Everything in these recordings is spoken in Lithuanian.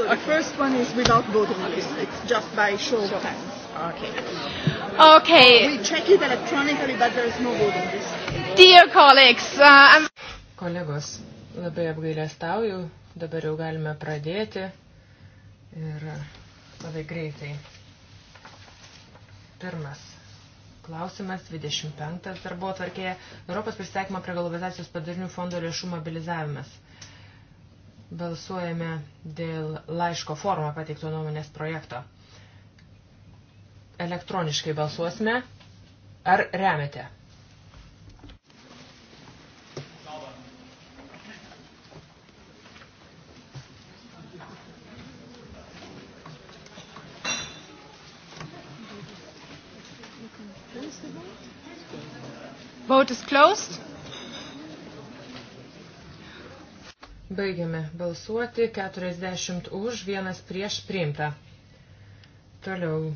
So the okay. first one is without voting list. It's just by show of hands. Okay. Okay. We check it electronically, but there is no voting list. Dear colleagues, uh, I'm... Kolegos, labai apgailestauju. Dabar jau galime pradėti. Ir labai greitai. Pirmas klausimas 25 darbo atvarkėje Europos pristaikymo prie globalizacijos padarinių fondo lėšų mobilizavimas. Balsuojame dėl laiško formą pateikto nuomonės projekto. Elektroniškai balsuosime. Ar remiate? Vote is closed. Baigiame balsuoti. 40 už, vienas prieš priimta. Toliau.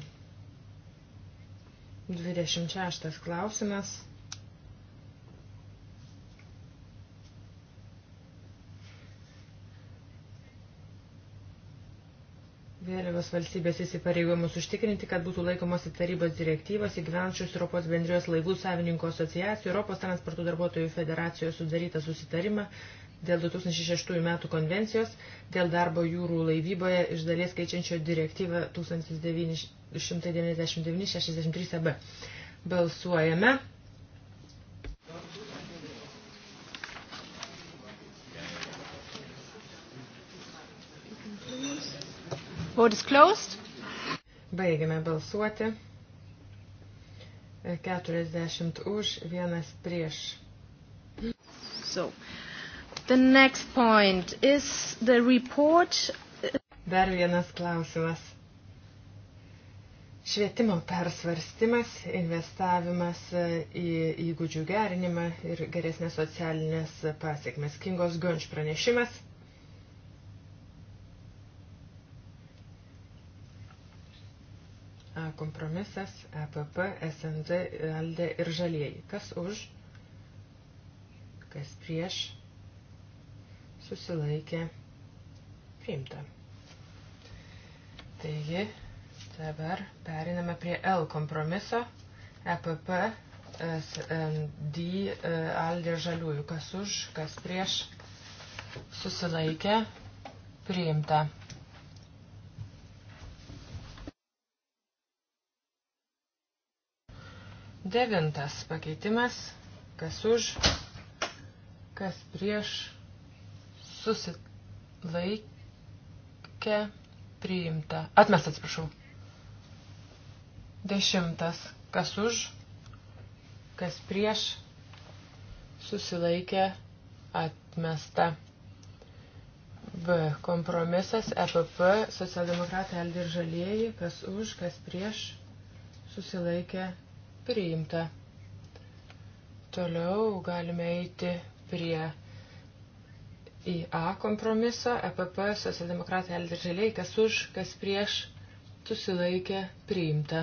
26 klausimas. Vėliavos valstybės įsipareigojimus užtikrinti, kad būtų laikomasi tarybos direktyvos įgyvenčius Europos bendrijos laivų savininkų asociacijų, Europos transporto darbuotojų federacijos sudarytą susitarimą dėl 2006 metų konvencijos dėl darbo jūrų laivyboje iš dalies keičiančio direktyvą 1999-63 AB. Balsuojame. Vote is closed. Baigiame balsuoti. 40 už, vienas prieš. So. The next point is the report. Dar vienas klausimas. Švietimo persvarstymas, investavimas e, į įgūdžių gerinimą ir geresnės socialinės pasiekmes. Kingos Gunč pranešimas. A, kompromisas, EPP, SND, LD ir žalieji. Kas už? Kas prieš? susilaikė priimta. Taigi, dabar periname prie L kompromiso, EPP, SND, Aldė Žaliųjų, kas už, kas prieš, susilaikė priimta. Devintas pakeitimas, kas už, kas prieš, susilaikė priimta. Atmest atsiprašau. Dešimtas. Kas už, kas prieš susilaikė atmesta. B. Kompromisas EPP, socialdemokratai Aldi ir Žalieji, kas už, kas prieš susilaikė priimta. Toliau galime eiti prie į A kompromisą, EPP, socialdemokratai Elder Žaliai, kas už, kas prieš, susilaikė, priimta.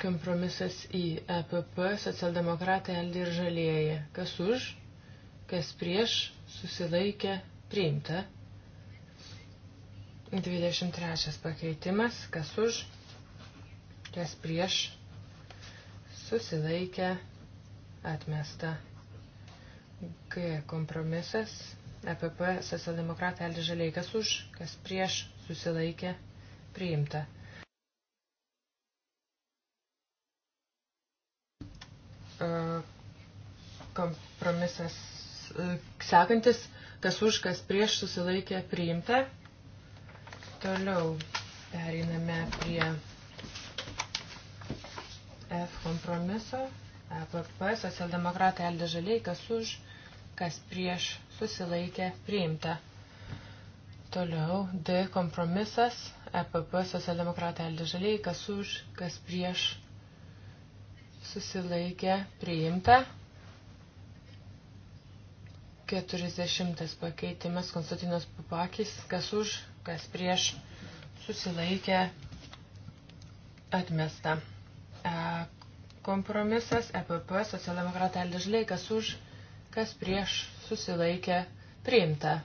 Kompromisas į EPP, socialdemokratai Elder Žalieji, kas už, kas prieš, susilaikė, priimta. 23 pakeitimas, kas už, kas prieš, susilaikė, atmesta. G kompromisas. EPP socialdemokratai Aldis Žaleikas už, kas prieš susilaikė priimta. E, kompromisas e, sekantis, kas už, kas prieš susilaikė priimta. Toliau periname prie F kompromiso, EPP, socialdemokratai Aldė Žaliai, kas už, kas prieš susilaikė priimta. Toliau D kompromisas, EPP socialdemokratai Aldė Žaliai, kas už, kas prieš susilaikė priimta. 40 pakeitimas Konstantinos Papakis, kas už, kas prieš susilaikė atmesta. E, kompromisas EPP socialdemokratai Aldė Žaliai, kas už, kas prieš kas prieš susilaikė priimta.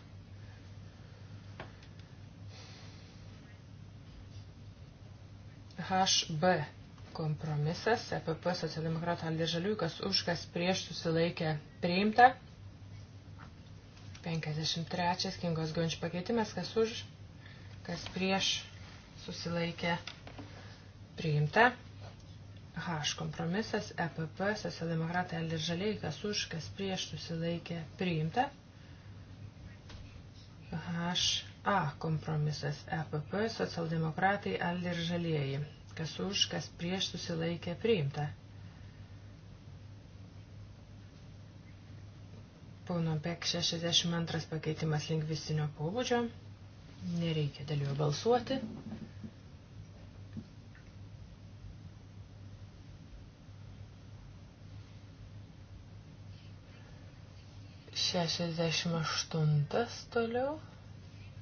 HB kompromisas, EPP socialdemokratų aldėžalių, kas už, kas prieš susilaikė priimta. 53 Kingos Gončių pakeitimas, kas už, kas prieš susilaikė priimta. H kompromisas, EPP, socialdemokratai ir žaliai, kas už, kas prieš susilaikė priimta. HA kompromisas, EPP, socialdemokratai ir žalieji, kas už, kas prieš susilaikė priimta. Pauno Bek 62 pakeitimas lingvistinio pobūdžio. Nereikia dėl jo balsuoti. 68 toliau.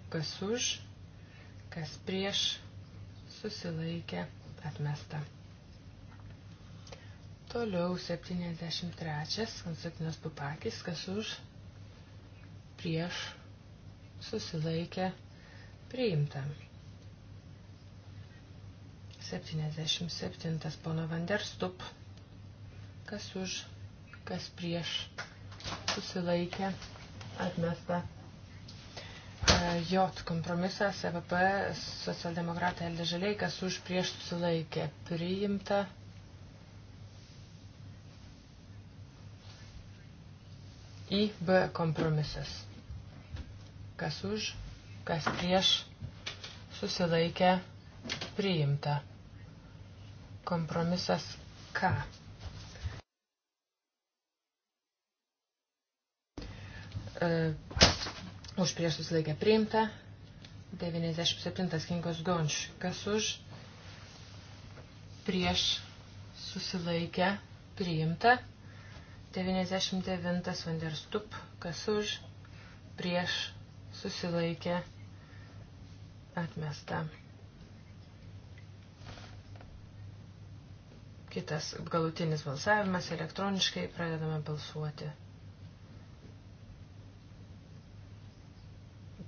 Kas už, kas prieš, susilaikė, atmesta. Toliau 73, Konstantinas Pupakis, kas už, prieš, susilaikė, priimta. 77, pono Vanderstup, kas už, kas prieš, susilaikė, atmesta. E, J kompromisas, EVP, socialdemokratai Eldė Žaliai, kas už prieš susilaikė, priimta. IB kompromisas. Kas už, kas prieš susilaikė, priimta. Kompromisas K. E, už prieš susilaikę priimta. 97 knygos Gonš. Kas už prieš susilaikę priimta. 99 Vanderstup. Kas už prieš susilaikę atmesta. Kitas galutinis balsavimas elektroniškai pradedame balsuoti.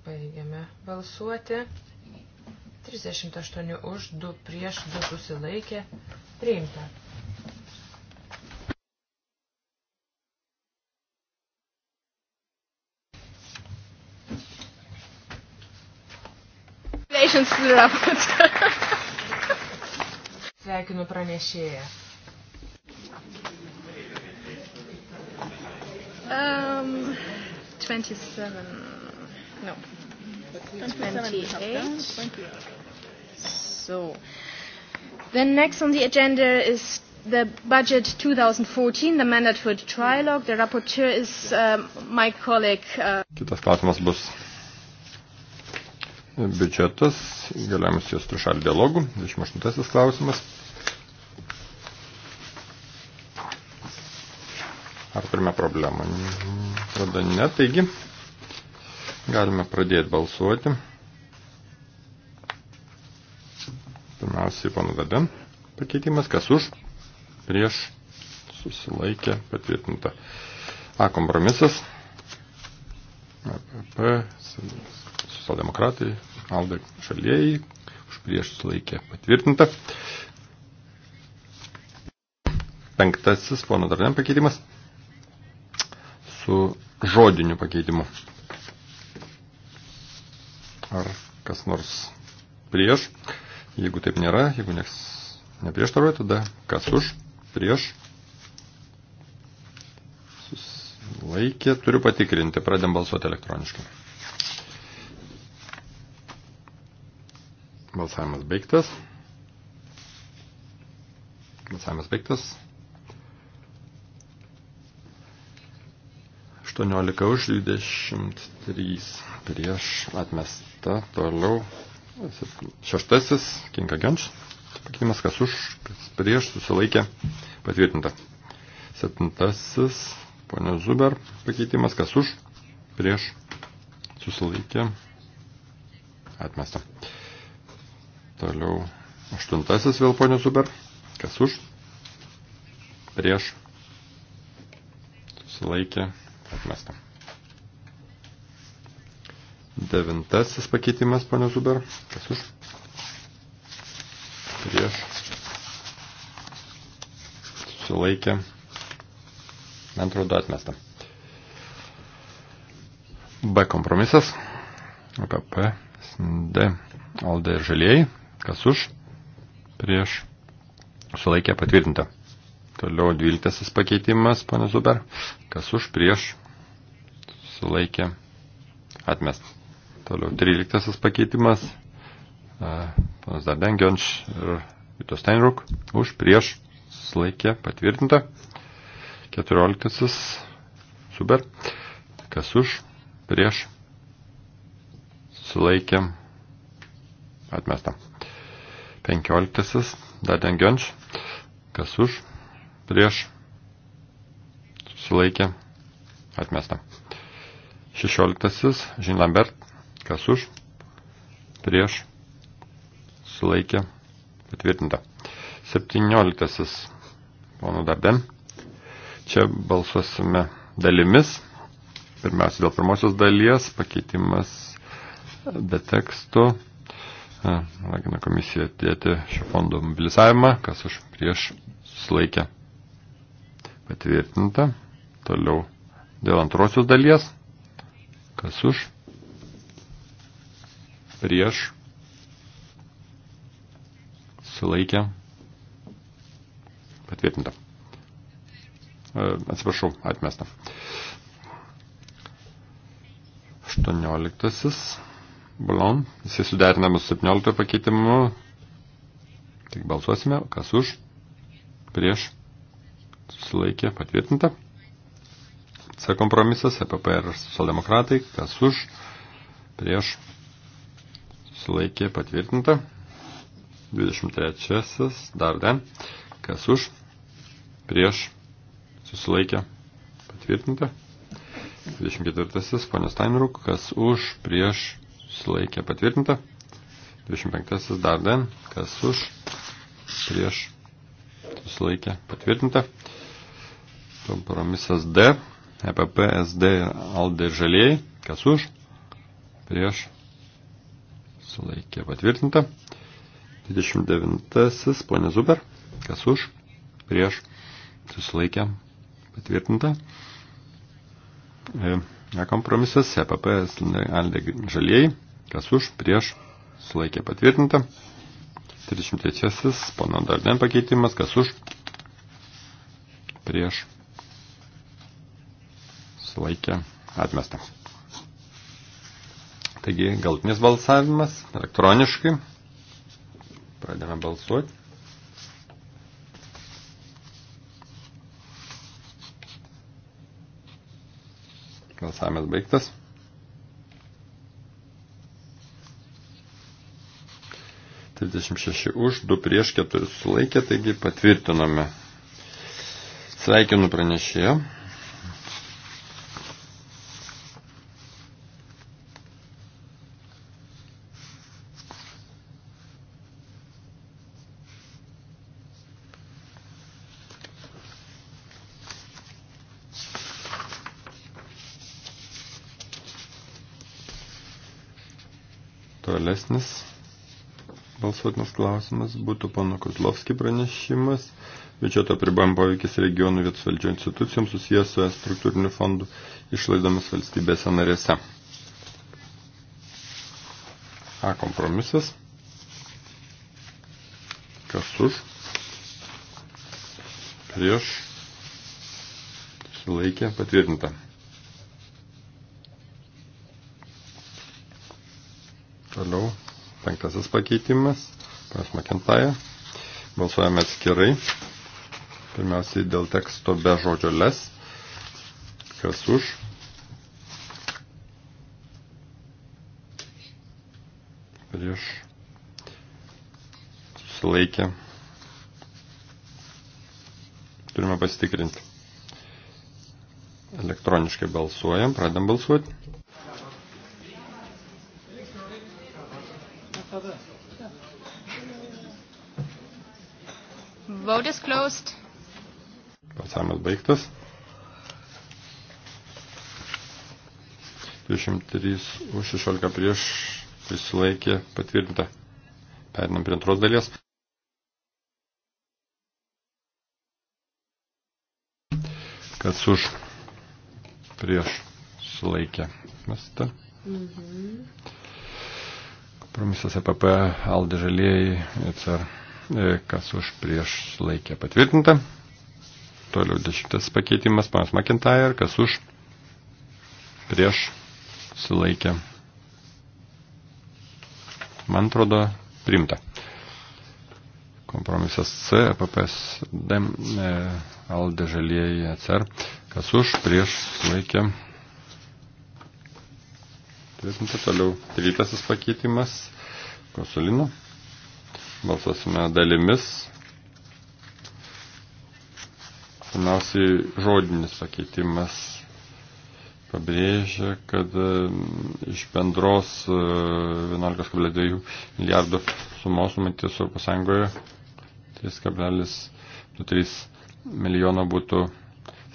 Baigiame balsuoti. 38 už, 2 prieš, 2 susilaikė. Priimta. Sveikinu pranešėją. Um, 27. No. 28. So. Then next on the agenda is the budget 2014, the mandatory trilogue. The rapporteur is uh, my colleague. Uh... Kitas klausimas bus biudžetas, galiamas jos trišalį dialogų, 28 klausimas. Ar turime problemą? Tada ne, taigi Galime pradėti balsuoti. Pirmiausiai, pana Daben, pakeitimas, kas už, prieš, susilaikė, patvirtinta. A, kompromisas. P, socialdemokratai, Alde šalieji, už prieš susilaikė, patvirtinta. Penktasis, pana Daben, pakeitimas su žodiniu pakeitimu. Ar kas nors prieš? Jeigu taip nėra, jeigu nieks neprieštaruoja, tada kas už, prieš. Susilaikė, turiu patikrinti, pradėm balsuoti elektroniškai. Balsavimas baigtas. Balsavimas baigtas. 18 už 23 prieš atmesta. Toliau šeštasis Kinkagenč. Pakeitimas kas už, kas prieš susilaikė patvirtinta. Septintasis ponio Zuber pakeitimas kas už, prieš susilaikė atmesta. Toliau aštuntasis vėl ponio Zuber kas už, prieš susilaikė atmesta Atmesta. Devintasis pakeitimas, ponė Zuber. Kas už? Prieš. Sulaikė. Man atrodo atmesta. B kompromisas. APP, D, LD ir žalieji. Kas už? Prieš. Sulaikė patvirtinta. Toliau dvyliktasis pakeitimas, panas Zuber. Kas už prieš sulaikė atmest. Toliau tryliktasis pakeitimas, panas Dardengianč ir Vito Steinruk. Už prieš sulaikė patvirtinta. Keturioliktasis Zuber. Kas už prieš sulaikė atmesta. Penkioliktasis Dardengianč. Kas už prieš, susilaikė, atmesta. Šešioliktasis, Žin Lambert, kas už, prieš, susilaikė, patvirtinta. Septynioliktasis, pono Darden, čia balsuosime dalimis. Pirmiausia, dėl pirmosios dalies pakeitimas be teksto. Ragina komisija dėti šio fondo mobilizavimą, kas už prieš sulaikė Patvirtinta. Toliau dėl antrosios dalies. Kas už? Prieš. Sulaikė. Patvirtinta. E, atsiprašau, atmesta. 18. Balon. Jisai suderinamas su 17 pakeitimu. Tik balsuosime, kas už, prieš, sulaikė, patvirtinta. C kompromisas, EPP ir socialdemokratai, kas už, prieš, sulaikė, patvirtinta. 23. Dar ne. Kas už, prieš, susilaikė, patvirtinta. 24. Ponios Steinruk, kas už, prieš, susilaikė, patvirtinta. 25. Dar ne. Kas už, prieš, susilaikė, patvirtinta. Kompromisas D, EPP, SD ir ALDE žalieji. Kas už? Prieš. Sulaikė patvirtinta. 29. Pone Zuber. Kas už? Prieš. Susilaikė patvirtinta. E, e kompromisas EPP, SD, ALDE žalieji. Kas už? Prieš. Sulaikė patvirtinta. 33. Pono Darden pakeitimas. Kas už? Prieš susilaikė, atmesta. Taigi, galtinis balsavimas elektroniškai. Pradėme balsuoti. Balsavimas baigtas. Trisdešimt šeši už, du prieš, keturi sulaikė, taigi patvirtinome. Sveikinu pranešėjo. Tolesnis balsuotinas klausimas būtų pono Kozlovski pranešimas. Biudžeto pribam poveikis regionų vietos valdžio institucijoms susijęs su struktūriniu fondu išlaidomis valstybėse narėse. A kompromisas. Kas už? Prieš. Sulaikė. Patvirtinta. Toliau penktasis pakeitimas, pas Makentaja. Balsuojame atskirai. Pirmiausiai dėl teksto be žodžio les. Kas už? Prieš. Susilaikė. Turime pasitikrinti. Elektroniškai balsuojam, pradam balsuoti. baigtas. 23 už 16 prieš prisilaikė patvirtinta. Perinam prie antros dalies. Kas už prieš sulaikė. Mesta. Mhm. Kompromisas EPP, Aldė Žalėjai, ECR. E, kas už prieš sulaikė patvirtinta. Toliau dešimtas pakeitimas, panas McIntyre, kas už, prieš, sulaikė. Man atrodo, primta. Kompromisas C, e PPS, D, e, Alde žalieji ACR, e kas už, prieš, sulaikė. Tvirtinta toliau. Trytasis pakeitimas, konsulino. Balsasime dalimis, Pirmiausiai žodinis pakeitimas pabrėžia, kad e, iš bendros 11,2 e, milijardo sumos numatytos Europos Sąjungoje 3,3 milijono būtų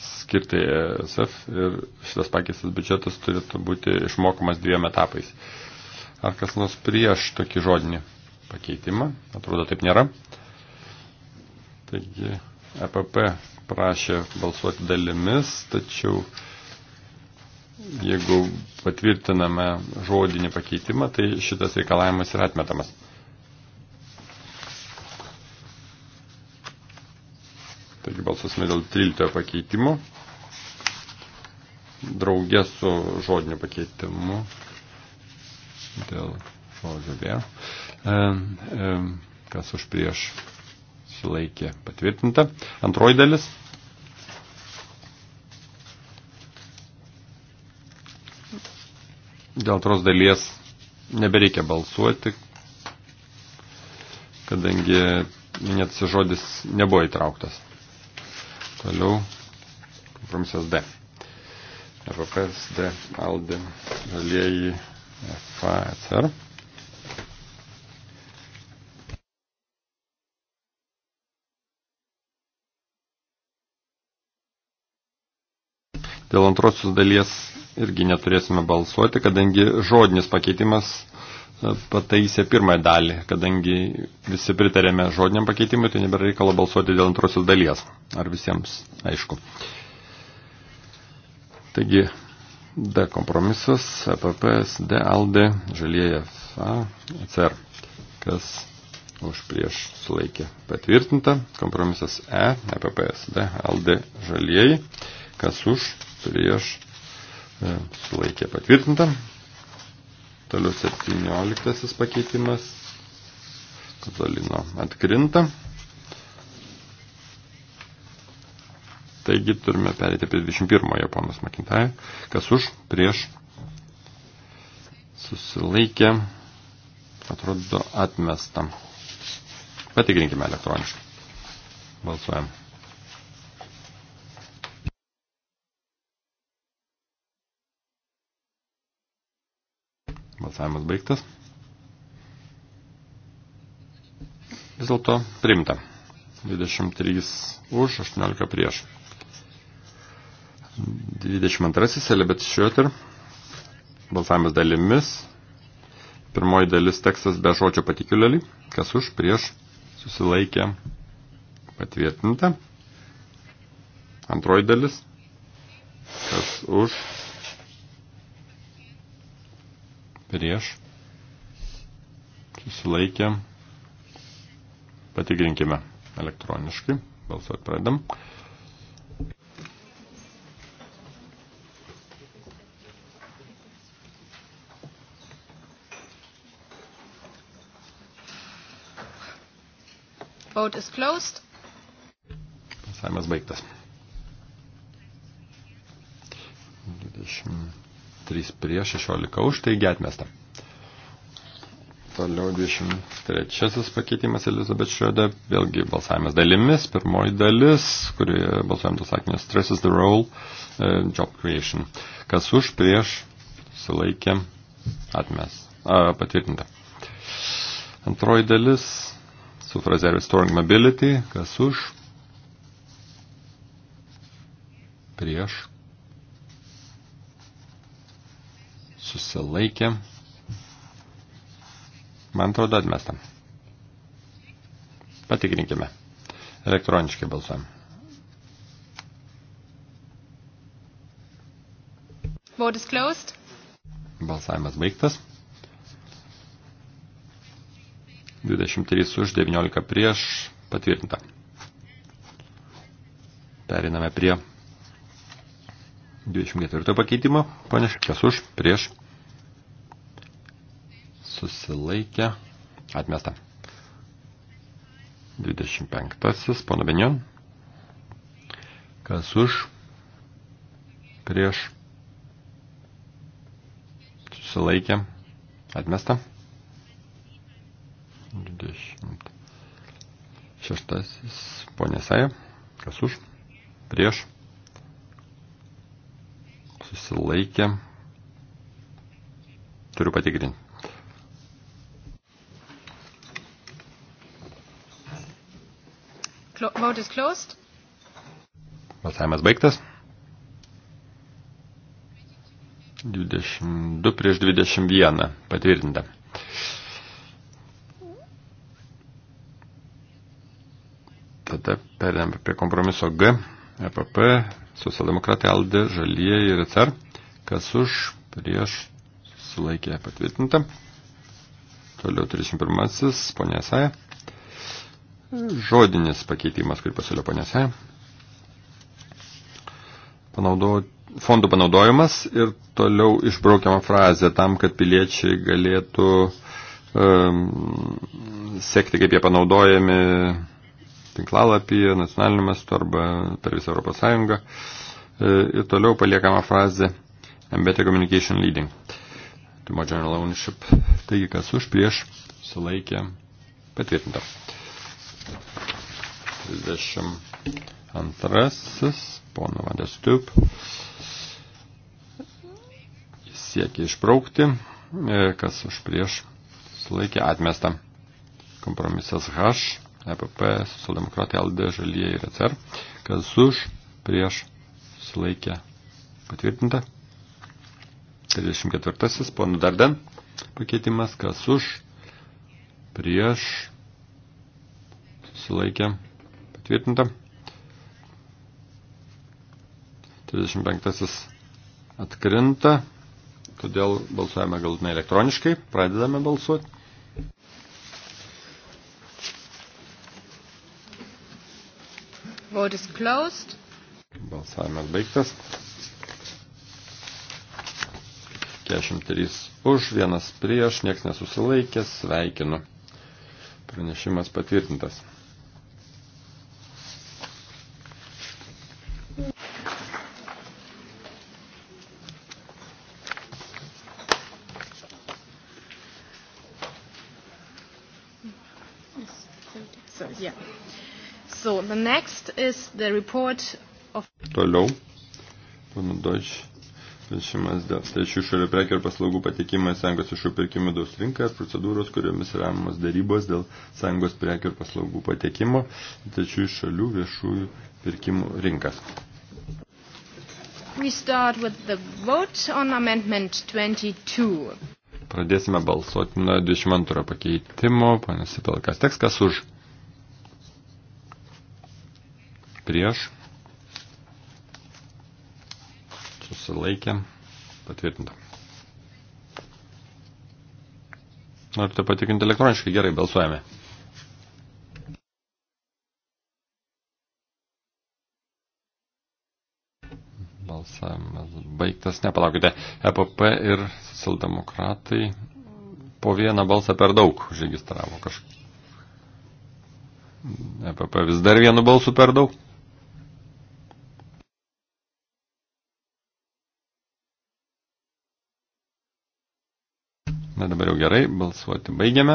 skirti ESF ir šitas pakeistas biudžetas turėtų būti išmokamas dviem etapais. Ar kas nors prieš tokį žodinį pakeitimą? Atrodo, taip nėra. Taigi, EPP prašė balsuoti dalimis, tačiau jeigu patvirtiname žodinį pakeitimą, tai šitas reikalavimas yra atmetamas. Taigi balsasime dėl 13 pakeitimo. Draugė su žodiniu pakeitimu dėl žodžio vėl. E, e, kas už prieš sulaikė patvirtinta. Antroji dalis Dėl antros dalies nebereikia balsuoti, kadangi minėtas žodis nebuvo įtrauktas. Toliau kompromisas D. EPPS, D, ALDE, žalieji, FACR. Dėl antrosios dalies irgi neturėsime balsuoti, kadangi žodinis pakeitimas e, pataisė pirmąją dalį, kadangi visi pritarėme žodiniam pakeitimui, tai nebėra reikalo balsuoti dėl antrosios dalies. Ar visiems aišku. Taigi, D kompromisas, EPP, SD, ALD, žalieji FA, ECR. Kas už prieš sulaikė patvirtinta. Kompromisas E, EPP, SD, ALD, žalieji. Kas už prieš e, sulaikė patvirtinta. Toliau 17 pakeitimas. Katalino atkrinta. Taigi turime perėti prie 21-ojo ponas Makintai, kas už, prieš, susilaikė, atrodo atmesta. Patikrinkime elektroniškai. Balsuojam. Balsavimas baigtas. Vis dėlto primta. 23 už, 18 prieš. 22 Elibet Šiotir. Balsavimas dalimis. Pirmoji dalis tekstas be žodžio patikiuliai. Kas už, prieš, susilaikė, patvirtinta. Antroji dalis. Kas už, prieš, susilaikė, patikrinkime elektroniškai, balsuot pradam. Vote is closed. Pasavimas baigtas. 20. 3 prieš 16 už, taigi atmesta. Toliau 23 pakeitimas Elizabeth Schroeder, vėlgi balsavimas dalimis, pirmoji dalis, kuri balsuojam tos sakinės, stresses the role, uh, job creation. Kas už, prieš, sulaikė, atmes, uh, patvirtinta. Antroji dalis, su fraze restoring mobility, kas už, prieš, susilaikė. Man atrodo atmestam. Patikrinkime. Elektroniškai balsuojam. Vote is closed. Balsavimas baigtas. 23 už 19 prieš patvirtinta. Periname prie 24 pakeitimo. Panašiai, kas už, prieš susilaikė, atmesta. 25. Pono Benion. Kas už, prieš, susilaikė, atmesta. 26. Ponė Saja. Kas už, prieš, susilaikė, turiu patikrinti. Vote is closed. Balsavimas baigtas. 22 prieš 21 patvirtinta. Tada perėm prie kompromiso G, EPP, socialdemokratai Alde, Žalieji ir CR, kas už prieš sulaikė patvirtinta. Toliau 31, ponė Saja žodinis pakeitimas, kurį pasiūlė ponėse. Panaudo, fondų panaudojimas ir toliau išbraukiama frazė tam, kad piliečiai galėtų um, sekti, kaip jie panaudojami tinklalapyje, nacionaliniu mastu arba per visą Europos Sąjungą. E, ir toliau paliekama frazė Embedded Communication Leading. Timo General Ownership. Taigi, kas už prieš sulaikė patvirtinta. 32, pono Vandės Tup, siekia išbraukti, e, kas už prieš sulaikė atmestą. Kompromisas H, EPP, Socialdemokratai, LD, Žalieji ir ECR, kas už prieš sulaikė patvirtinta. 34. Pono Darden pakeitimas, kas už prieš sulaikė patvirtinta patvirtinta. 35 atkrinta, todėl balsuojame galutinai elektroniškai, pradedame balsuoti. Vote is closed. Balsavimas baigtas. 43 už, vienas prieš, nieks nesusilaikęs, sveikinu. Pranešimas patvirtintas. The next is the report of... Toliau, pana Doč, pranešimas dėl trečių šalių prekių ir paslaugų patikimo į sąjungos išų pirkimų daus rinkas, procedūros, kuriomis ramos darybos dėl sąjungos prekių ir paslaugų patikimo į trečių šalių viešųjų pirkimų rinkas. We start with the vote on amendment 22. Pradėsime balsuoti nuo 22 pakeitimo, panas Sipelkas tekstas už prieš, susilaikė, patvirtinta. Norite patikinti elektroniškai, gerai, balsuojame. Balsavimas baigtas, nepalaukite. EPP ir socialdemokratai po vieną balsą per daug užregistravo kažką. EPP vis dar vienu balsu per daug. Gerai, balsuoti baigiame.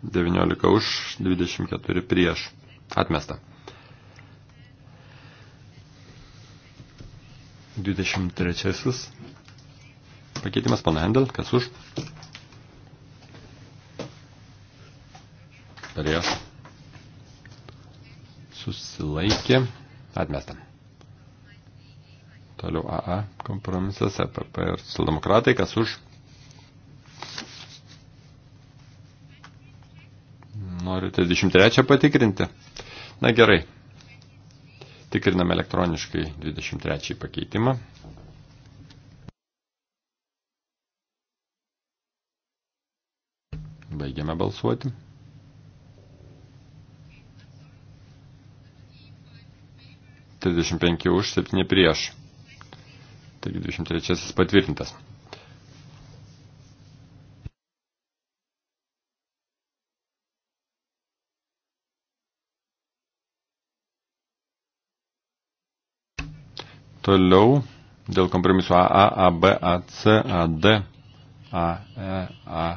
19 už, 24 prieš. Atmesta. 23. Pakeitimas pana Hendel, kas už? Prieš. Susilaikė. Atmestam. Toliau AA kompromisas, EPP ir socialdemokratai, kas už? Norite 23 patikrinti? Na gerai. Tikriname elektroniškai 23 pakeitimą. Baigiame balsuoti. Trisdešimt penki už, septyni prieš. Taigi 23 patvirtintas. Toliau dėl kompromiso AA, AB, AC, AD, AE,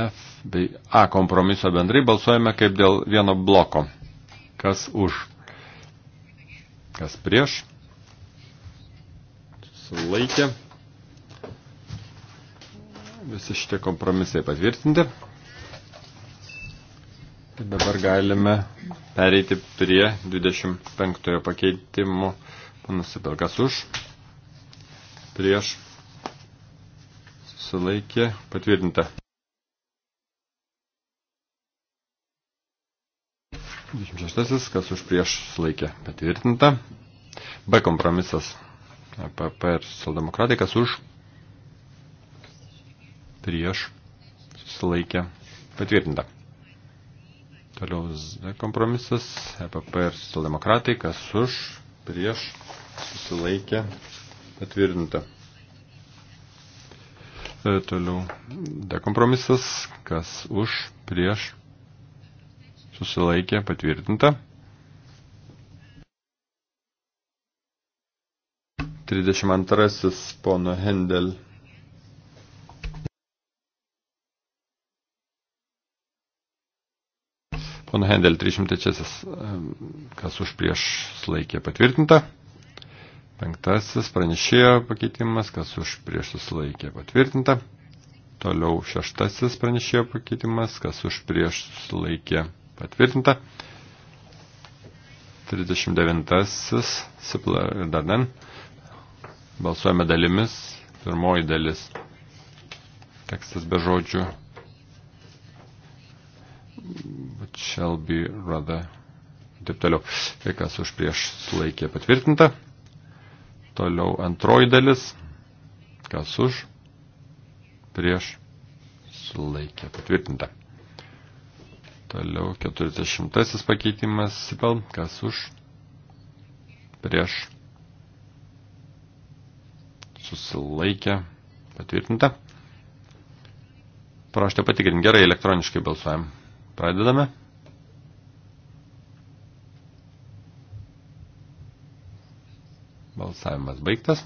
AF bei A kompromiso bendrai balsuojame kaip dėl vieno bloko. Kas už? Kas prieš? Sulaikė. Visi šitie kompromisai patvirtinti. Ir dabar galime pereiti prie 25 pakeitimo Panas Sipelkas už. Prieš. Susilaikė. Patvirtinta. 26. Kas už prieš sulaikė. Patvirtinta. B kompromisas. APP e ir socialdemokratai. Kas už prieš susilaikė. Patvirtinta. Toliau Z kompromisas. EPP ir socialdemokratai. Kas už prieš, susilaikė, patvirtinta. E, toliau, dekompromisas, kas už, prieš, susilaikė, patvirtinta. 32 pono Hendel Pono Hendel 303, kas už prieš sulaikė patvirtinta. Penktasis pranešėjo pakeitimas, kas už prieš sulaikė patvirtinta. Toliau šeštasis pranešėjo pakeitimas, kas už prieš sulaikė patvirtinta. 39. Sipla ir Darden. Balsuojame dalimis. Pirmoji dalis. Tekstas be žodžių What shall be rather. Taip toliau. Tai kas už prieš sulaikė patvirtinta. Toliau antroji dalis. Kas už prieš sulaikė patvirtinta. Toliau 40 pakeitimas Sipel, kas už, prieš, susilaikė, patvirtinta. Prašau patikrinti, gerai, elektroniškai balsuojam. Pradedame. Balsavimas baigtas.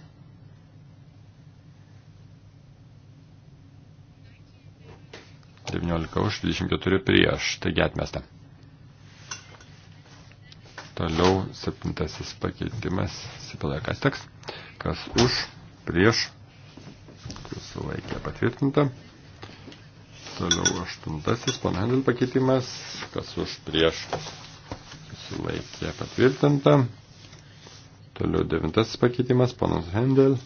Devyniolika už, 24 prieš, taigi atmesta. Toliau septintasis pakeitimas, sipilaikas teks, kas už, prieš, susilaikė patvirtinta. Toliau aštuntasis panhandel pakeitimas, kas už prieš sulaikė patvirtinta. Toliau devintasis pakeitimas, panas Hendel,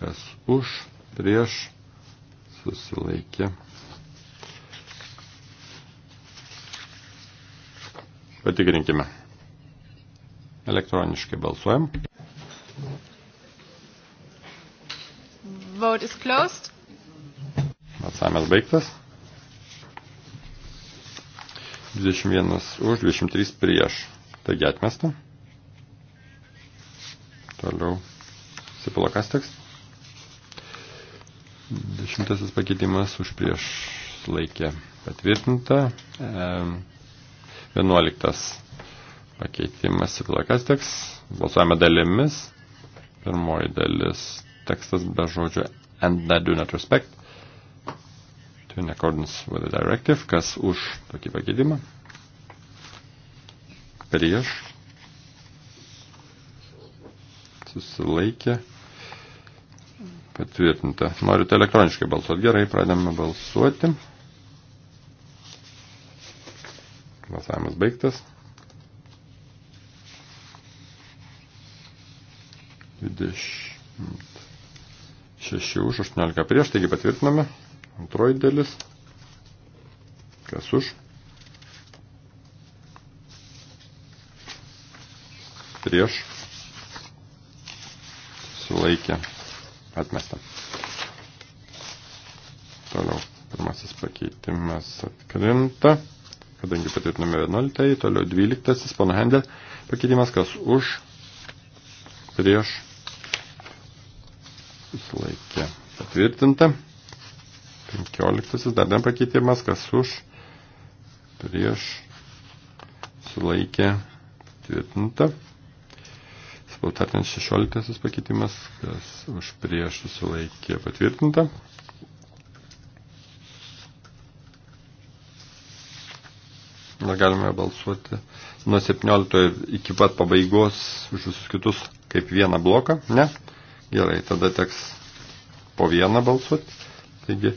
kas už prieš susilaikė. Patikrinkime. Elektroniškai balsuojam. Vote is closed. Balsavimas baigtas. 21 už, 23 prieš. Taigi atmesta. Toliau sipilokas teks. Dešimtasis pakeitimas už prieš laikė patvirtinta. Vienuoliktas pakeitimas sipilokas teks. Balsuojame dalimis. Pirmoji dalis tekstas be žodžio and that do not respect in accordance with the directive, kas už tokį pakeitimą, prieš, susilaikė, patvirtinta. Norite tai elektroniškai balsuoti? Gerai, pradėme balsuoti. Balsavimas baigtas. 26 už 18 prieš, taigi patvirtiname. Antroji dalis. Kas už? Prieš. Sulaikė. Atmesta. Toliau. Pirmasis pakeitimas atkrinta. Kadangi patvirtiname 11, toliau 12, pana Hendel. Pakeitimas kas už, prieš, susilaikė patvirtinta. 15 dar nepakeitimas, kas už, prieš, sulaikė, tvirtinta. Spaltarnant 16 pakeitimas, kas už, prieš, sulaikė, patvirtinta. Na, galime balsuoti nuo 17 iki pat pabaigos už visus kitus kaip vieną bloką, ne? Gerai, tada teks po vieną balsuoti. Taigi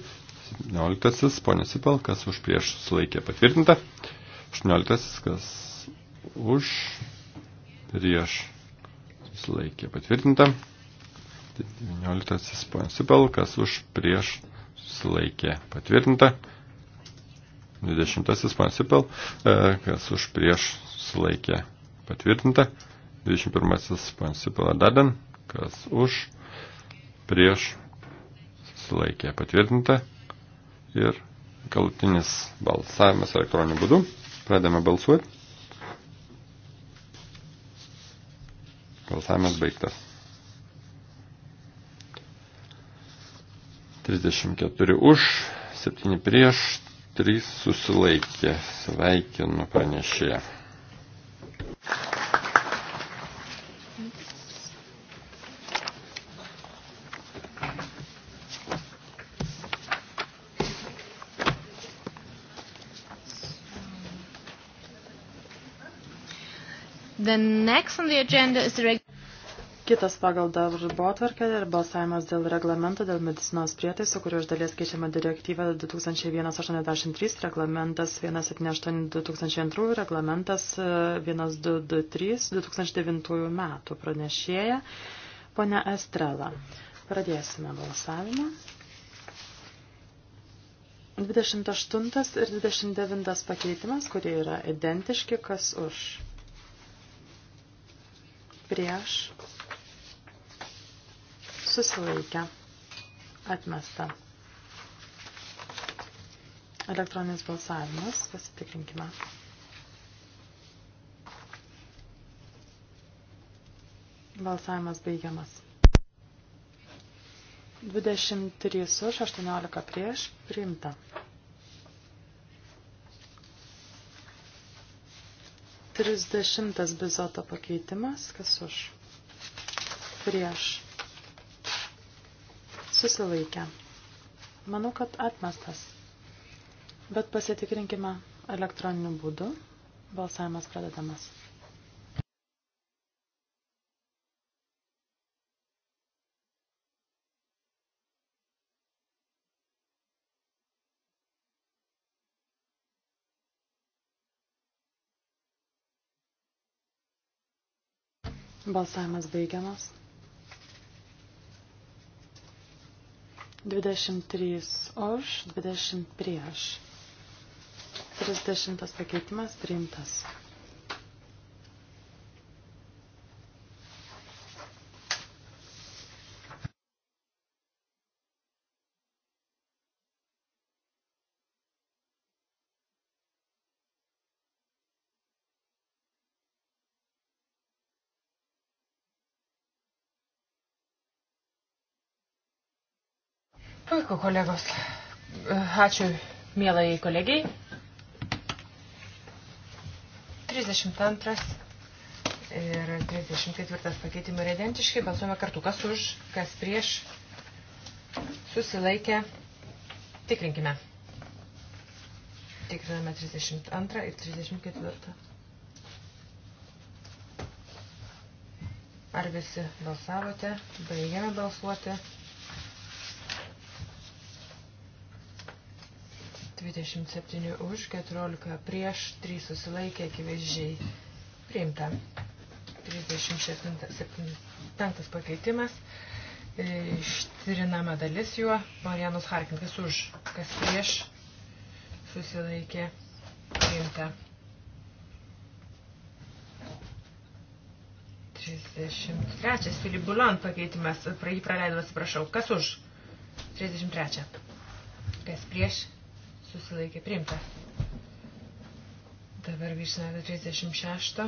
17. Pone Sipel, kas už prieš sulaikė patvirtinta. 18. Kas už prieš sulaikė patvirtinta. 19. Pone Sipel, kas už prieš sulaikė patvirtinta. 20. Pone Sipel, e, kas už prieš sulaikė patvirtinta. 21. Pone Sipel, Dadan, kas už prieš sulaikė patvirtinta ir galutinis balsavimas elektroniniu būdu. Pradame balsuoti. Balsavimas baigtas. 34 už, 7 prieš, 3 susilaikė. Sveikinu pranešėją. The next on the agenda is the Kitas pagal darbo atvarkę ir balsavimas dėl reglamento dėl medicinos prietaisų, kurio iš dalies keičiama direktyva 2183, reglamentas 178-2002, reglamentas 1223-2009 e, metų pranešėja. Pone Estrela, pradėsime balsavimą. 28 ir 29 pakeitimas, kurie yra identiški, kas už prieš susilaikę atmesta. Elektroninis balsavimas, pasitikrinkime. Balsavimas baigiamas. 23 už, 18 prieš, priimta. 30 bizoto pakeitimas, kas už, prieš, susilaikę. Manau, kad atmestas, bet pasitikrinkime elektroniniu būdu. Balsavimas pradedamas. Balsavimas baigiamas. 23 už, 20 prieš. 30 pakeitimas priimtas. Puiku, kolegos. Ačiū, mielai kolegiai. 32 ir 34 pakeitimai yra identiški. Balsuojame kartu, kas už, kas prieš. Susilaikę. Tikrinkime. Tikriname 32 ir 34. Ar visi balsavote? Baigiame balsuoti. 27 už, 14 prieš, 3 susilaikė akivaizdžiai. Priimta. 37 pakeitimas. E, ištrinama dalis juo. Marianus Harkinkas už, kas prieš, susilaikė. Priimta. 33. Filibulan pakeitimas. Pra jį praleidau, atsiprašau. Kas už? 33. Kas prieš? susilaikė priimta. Dabar grįžtame prie 36.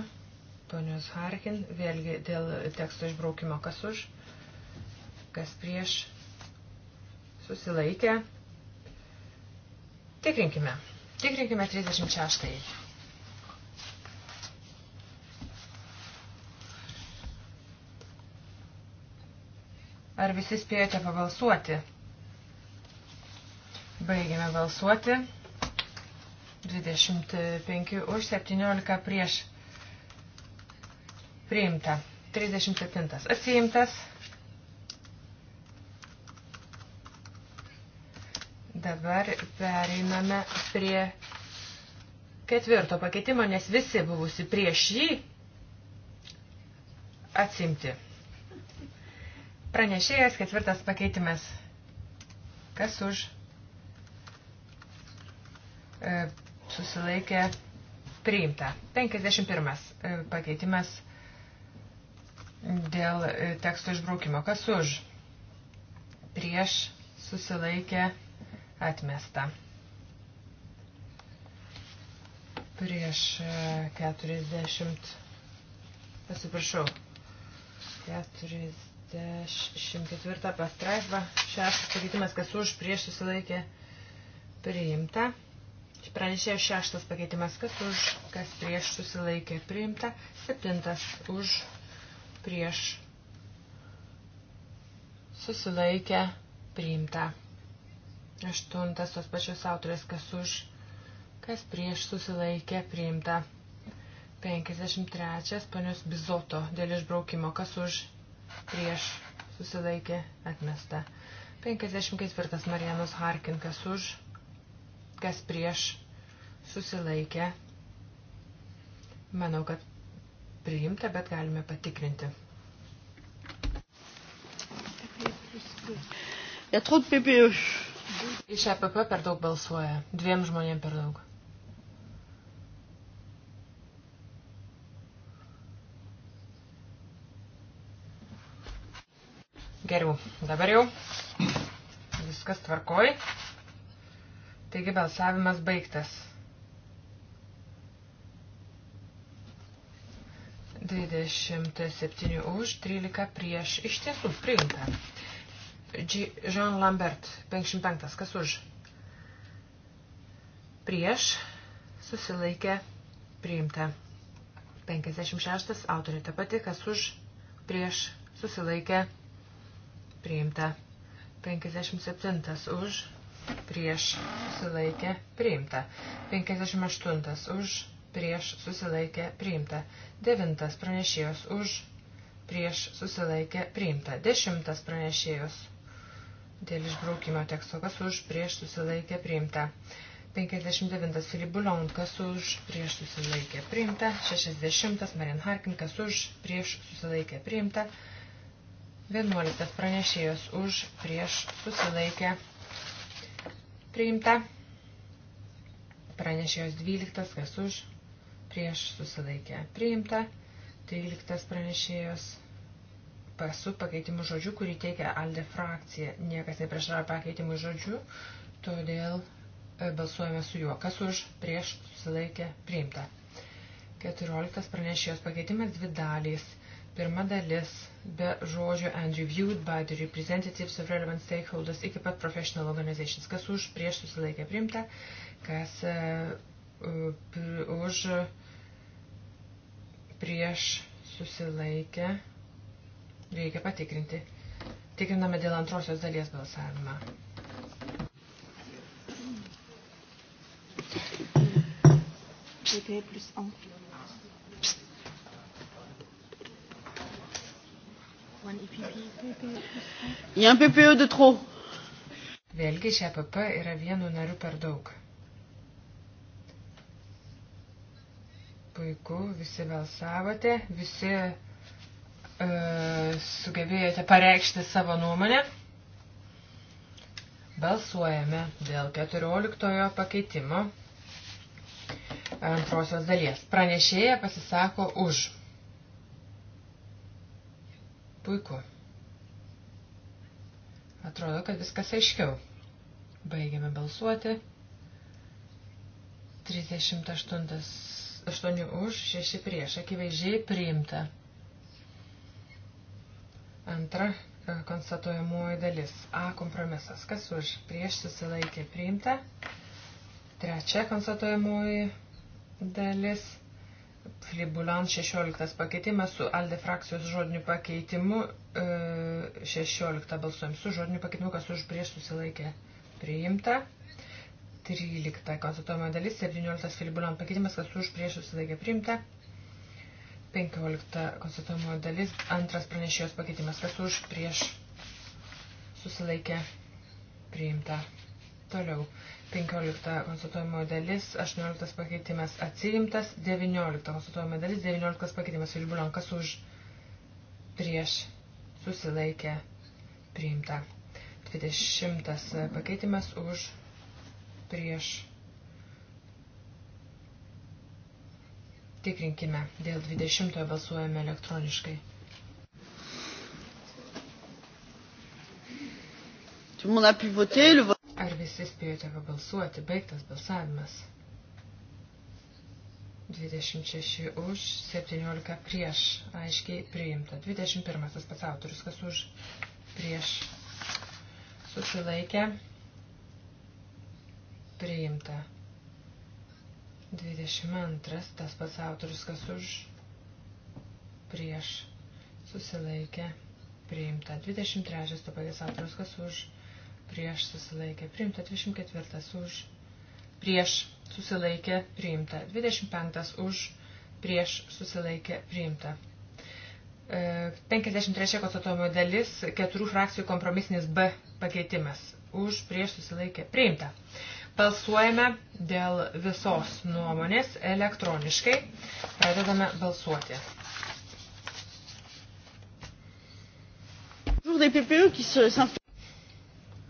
Ponios Harkin, vėlgi dėl teksto išbraukimo kas už, kas prieš susilaikė. Tikrinkime. Tikrinkime 36. Ar visi spėjote pabalsuoti? Baigėme balsuoti. 25 už 17 prieš priimta. 37 atsiimtas. Dabar pereiname prie ketvirto pakeitimo, nes visi buvusi prieš jį atsimti. Pranešėjas ketvirtas pakeitimas. Kas už? E, susilaikė priimta. 51 e, pakeitimas dėl e, teksto išbraukimo. Kas už? Prieš susilaikė atmesta. Prieš 40. Pasiprašau. 44 pastraipa. Šeštas pakeitimas, kas už prieš susilaikė priimta. Pranešėjo šeštas pakeitimas, kas už, kas prieš susilaikė priimta. Septintas už, prieš susilaikė priimta. Aštuntas tos pačios autorės, kas už, kas prieš susilaikė priimta. 53. Panios Bizoto dėl išbraukimo, kas už, prieš susilaikė atmesta. 54. Marijanos Harkin, kas už, kas prieš susilaikė. Manau, kad priimta, bet galime patikrinti. Iš EPP per daug balsuoja, dviem žmonėm per daug. Geriau, dabar jau viskas tvarkoj. Taigi balsavimas baigtas. 27 už, 13 prieš. Iš tiesų, priimta. Jean Lambert, 55. Kas už? Prieš. Susilaikė. Priimta. 56. Autorė ta pati. Kas už? Prieš. Susilaikė. Priimta. 57. Už prieš susilaikė priimta. 58 už prieš susilaikė priimta. 9 pranešėjos už prieš susilaikė priimta. 10 pranešėjos dėl išbraukimo teksto, kas už prieš susilaikė priimta. 59 Filibulion, kas už prieš susilaikė priimta. 60 Marin Harkin, kas už prieš susilaikė priimta. 11 pranešėjos už prieš susilaikę priimta. Pranešėjos 12, kas už, prieš susilaikė priimta. 13 pranešėjos su pakeitimu žodžiu, kurį teikia Alde frakcija. Niekas neprieštarauja pakeitimui žodžiu, todėl e, balsuojame su juo. Kas už, prieš susilaikė priimta. 14 pranešėjos pakeitimas dvi dalys – Pirma dalis be žodžio and reviewed by the representatives of relevant stakeholders iki pat professional organizations. Kas už prieš susilaikė primta, kas e, uh, pr už prieš susilaikė. Reikia patikrinti. Tikriname dėl antrosios dalies balsavimą. C'était plus ample. E Il y a un PPE de trop. Vėlgi šią PP yra vienu nariu per daug. Puiku, visi balsavote, visi e, sugebėjote pareikšti savo nuomonę. Balsuojame dėl 14 pakeitimo antrosios dalies. Pranešėja pasisako už. Puiku. Atrodo, kad viskas aiškiau. Baigiame balsuoti. 38 už, 6 prieš, akivaizdžiai priimta. Antra e, konstatuojamoji dalis. A kompromisas. Kas už? Prieš susilaikė priimta. Trečia konstatuojamoji dalis Flibulan 16 pakeitimas su Alde frakcijos žodiniu pakeitimu. 16 e, balsuojam su žodiniu pakeitimu, kas už prieš susilaikė priimta. 13 konstatuojama dalis, 17 Filibulan pakeitimas, kas už prieš susilaikė priimta. 15 konstatuojama dalis, antras pranešėjos pakeitimas, kas už prieš susilaikė priimta. Toliau. 15 konsultuojimo dalis, 18 pakeitimas atsiimtas, 19 konsultuojimo dalis, 19 pakeitimas Vilbulankas už prieš susilaikę priimta. 20 pakeitimas už prieš. Tikrinkime, dėl 20 balsuojame elektroniškai. Tout le monde a pu voter, le vote visi spėjote pabalsuoti. Baigtas balsavimas. 26 už, 17 prieš. Aiškiai priimta. 21 pats autorius, kas už, prieš. Susilaikė. Priimta. 22 tas pats autorius, kas už, prieš. Susilaikė. Priimta. 23 to paties autorius, kas už, prieš susilaikė priimta, 24 už prieš susilaikė priimta, 25 už prieš susilaikė priimta. 53 e, konstatuojamo dalis, keturių frakcijų kompromisinis B pakeitimas. Už prieš susilaikė priimta. Balsuojame dėl visos nuomonės elektroniškai. Pradedame balsuoti. toujours des PPE qui se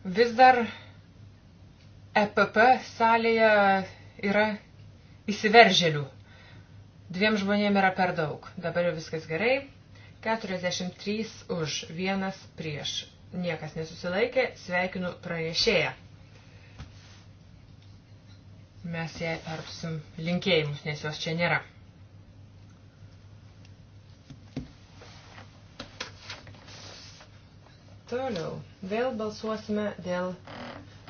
Vis dar EPP salėje yra įsiveržėlių. Dviem žmonėm yra per daug. Dabar jau viskas gerai. 43 už, vienas prieš. Niekas nesusilaikė. Sveikinu pranešėją. Mes jai perpsim linkėjimus, nes jos čia nėra. Toliau vėl balsuosime dėl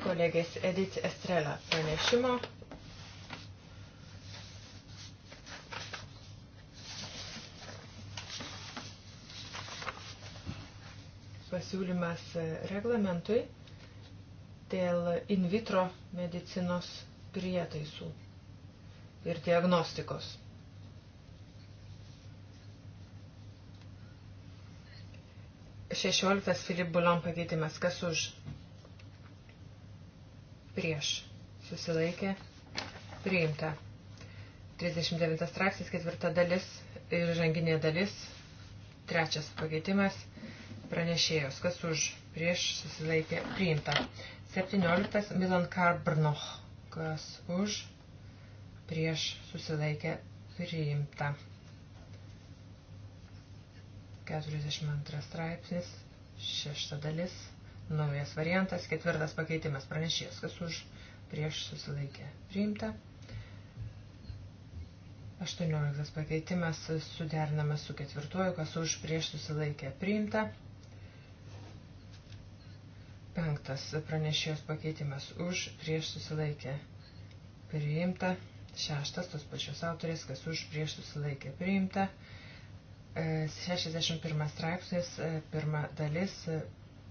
kolegės Edith Estrela pranešimo. Pasiūlymas e, reglamentui dėl in vitro medicinos prietaisų ir diagnostikos. 16 Filip Bulon pakeitimas. Kas už? Prieš. Susilaikė. Priimta. 39 straipsnis, ketvirta dalis ir žanginė dalis. Trečias pakeitimas. Pranešėjos. Kas už? Prieš. Susilaikė. Priimta. 17 Milan Karbrnoch. Kas už? Prieš. Susilaikė. Priimta. 42 straipsnis, šešta dalis, naujas variantas, ketvirtas pakeitimas pranešės, kas už prieš susilaikė priimta. 18 pakeitimas suderinamas su ketvirtuoju, kas už prieš susilaikė priimta. Penktas pranešėjos pakeitimas už prieš susilaikė priimta. Šeštas tos pačios autorės, kas už prieš susilaikė priimta. 61 straipsnis, e, pirma dalis, e,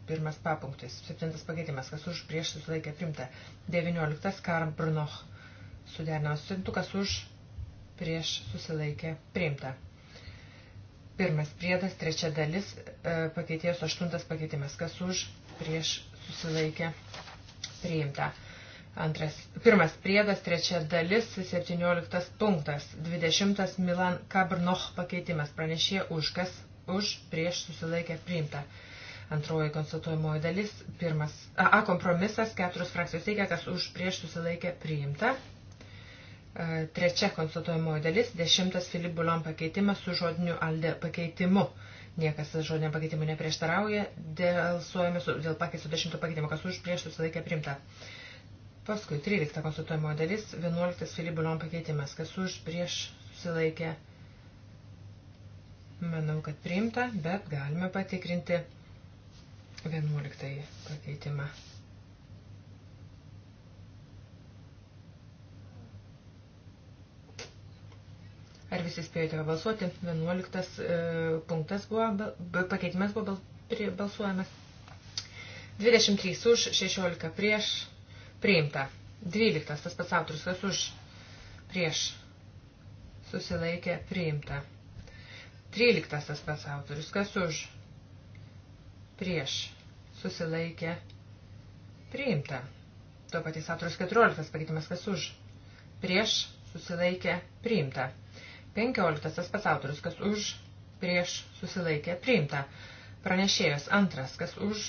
pirmas papunktis, septintas pakeitimas, kas už prieš susilaikė primta, 19 Karm Brunoch suderinamas sutintu, kas už prieš susilaikė primta. Pirmas priedas, trečia dalis, e, pakeitėjus aštuntas pakeitimas, kas už prieš susilaikė priimta. Antras, pirmas priedas, trečia dalis, 17 punktas, 20 Milan Kabrnoch pakeitimas, pranešė už kas, už prieš susilaikę priimta. Antroji konsultuojamoji dalis, pirmas, a, a kompromisas, keturios frakcijos teigia, kas už prieš susilaikę priimta. E, trečia konsultuojamoji dalis, dešimtas Filip Bulon pakeitimas su žodiniu alde pakeitimu. Niekas žodiniam pakeitimui neprieštarauja, dėl suojame su, dėl pakeisų dešimto pakeitimo, kas už prieš susilaikę priimta. E, Paskui 13 konsultuojimo dalis, 11 Filibulion pakeitimas, kas už prieš susilaikė. Manau, kad priimta, bet galime patikrinti 11 pakeitimą. Ar visi spėjote balsuoti? 11 e, punktas buvo, pakeitimas buvo bal, prie, balsuojamas. 23 už, 16 prieš priimta. 12. Tas pats autorius, kas už, prieš, susilaikė, priimta. 13. Tas pats autorius, kas už, prieš, susilaikė, priimta. Tuo patys autorius 14. Pakeitimas, kas už, prieš, susilaikė, priimta. 15. Tas pats autorius, kas už, prieš, susilaikė, priimta. Pranešėjas antras, kas už,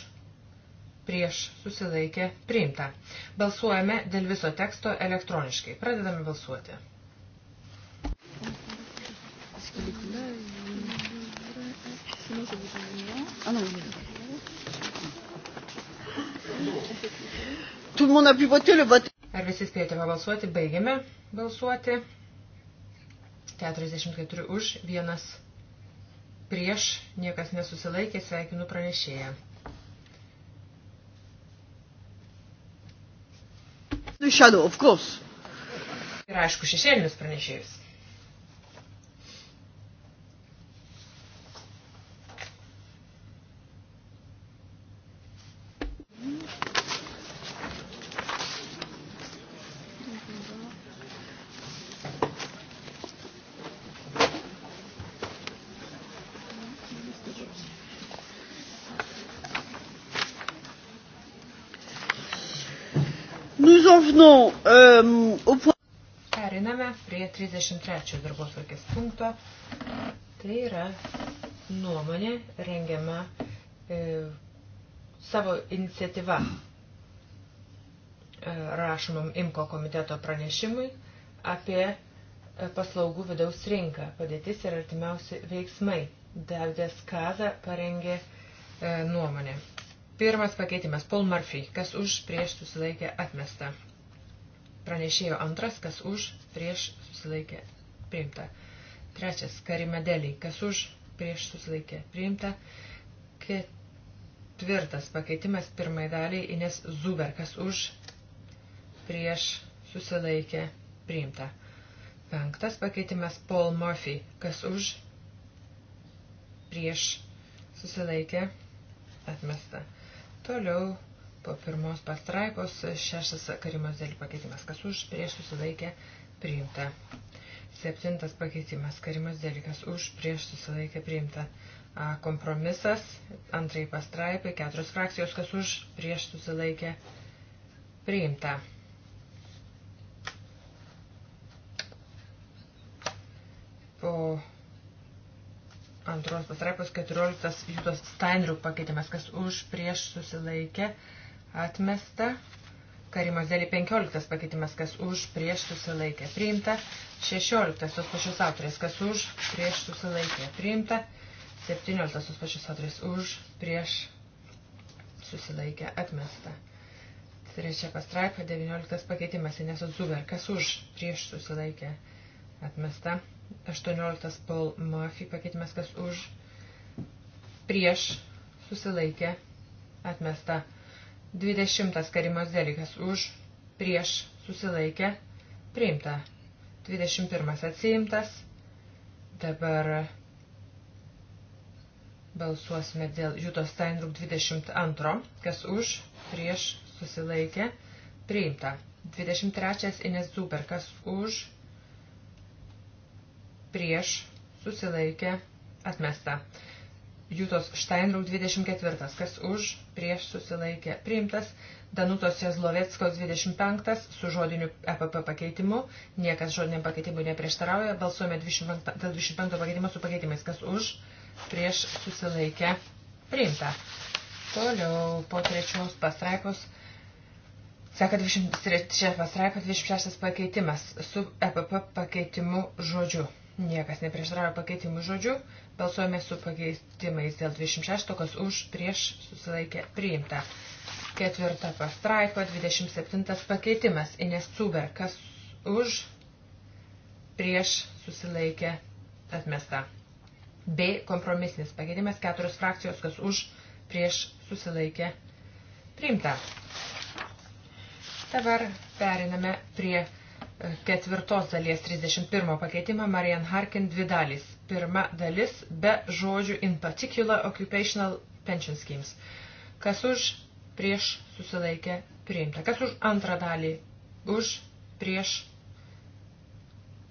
prieš susilaikė priimta. Balsuojame dėl viso teksto elektroniškai. Pradedame balsuoti. Ar visi spėtėme balsuoti? Baigėme balsuoti. 44 už, vienas prieš, niekas nesusilaikė, sveikinu pranešėją. The shadow, of course. Ir aišku, šešėlinis pranešėjus. venons nu, um, euh, au point. Periname prie 33 darbotvarkės punkto. Tai yra nuomonė rengiama e, savo iniciatyva e, rašomam IMKO komiteto pranešimui apie e, paslaugų vidaus rinką, padėtis ir artimiausi veiksmai. Davidas Kaza parengė e, nuomonę. Pirmas pakeitimas - Paul Murphy, kas už prieš susilaikė atmestą. Pranešėjo antras, kas už, prieš susilaikė priimta. Trečias, karimedeliai, kas už, prieš susilaikė priimta. Ketvirtas pakeitimas pirmai daliai, Ines Zuber, kas už, prieš susilaikė priimta. Penktas pakeitimas Paul Murphy, kas už, prieš susilaikė atmesta. Toliau po pirmos pastraipos šeštas karimos dėl pakeitimas, kas už prieš susilaikė priimta. Septintas pakeitimas, karimos dėlikas už prieš susilaikė priimta. A, kompromisas, antrai pastraipai, keturios frakcijos, kas už prieš susilaikė priimta. Po antros pastraipos 14 Jūtos Steinrių pakeitimas, kas už prieš susilaikė priimta atmesta. Karimas dėlį 15 pakeitimas, kas už, prieš susilaikė, priimta. 16 tos pačios autorės, kas už, prieš susilaikė, priimta. 17 tos pačios autorės, už, prieš susilaikė, atmesta. Trečia pastraipa, 19 pakeitimas, Inesos Zuber, kas už, prieš susilaikė, atmesta. 18 Paul Murphy pakeitimas, kas už, prieš susilaikė, atmesta. 20 karimos delikas už, prieš, susilaikę, priimta. 21 atsiimtas. Dabar balsuosime dėl Juto Steinruk 22, kas už, prieš, susilaikę, priimta. 23 Ines Zuber, kas už, prieš, susilaikę, atmesta. Jūtos Steinrau 24, kas už, prieš susilaikė priimtas, Danutos Jezlovetskos 25 su žodiniu EPP pakeitimu, niekas žodiniam pakeitimui neprieštarauja, balsuojame 25, dėl 25 pakeitimo su pakeitimais, kas už, prieš susilaikė priimta. Toliau po trečios pastraipos. Seka 23 pastraipa 26 pakeitimas su EPP pakeitimu žodžiu. Niekas neprieštarauja pakeitimų žodžių. Balsuojame su pakeitimais dėl 26, kas už prieš susilaikė priimta. Ketvirta pastraipa, 27 pakeitimas. Ines Cuber, kas už prieš susilaikė atmesta. B. Kompromisinis pakeitimas, keturios frakcijos, kas už prieš susilaikė priimta. Dabar periname prie ketvirtos dalies 31 pakeitimą Marian Harkin dvi dalys. Pirma dalis be žodžių in particular occupational pension schemes. Kas už prieš susilaikę priimta. Kas už antrą dalį už prieš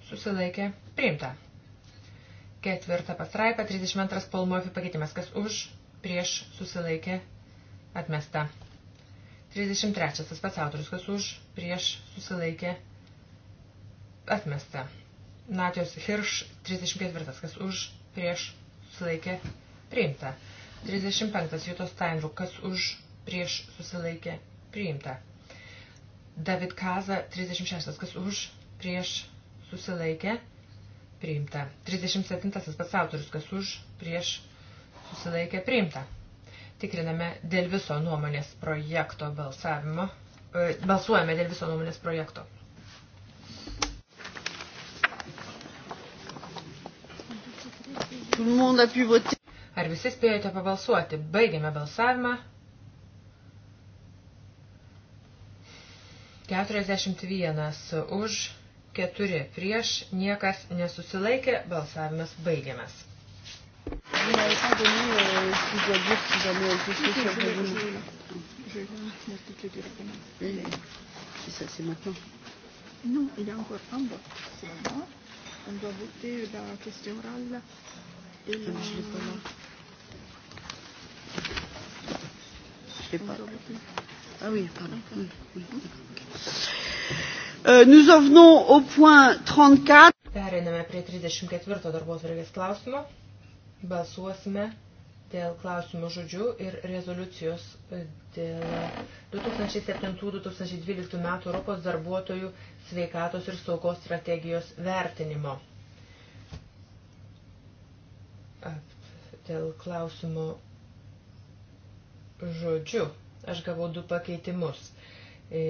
susilaikę priimta. Ketvirta pastraipa 32 Polmofi pakeitimas. Kas už prieš susilaikę atmesta. 33 tas pats autorius. Kas už prieš susilaikę priimta atmesta. Natijos Hirš 34, kas už, prieš, susilaikė, priimta. 35, Jutos Steinrų, kas už, prieš, susilaikė, priimta. David Kaza 36, kas už, prieš, susilaikė, priimta. 37, pats autorius, kas už, prieš, susilaikė, priimta. Tikriname dėl viso nuomonės projekto balsavimo. E, balsuojame dėl viso nuomonės projekto. Ar visi spėjote pabalsuoti? Baigėme balsavimą. 41 už, 4 prieš, niekas nesusilaikė, balsavimas baigiamas. Vous n'avez pas donné euh, ce qu'il doit dire si jamais elle fait ce sur le jour. Je vais toutes les directement. Oui, oui. Et ça, c'est maintenant Non, il y a encore un vote. On doit voter la question orale. Je l'ai pas là. Je l'ai pas. Ah oui, pardon. Euh, nous en venons au point 34. Pereiname prie 34 darbo atvarkės klausimo. Balsuosime dėl klausimų žodžių ir rezoliucijos e, dėl 2007-2012 metų Europos darbuotojų sveikatos ir saugos strategijos vertinimo dėl klausimo žodžiu. Aš gavau du pakeitimus. E,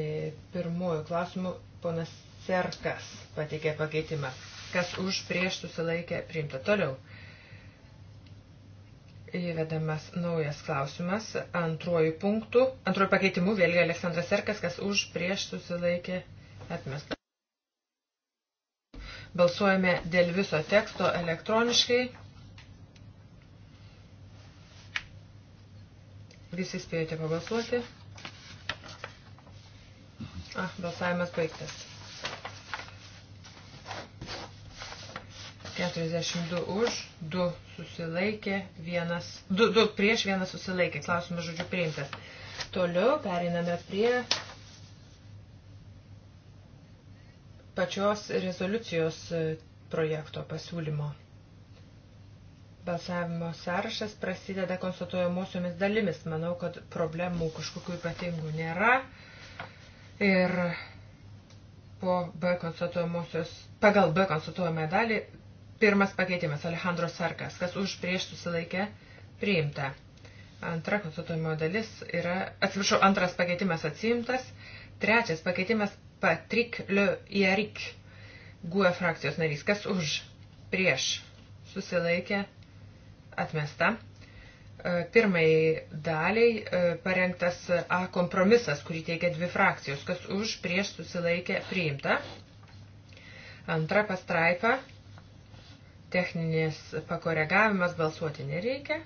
pirmuoju klausimu ponas Serkas pateikė pakeitimą. Kas už prieš susilaikė priimta toliau. Įvedamas naujas klausimas. Antruoju punktu, antruoju pakeitimu vėlgi Aleksandras Serkas, kas už prieš susilaikė atmestas. Balsuojame dėl viso teksto elektroniškai. Visi spėjote pabalsuoti. Ah, balsavimas baigtas. 42 už, 2 susilaikė, 1, 2, 2 prieš, 1 susilaikė. Klausimas žodžiu priimtas. Toliau periname prie pačios rezoliucijos e, projekto pasiūlymo. Balsavimo sąrašas prasideda konstatuojamosiomis dalimis. Manau, kad problemų kažkokių ypatingų nėra. Ir po B konstatuojamosios, pagal B konstatuojamąją dalį, pirmas pakeitimas Alejandro Sarkas, kas už prieš susilaikė priimta. Antra konstatuojama dalis yra, atsiprašau, antras pakeitimas atsiimtas, trečias pakeitimas Patrik Le Jarik, GUE frakcijos narys, kas už prieš susilaikė priimta atmesta. E, Pirmai daliai e, parengtas A kompromisas, kurį teikia dvi frakcijos, kas už prieš susilaikė priimta. Antra pastraipa, techninis pakoregavimas, balsuoti nereikia.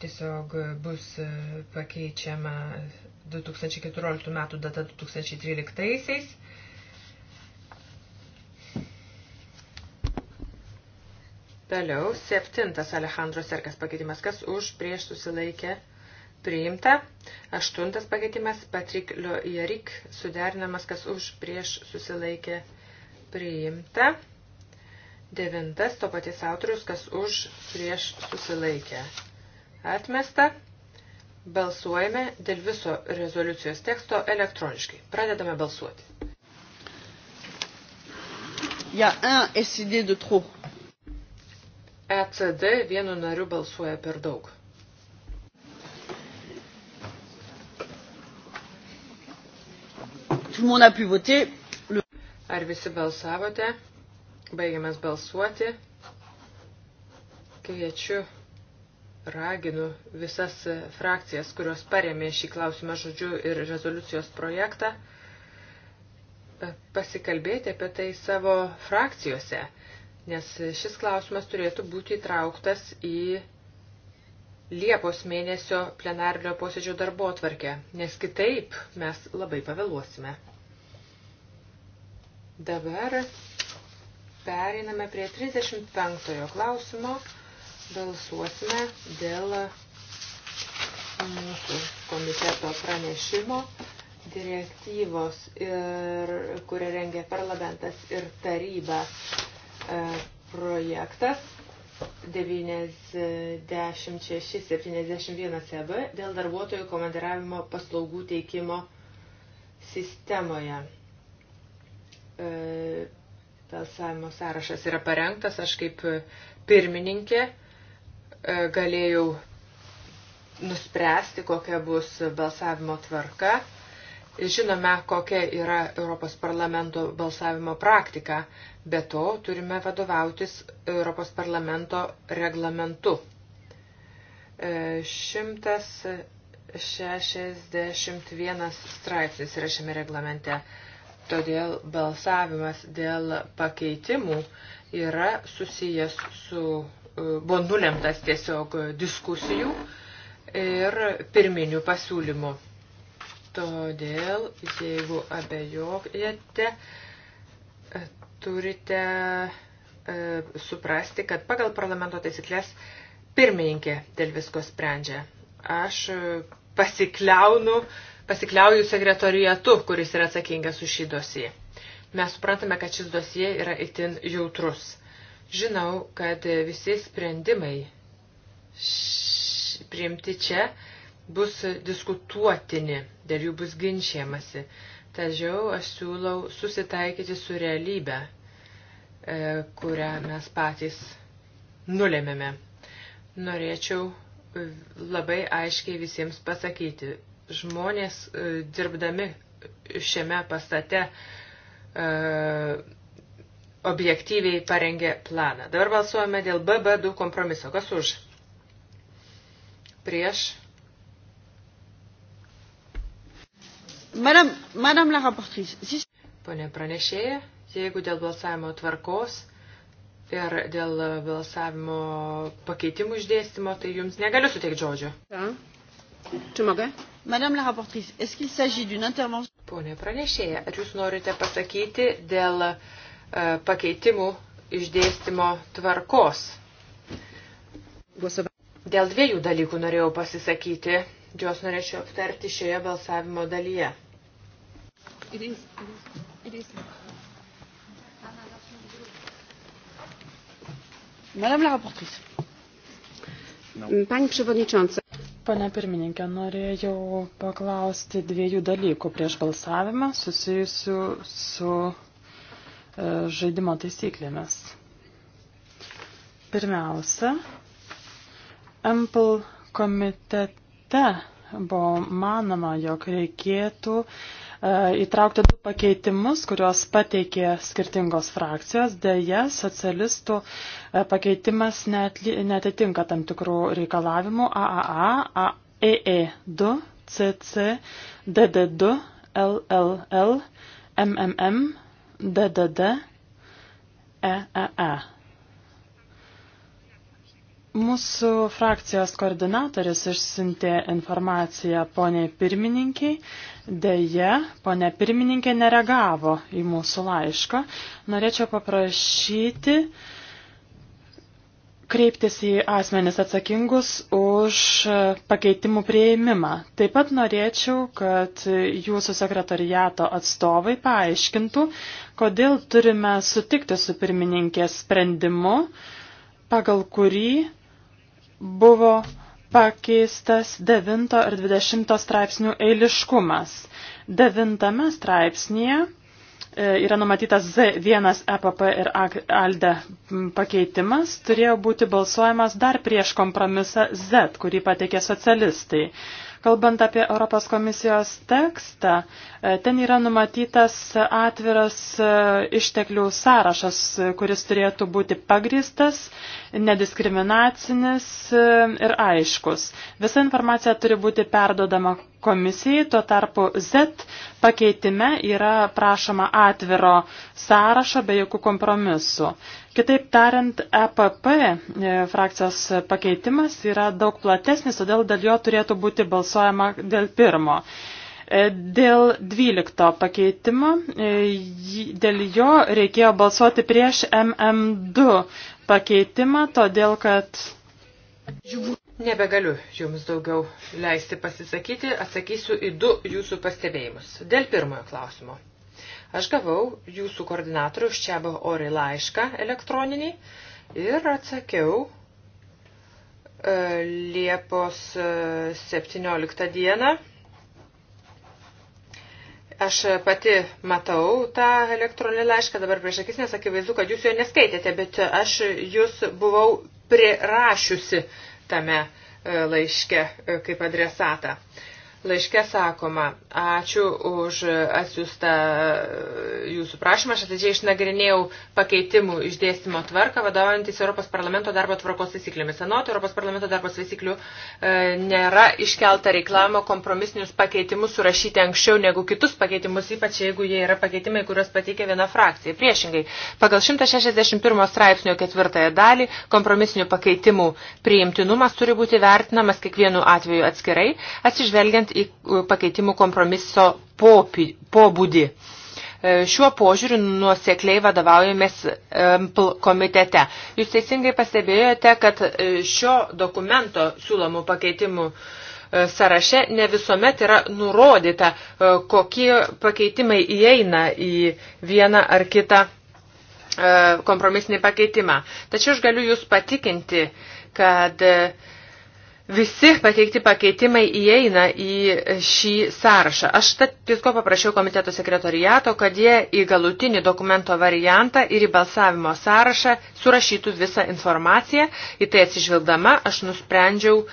Tiesiog bus pakeičiama 2014 metų data 2013. -aisiais Toliau septintas Alejandro Serkas pakeitimas, kas už prieš susilaikė priimta. Aštuntas pakeitimas Patrik Jarik suderinamas, kas už prieš susilaikė priimta. Devintas to paties autorius, kas už prieš susilaikė atmesta. Balsuojame dėl viso rezoliucijos teksto elektroniškai. Pradedame balsuoti. Ja, un SID de trop. ECD vienu nariu balsuoja per daug. Ar visi balsavote? Baigiamės balsuoti. Kviečiu, raginu visas frakcijas, kurios paremė šį klausimą žodžiu ir rezoliucijos projektą, e, pasikalbėti apie tai savo frakcijose nes šis klausimas turėtų būti įtrauktas į Liepos mėnesio plenarinio posėdžio darbo atvarkę, nes kitaip mes labai pavėluosime. Dabar pereiname prie 35 klausimo. Balsuosime dėl mūsų komiteto pranešimo direktyvos, ir, kurią rengia parlamentas ir taryba E, projektas 96-71 EB dėl darbuotojų komandiravimo paslaugų teikimo sistemoje. E, balsavimo sąrašas yra parengtas, aš kaip pirmininkė e, galėjau nuspręsti, kokia bus balsavimo tvarka. Žinome, kokia yra Europos parlamento balsavimo praktika, be to turime vadovautis Europos parlamento reglamentu. 161 e, straipsnis yra šiame reglamente. Todėl balsavimas dėl pakeitimų yra susijęs su, e, buvo nulemtas tiesiog diskusijų ir pirminių pasiūlymų. Todėl, jeigu abejojate, e, turite e, suprasti, kad pagal parlamento taisyklės pirmininkė dėl visko sprendžia. Aš e, pasikliaunu, pasikliauju sekretorijatu, kuris yra atsakingas už šį dosiją. Mes suprantame, kad šis dosija yra itin jautrus. Žinau, kad visi sprendimai š... priimti čia bus diskutuotini, dėl jų bus ginčiamasi. Tačiau aš siūlau susitaikyti su realybė, e, kurią mes patys nulėmėme. Norėčiau e, labai aiškiai visiems pasakyti, žmonės e, dirbdami šiame pastate objektyviai parengė planą. Dabar balsuojame dėl BB2 kompromiso. Kas už? Prieš Madame, Madame la rapportrice. Si... Pone pranešėja, jeigu dėl balsavimo tvarkos ir dėl balsavimo pakeitimų išdėstymo, tai jums negaliu suteikti žodžio. Madame la rapportrice, est-ce qu'il s'agit d'une intervention? Pone pranešėja, ar jūs norite pasakyti dėl uh, pakeitimų išdėstymo tvarkos? Dėl dviejų dalykų norėjau pasisakyti, juos norėčiau aptarti šioje balsavimo dalyje. It is. It is. It is. Madame la rapportrice. Mm, pani przewodnicząca. Pane pirmininkė, norėjau paklausti dviejų dalykų prieš balsavimą susijusių su e, žaidimo taisyklėmis. Pirmiausia, Ample komitete buvo manoma, jog reikėtų uh, E, įtraukti du pakeitimus, kuriuos pateikė skirtingos frakcijos. Deja, socialistų e, pakeitimas netitinka tam tikrų reikalavimų AAA, EE2, CC, DD2, LLL, MMM, DDD, EEE. E. Mūsų frakcijos koordinatorius išsintė informaciją poniai pirmininkiai Deja, ponė pirmininkė neregavo į mūsų laišką. Norėčiau paprašyti kreiptis į asmenis atsakingus už pakeitimų prieimimą. Taip pat norėčiau, kad jūsų sekretariato atstovai paaiškintų, kodėl turime sutikti su pirmininkės sprendimu, pagal kurį buvo pakeistas 9 ir 20 straipsnių eiliškumas. 9 straipsnėje e, yra numatytas Z1 EPP ir ALDE pakeitimas, turėjo būti balsuojamas dar prieš kompromisą Z, kurį pateikė socialistai. Kalbant apie Europos komisijos tekstą, e, ten yra numatytas atviras e, išteklių sąrašas, kuris turėtų būti pagristas, nediskriminacinis e, ir aiškus. Visa informacija turi būti perdodama komisijai, tuo tarpu Z pakeitime yra prašoma atviro sąrašo be jokių kompromisų. Kitaip tariant, EPP e, frakcijos pakeitimas yra daug platesnis, todėl dėl jo turėtų būti balsuojama dėl pirmo. E, dėl 12 pakeitimo, e, dėl jo reikėjo balsuoti prieš MM2 pakeitimą, todėl kad Nebegaliu jums daugiau leisti pasisakyti, atsakysiu į du jūsų pastebėjimus. Dėl pirmojo klausimo. Aš gavau jūsų koordinatorių iš Čiabo Ori laišką elektroninį ir atsakiau e, Liepos 17 e, dieną. Aš pati matau tą elektroninį laišką dabar prieš akis, nes akivaizdu, kad jūs jo neskaitėte, bet aš jūs buvau prirašiusi tame e, laiške e, kaip adresatą. Laiške sakoma, ačiū už atsiųstą e, jūsų prašymą. Aš atidžiai išnagrinėjau pakeitimų išdėstymo tvarką, vadovaujantis Europos parlamento darbo tvarkos taisyklėmis. Anot Europos parlamento darbo taisyklių e, nėra iškelta reklamo kompromisinius pakeitimus surašyti anksčiau negu kitus pakeitimus, ypač jeigu jie yra pakeitimai, kuriuos pateikė viena frakcija. Priešingai, pagal 161 straipsnio ketvirtąją dalį kompromisinių pakeitimų priimtinumas turi būti vertinamas kiekvienu atveju atskirai, atsižvelgiant atsižvelgiant į e, pakeitimų kompromiso pobūdį. E, šiuo požiūriu nuosekliai vadovaujamės e, komitete. Jūs teisingai pastebėjote, kad šio dokumento siūlomų pakeitimų sąraše ne visuomet yra nurodyta, kokie pakeitimai įeina į vieną ar kitą kompromisinį pakeitimą. Tačiau aš galiu Jūs patikinti, kad uh, Visi pateikti pakeitimai įeina į šį sąrašą. Aš visko paprašiau komiteto sekretoriato, kad jie į galutinį dokumento variantą ir į balsavimo sąrašą surašytų visą informaciją. Į tai atsižvelgdama aš nusprendžiau e,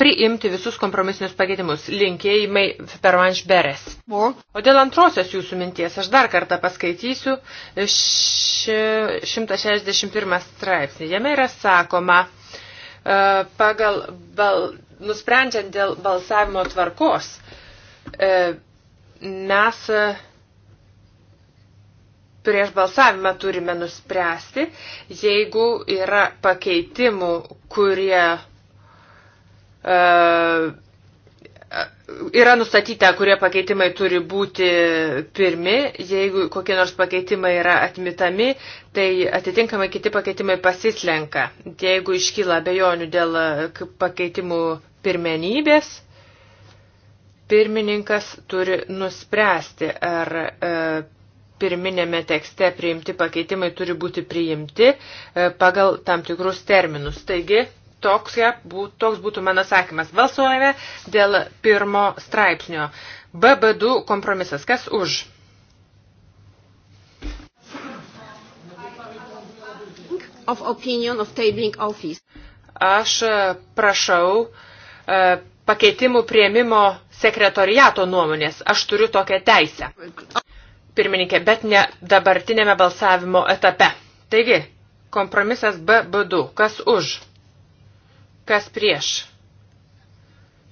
priimti visus kompromisinius pakeitimus. Linkėjimai Pervanš Beres. O dėl antrosios jūsų minties aš dar kartą paskaitysiu 161 straipsnį. Jame yra sakoma, E, pagal bal, nusprendžiant dėl balsavimo tvarkos, e, mes e, prieš balsavimą turime nuspręsti, jeigu yra pakeitimų, kurie Yra nustatyta, kurie pakeitimai turi būti pirmi, jeigu kokie nors pakeitimai yra atmitami, tai atitinkamai kiti pakeitimai pasislenka. Jeigu iškyla bejonių dėl e, pakeitimų pirmenybės, pirmininkas turi nuspręsti, ar e, pirminėme tekste priimti pakeitimai turi būti priimti e, pagal tam tikrus terminus. Taigi, Toks, ja, bū, toks būtų mano sakymas. Valsuojame dėl pirmo straipsnio. BB2 kompromisas. Kas už? Of opinion of tabling office. Aš e, prašau e, pakeitimų prieimimo sekretoriato nuomonės. Aš turiu tokią teisę. Pirmininkė, bet ne dabartinėme balsavimo etape. Taigi, kompromisas BB2. Kas už? Kas prieš?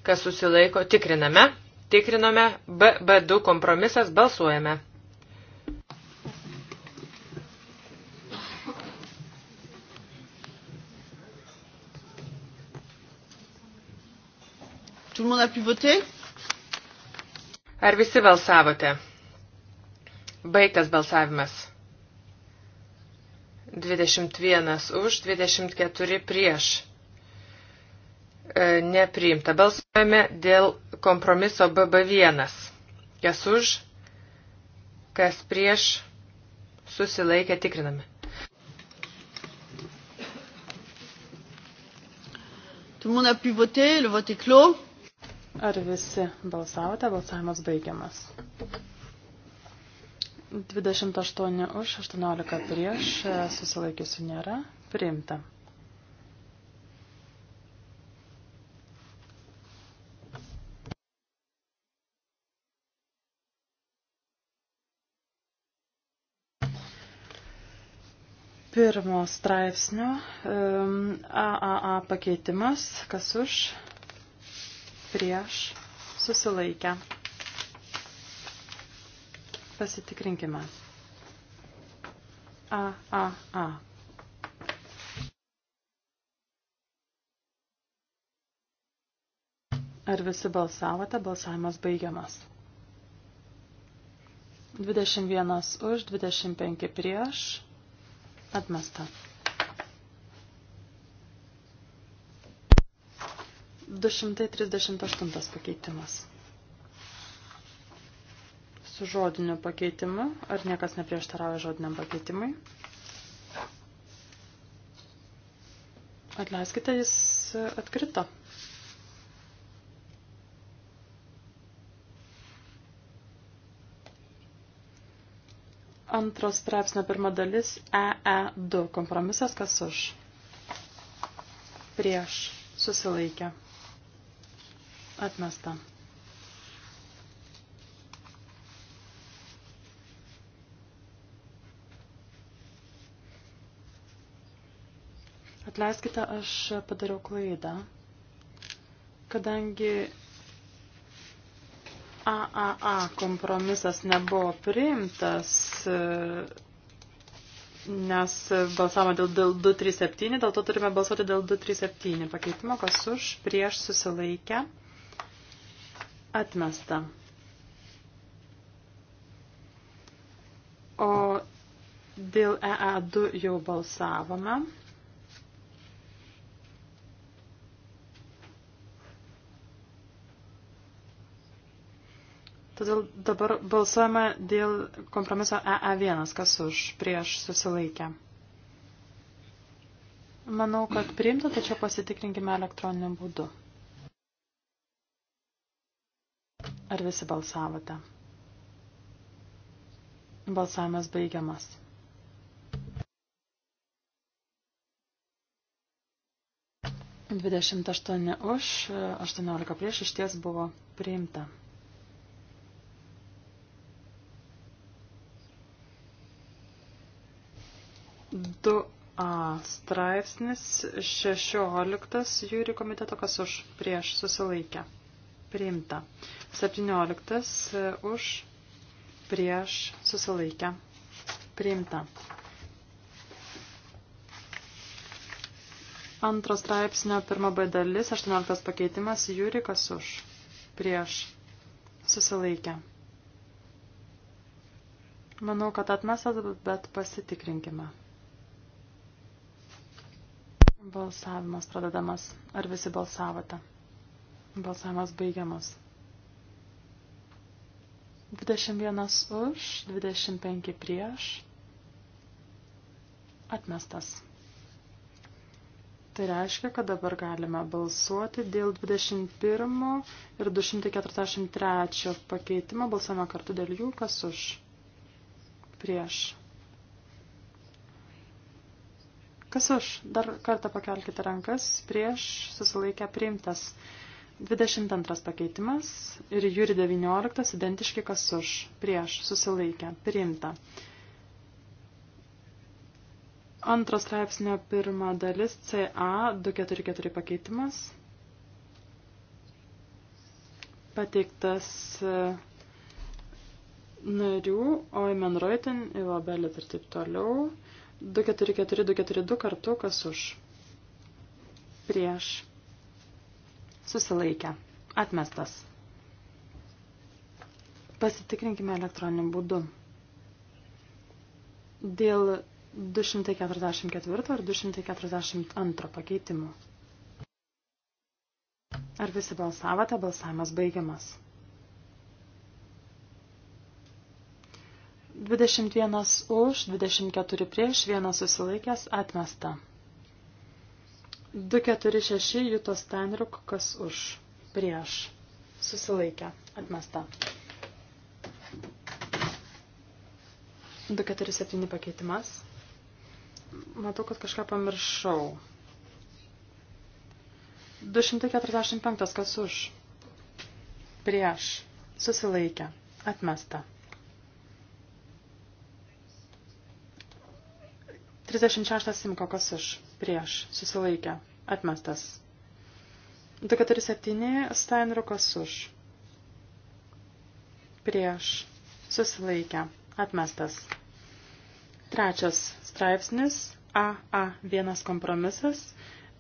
Kas susilaiko? Tikriname. Tikrinome. BB2 kompromisas. Balsuojame. Tout le monde a pu voter Ar visi balsavote? Baigtas balsavimas. 21 už, 24 prieš. E, nepriimta. Balsuojame dėl kompromiso BB1. Kas už, kas prieš, susilaikę tikriname. Ar visi balsavote? Balsavimas baigiamas. 28 už, 18 prieš, e, susilaikiusių nėra, priimta. pirmo straipsnio AAA pakeitimas, kas už, prieš, susilaikę. Pasitikrinkime. AAA. Ar visi balsavote? Balsavimas baigiamas. 21 už, 25 prieš, Atmesta. 238 pakeitimas. Su žodiniu pakeitimu. Ar niekas neprieštarauja žodiniam pakeitimui? Atleiskite, jis atkrito. Antros straipsnio pirma dalis EE2. Kompromisas kas už? Prieš. Susilaikę. Atmesta. Atleiskite, aš padariau klaidą, kadangi AAA kompromisas nebuvo priimtas, nes balsavome dėl, dėl 237, dėl to turime balsuoti dėl 237 pakeitimo, kas už, prieš susilaikę, atmesta. O dėl EA2 jau balsavome. Todėl dabar balsuojame dėl kompromiso EE1, kas už prieš susilaikę. Manau, kad priimta, tačiau pasitikrinkime elektroniniu būdu. Ar visi balsavote? Balsavimas baigiamas. Dvidešimt aštuoni už, aštuoniolika prieš išties buvo priimta. 2a straipsnis 16 jūrių komiteto, kas už prieš susilaikę. Priimta. 17 už prieš susilaikę. Priimta. Antro straipsnio pirma B dalis, 18 pakeitimas, jūri kas už, prieš, susilaikę. Manau, kad atmesat, bet pasitikrinkime. Balsavimas pradedamas. Ar visi balsavote? Balsavimas baigiamas. 21 už, 25 prieš. Atmestas. Tai reiškia, kad dabar galime balsuoti dėl 21 ir 243 pakeitimo. Balsame kartu dėl jų, kas už. Prieš. Kas už? Dar kartą pakelkite rankas prieš susilaikę priimtas. 22 pakeitimas ir jūri 19 identiški kas už prieš susilaikę priimta. Antro straipsnio pirma dalis CA 244 pakeitimas. Pateiktas e, narių, Oimen Reutin, Ilabelė ir taip toliau. 244, 242 kartu, kas už, prieš, susilaikę, atmestas. Pasitikrinkime elektroniniu būdu. Dėl 244 ar 242 pakeitimų. Ar visi balsavote? Balsavimas baigiamas. 21 už, 24 prieš, 1 susilaikęs, atmesta. 246 Jutos Steinruk, kas už, prieš, susilaikę, atmesta. 247 pakeitimas. Matau, kad kažką pamiršau. 245 kas už, prieš, susilaikę, atmesta. 36 simko, kas už, prieš, susilaikė, atmestas. 247 Steinro, kas už, prieš, susilaikė, atmestas. Trečias straipsnis AA1 kompromisas,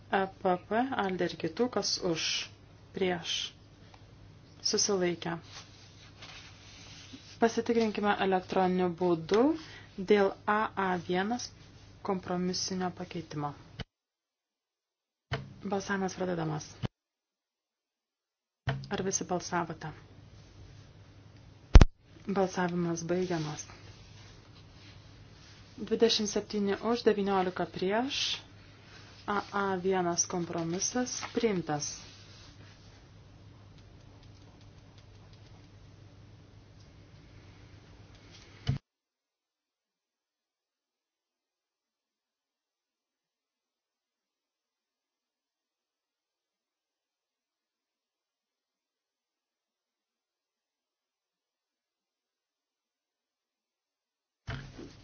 EPP, ALDE ir kitų, kas už, prieš, susilaikę. Pasitikrinkime elektroniniu būdu dėl AA1 kompromisinio pakeitimo. Balsavimas pradedamas. Ar visi balsavote? Balsavimas baigiamas. 27 už, 19 prieš. AA1 kompromisas priimtas.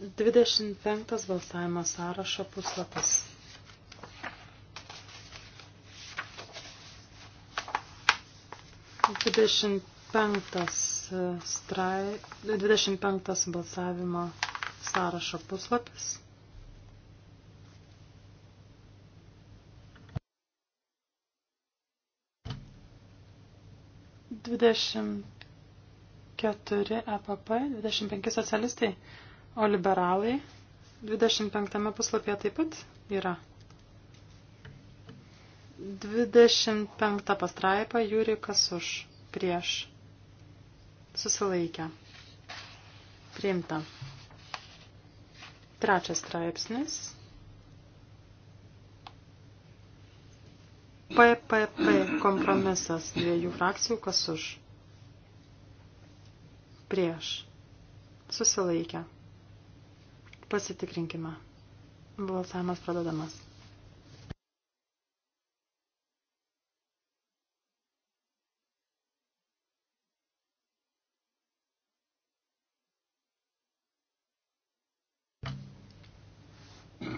25 balsavimo sąrašo puslapis. Dvidešimt penktas, e, strai, 25 balsavimo sąrašo puslapis. Dvidešimt keturi EPP, dvidešimt penki socialistai. O liberalai 25 puslapyje taip pat yra. 25 pastraipa Jūri kas už prieš susilaikę. Priimta. Trečias straipsnis. PPP kompromisas dviejų frakcijų kas už. Prieš. Susilaikę. Pasitikrinkime. Balsavimas pradedamas.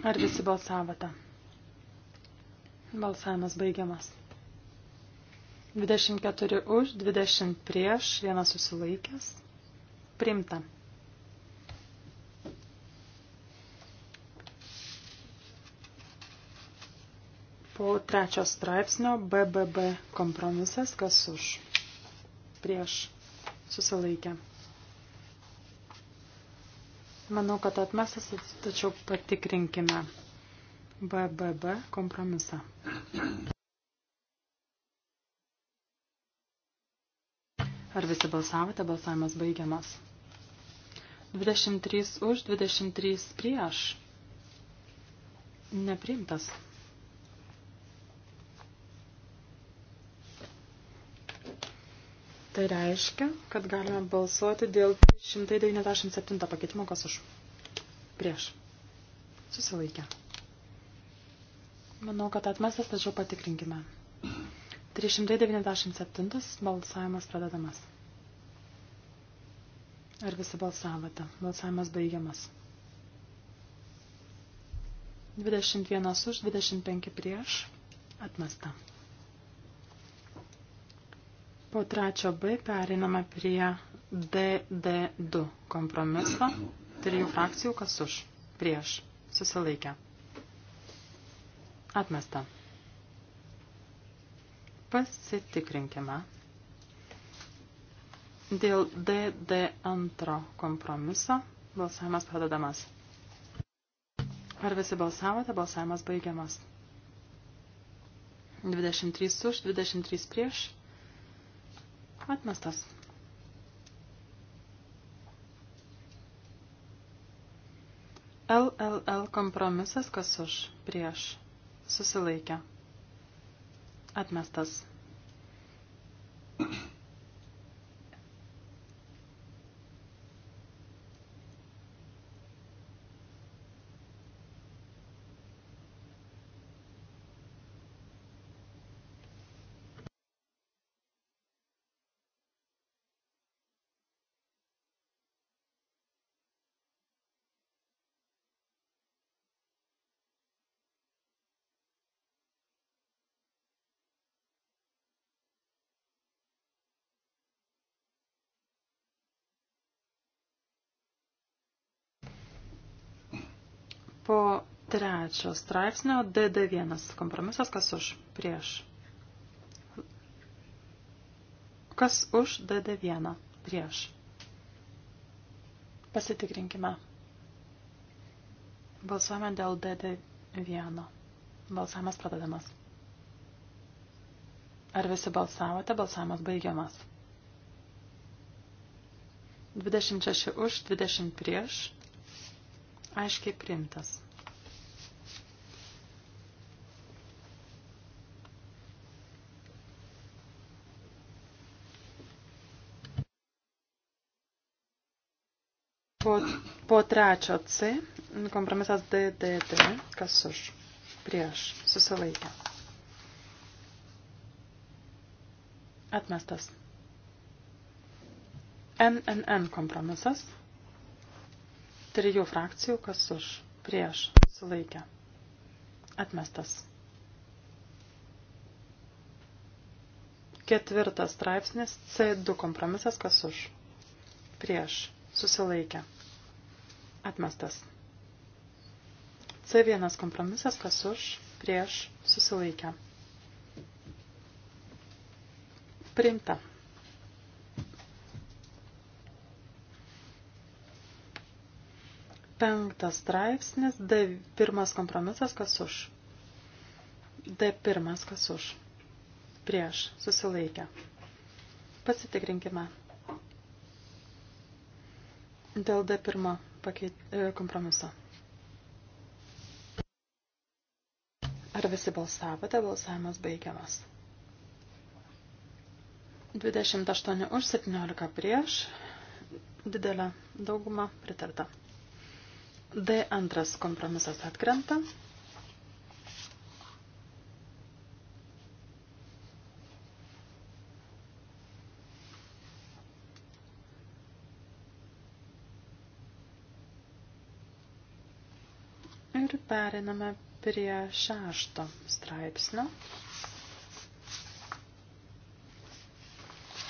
Ar visi balsavote? Balsavimas baigiamas. 24 už, 20 prieš, vienas susilaikęs. Primta. Po trečio straipsnio BBB kompromisas, kas už prieš susilaikę. Manau, kad atmestas, tačiau patikrinkime BBB kompromisą. Ar visi balsavote? Balsavimas baigiamas. 23 už, 23 prieš. Nepriimtas. Tai reiškia, kad galime balsuoti dėl 197 pakeitimo, kas už prieš susilaikę. Manau, kad atmestas, tačiau patikrinkime. 397 balsavimas pradedamas. Ar visi balsavote? Balsavimas baigiamas. 21 už, 25 prieš. Atmesta. Po trečio B periname prie DD2 kompromiso. Trijų frakcijų kas už, prieš, susilaikę. Atmesta. Pasitikrinkime. Dėl DD2 kompromiso balsavimas pradedamas. Ar visi balsavote? Balsavimas baigiamas. 23 už, 23 prieš. Atmestas. LLL kompromisas kas už, prieš, susilaikę. Atmestas. Po trečio straipsnio DD1 kompromisas, kas už, prieš. Kas už DD1, prieš. Pasitikrinkime. Balsuojame dėl DD1. Balsavimas pradedamas. Ar visi balsavote? Balsavimas baigiamas. 26 už, 20 prieš. Aiškiai primtas. Po, po trečio C, kompromisas DDD, kas už, prieš, susilaikę. Atmestas. NNN kompromisas trijų frakcijų, kas už, prieš, sulaikę, atmestas. Ketvirtas straipsnis, C2 kompromisas, kas už, prieš, susilaikę, atmestas. C1 kompromisas, kas už, prieš, susilaikę. Priimta. Penktas straipsnis, D pirmas kompromisas, kas už. D pirmas, kas už. Prieš, susilaikę. Pasitikrinkime. Dėl D pirmo pakeit, e, kompromiso. Ar visi balsavote? Balsavimas baigiamas. 28 už, 17 prieš. Didelė dauguma pritarta. D2 kompromisas atkrenta. Ir periname prie šešto straipsnio.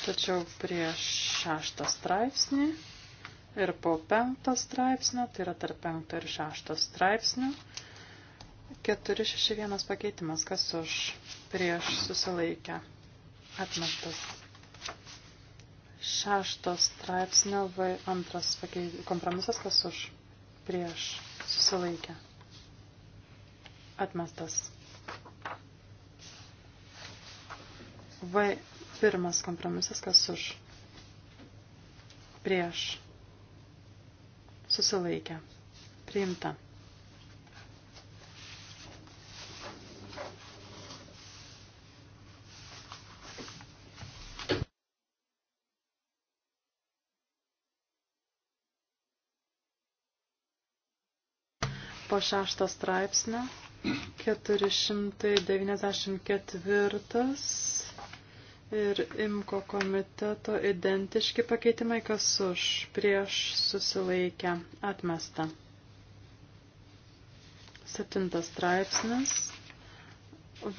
Tačiau prieš šeštą straipsnį ir po penkto straipsnio, tai yra tarp penkto ir šešto straipsnio. 461 pakeitimas, kas už prieš susilaikę atmestas. Šešto straipsnio V antras pakeit... kompromisas, kas už prieš susilaikę atmestas. V pirmas kompromisas, kas už prieš susilaikė, priimta. po šešto straipsnio 494 ir imko komiteto identiški pakeitimai, kas už prieš susilaikę atmesta. Septintas straipsnis. V,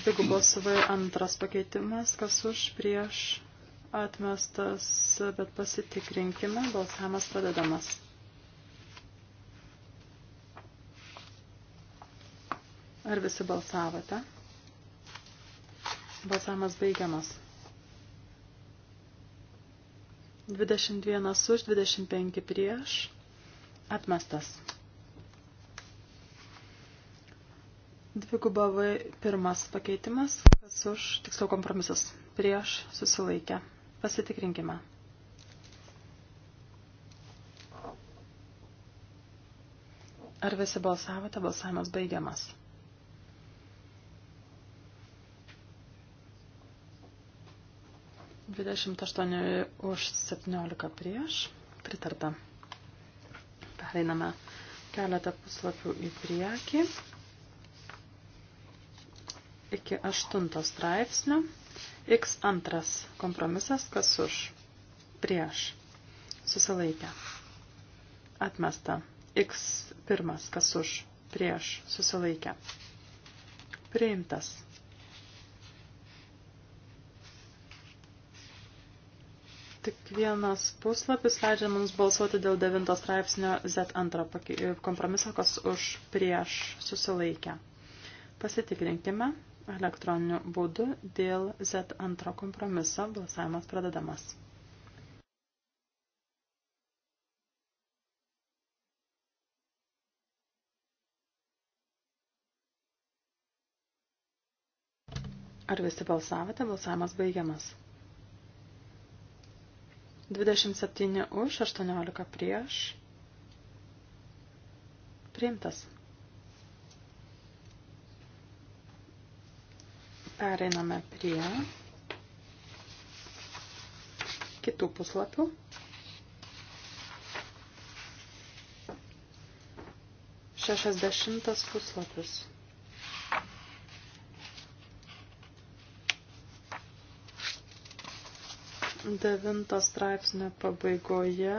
dvigubos V antras pakeitimas, kas už prieš atmestas, bet pasitikrinkime, balsavimas pradedamas. Ar visi balsavote? Balsavimas baigiamas. 21 už, 25 prieš. Atmestas. Dviguba V pirmas pakeitimas, kas už, tiksliau kompromisas, prieš susilaikę. Pasitikrinkime. Ar visi balsavote? Balsavimas baigiamas. 28 už 17 prieš. Pritarta. Pereiname keletą puslapių į priekį. Iki 8 straipsnio. X antras kompromisas, kas už. Prieš. Susilaikę. Atmesta. X pirmas, kas už. Prieš. Susilaikę. Priimtas. Tik vienas puslapis leidžia mums balsuoti dėl 9 straipsnio Z2 e, kompromiso, kas už prieš susilaikę. Pasitikrinkime elektroniniu būdu dėl Z2 kompromiso. Balsavimas pradedamas. Ar visi balsavote? Balsavimas baigiamas. 27 už, 18 prieš. Priimtas. Pereiname prie kitų puslapių. Šešiasdešimtas puslapis. Devinto straipsnio pabaigoje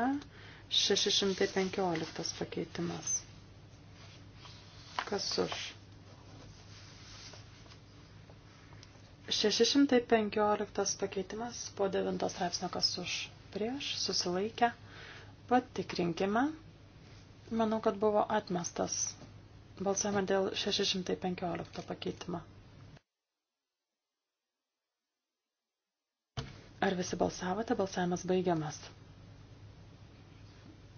615 pakeitimas. Kas už? 615 pakeitimas po 9 straipsnio kas už prieš susilaikę. Patikrinkime. Manau, kad buvo atmestas balsavimą dėl 615 pakeitimą. Ar visi balsavote? Balsavimas baigiamas.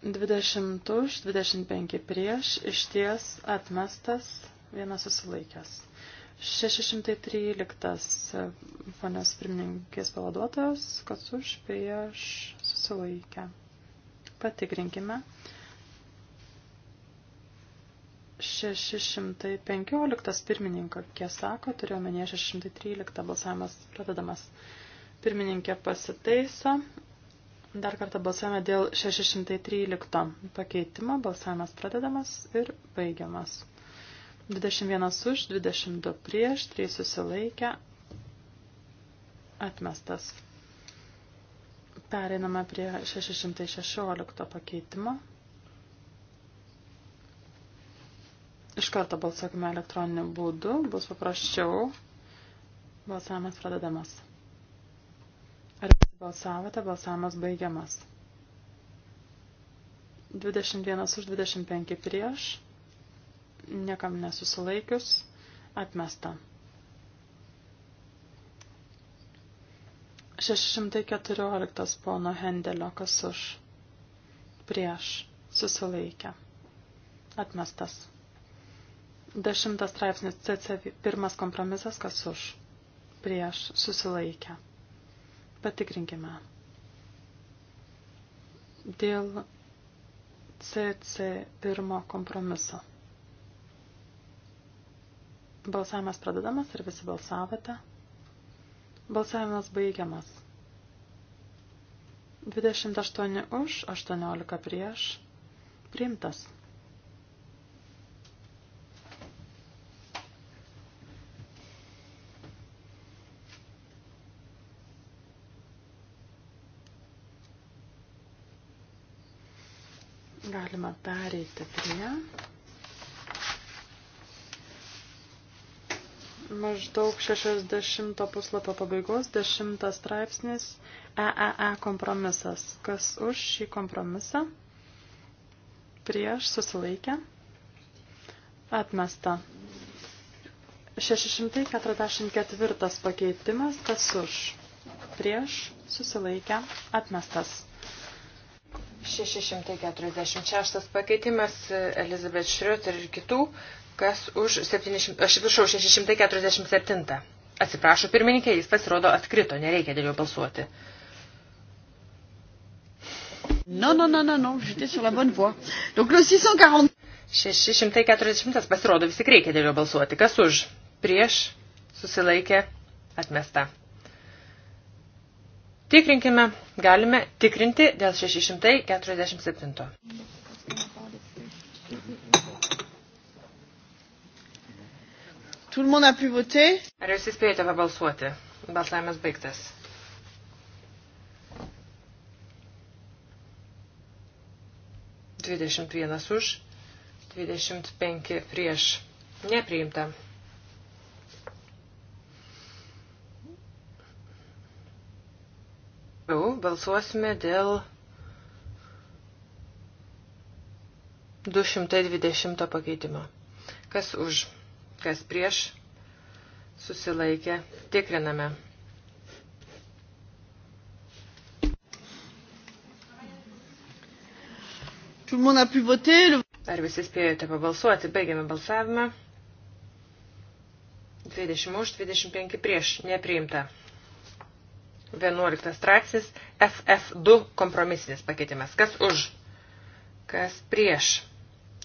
20 už, 25 prieš, išties atmestas, vienas susilaikęs. 613 e, ponios pirmininkės pavaduotojas, kas už, prieš, susilaikę. Patikrinkime. 615 pirmininko, kiek sako, turiu omenyje 613 balsavimas pradedamas. Pirmininkė pasitaiso. Dar kartą balsavome dėl 613 pakeitimo. Balsavimas pradedamas ir baigiamas. 21 už, 22 prieš, 3 susilaikę, atmestas. Pereiname prie 616 pakeitimo. Iš karto balsuokime elektroniniu būdu, bus paprasčiau. Balsavimas pradedamas. Balsavote, balsavimas baigiamas. 21 už 25 prieš, niekam nesusilaikius, atmesta. 614 pono Hendelio kas už, prieš, susilaikę, atmestas. 10 straipsnis CC pirmas kompromisas kas už, prieš, susilaikę Patikrinkime. Dėl CC1 kompromiso. Balsavimas pradedamas ir visi balsavote. Balsavimas baigiamas. 28 už, 18 prieš. Priimtas. galime pereiti prie maždaug 60 puslapio pabaigos, 10 straipsnis EEE e e kompromisas. Kas už šį kompromisą? Prieš susilaikę. Atmesta. 644 pakeitimas. Kas už? Prieš susilaikę. Atmestas. 646 pakeitimas Elizabeth Schröter ir kitų, kas už 70, aš viršau 647. Atsiprašau, pirmininkė, jis pasirodo atkrito, nereikia dėl jo balsuoti. Non, non, non, non, non, j'étais sur la bonne voie. Donc le 640. 640 pasirodo, vis tik reikia dėl jo balsuoti. Kas už? Prieš susilaikė atmesta. Tikrinkime, galime tikrinti dėl 647. Tout le monde a pu voter? Ar jūs įspėjote pabalsuoti? Balsavimas baigtas. Dvidešimt vienas už, dvidešimt penki prieš. Nepriimta. Jau balsuosime dėl 220 pakeitimo. Kas už, kas prieš, susilaikė, tikriname. Ar visi spėjote pabalsuoti? Baigiame balsavimą. 20 už, 25 prieš. Nepriimta. 11 straipsnis FF2 kompromisinis pakeitimas. Kas už? Kas prieš?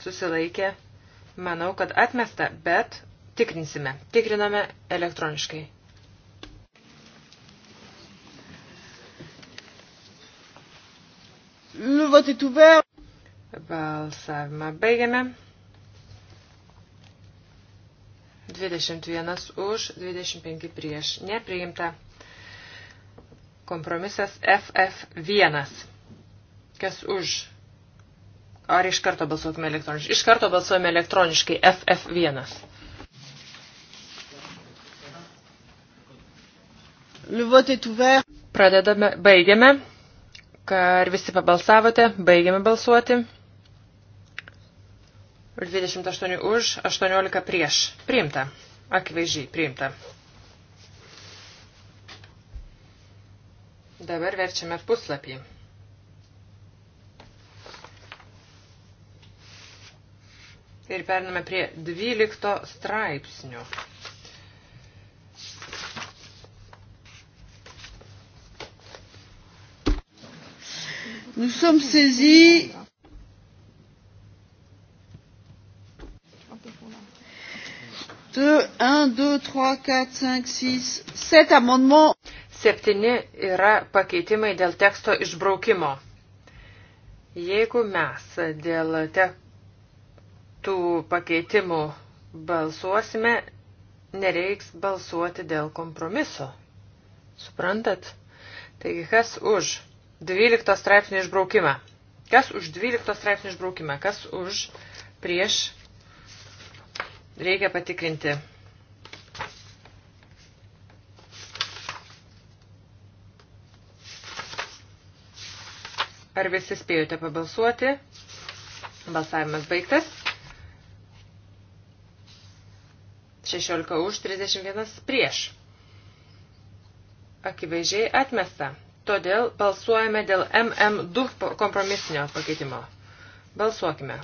Susilaikė. Manau, kad atmesta, bet tikrinsime. Tikriname elektroniškai. Le vote est ouvert. Balsavimą baigiame. 21 už, 25 prieš. Nepriimta. Kompromisas FF1. Kas už? Ar iš karto balsuokime elektroniškai? Iš karto balsuojame elektroniškai FF1. Le vote est ouvert. Pradedame, baigiame. Ar visi pabalsavote? Baigiame balsuoti. 28 už, 18 prieš. Priimta. Akivaizdžiai priimta. Dabar verčiame puslapį. Ir periname prie 12 straipsnių. Nous sommes saisis de 1, 2, 3, 4, 5, 6, 7 amendements. Septyni yra pakeitimai dėl teksto išbraukimo. Jeigu mes dėl te tų pakeitimų balsuosime, nereiks balsuoti dėl kompromiso. Suprantat? Taigi, kas už 12 straipsnį išbraukimą? Kas už 12 straipsnį išbraukimą? Kas už prieš? Reikia patikrinti. Ar visi spėjote pabalsuoti? Balsavimas baigtas. 16 už 31 prieš. Akivaizdžiai atmesta. Todėl balsuojame dėl MM2 kompromisinio pakeitimo. Balsuokime.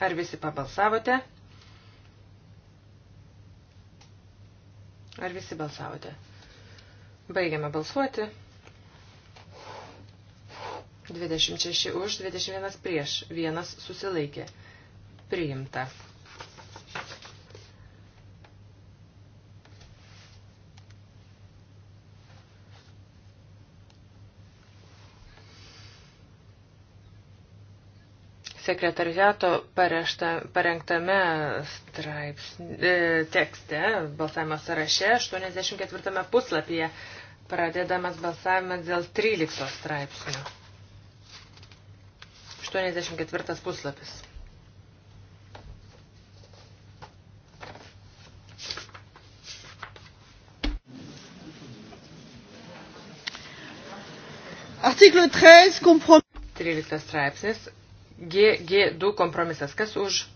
Ar visi pabalsavote? Ar visi balsavote? Baigiame balsuoti. 26 už, 21 prieš, 1 susilaikė. Priimta. sekretariato parešta, parengtame straipsn, e, tekste, balsavimo sąraše, 84 puslapyje pradedamas balsavimas dėl 13 straipsnio. 84 puslapis. Article 13, kompromis. 13 straipsnis, GG2 kompromisas. Kas už?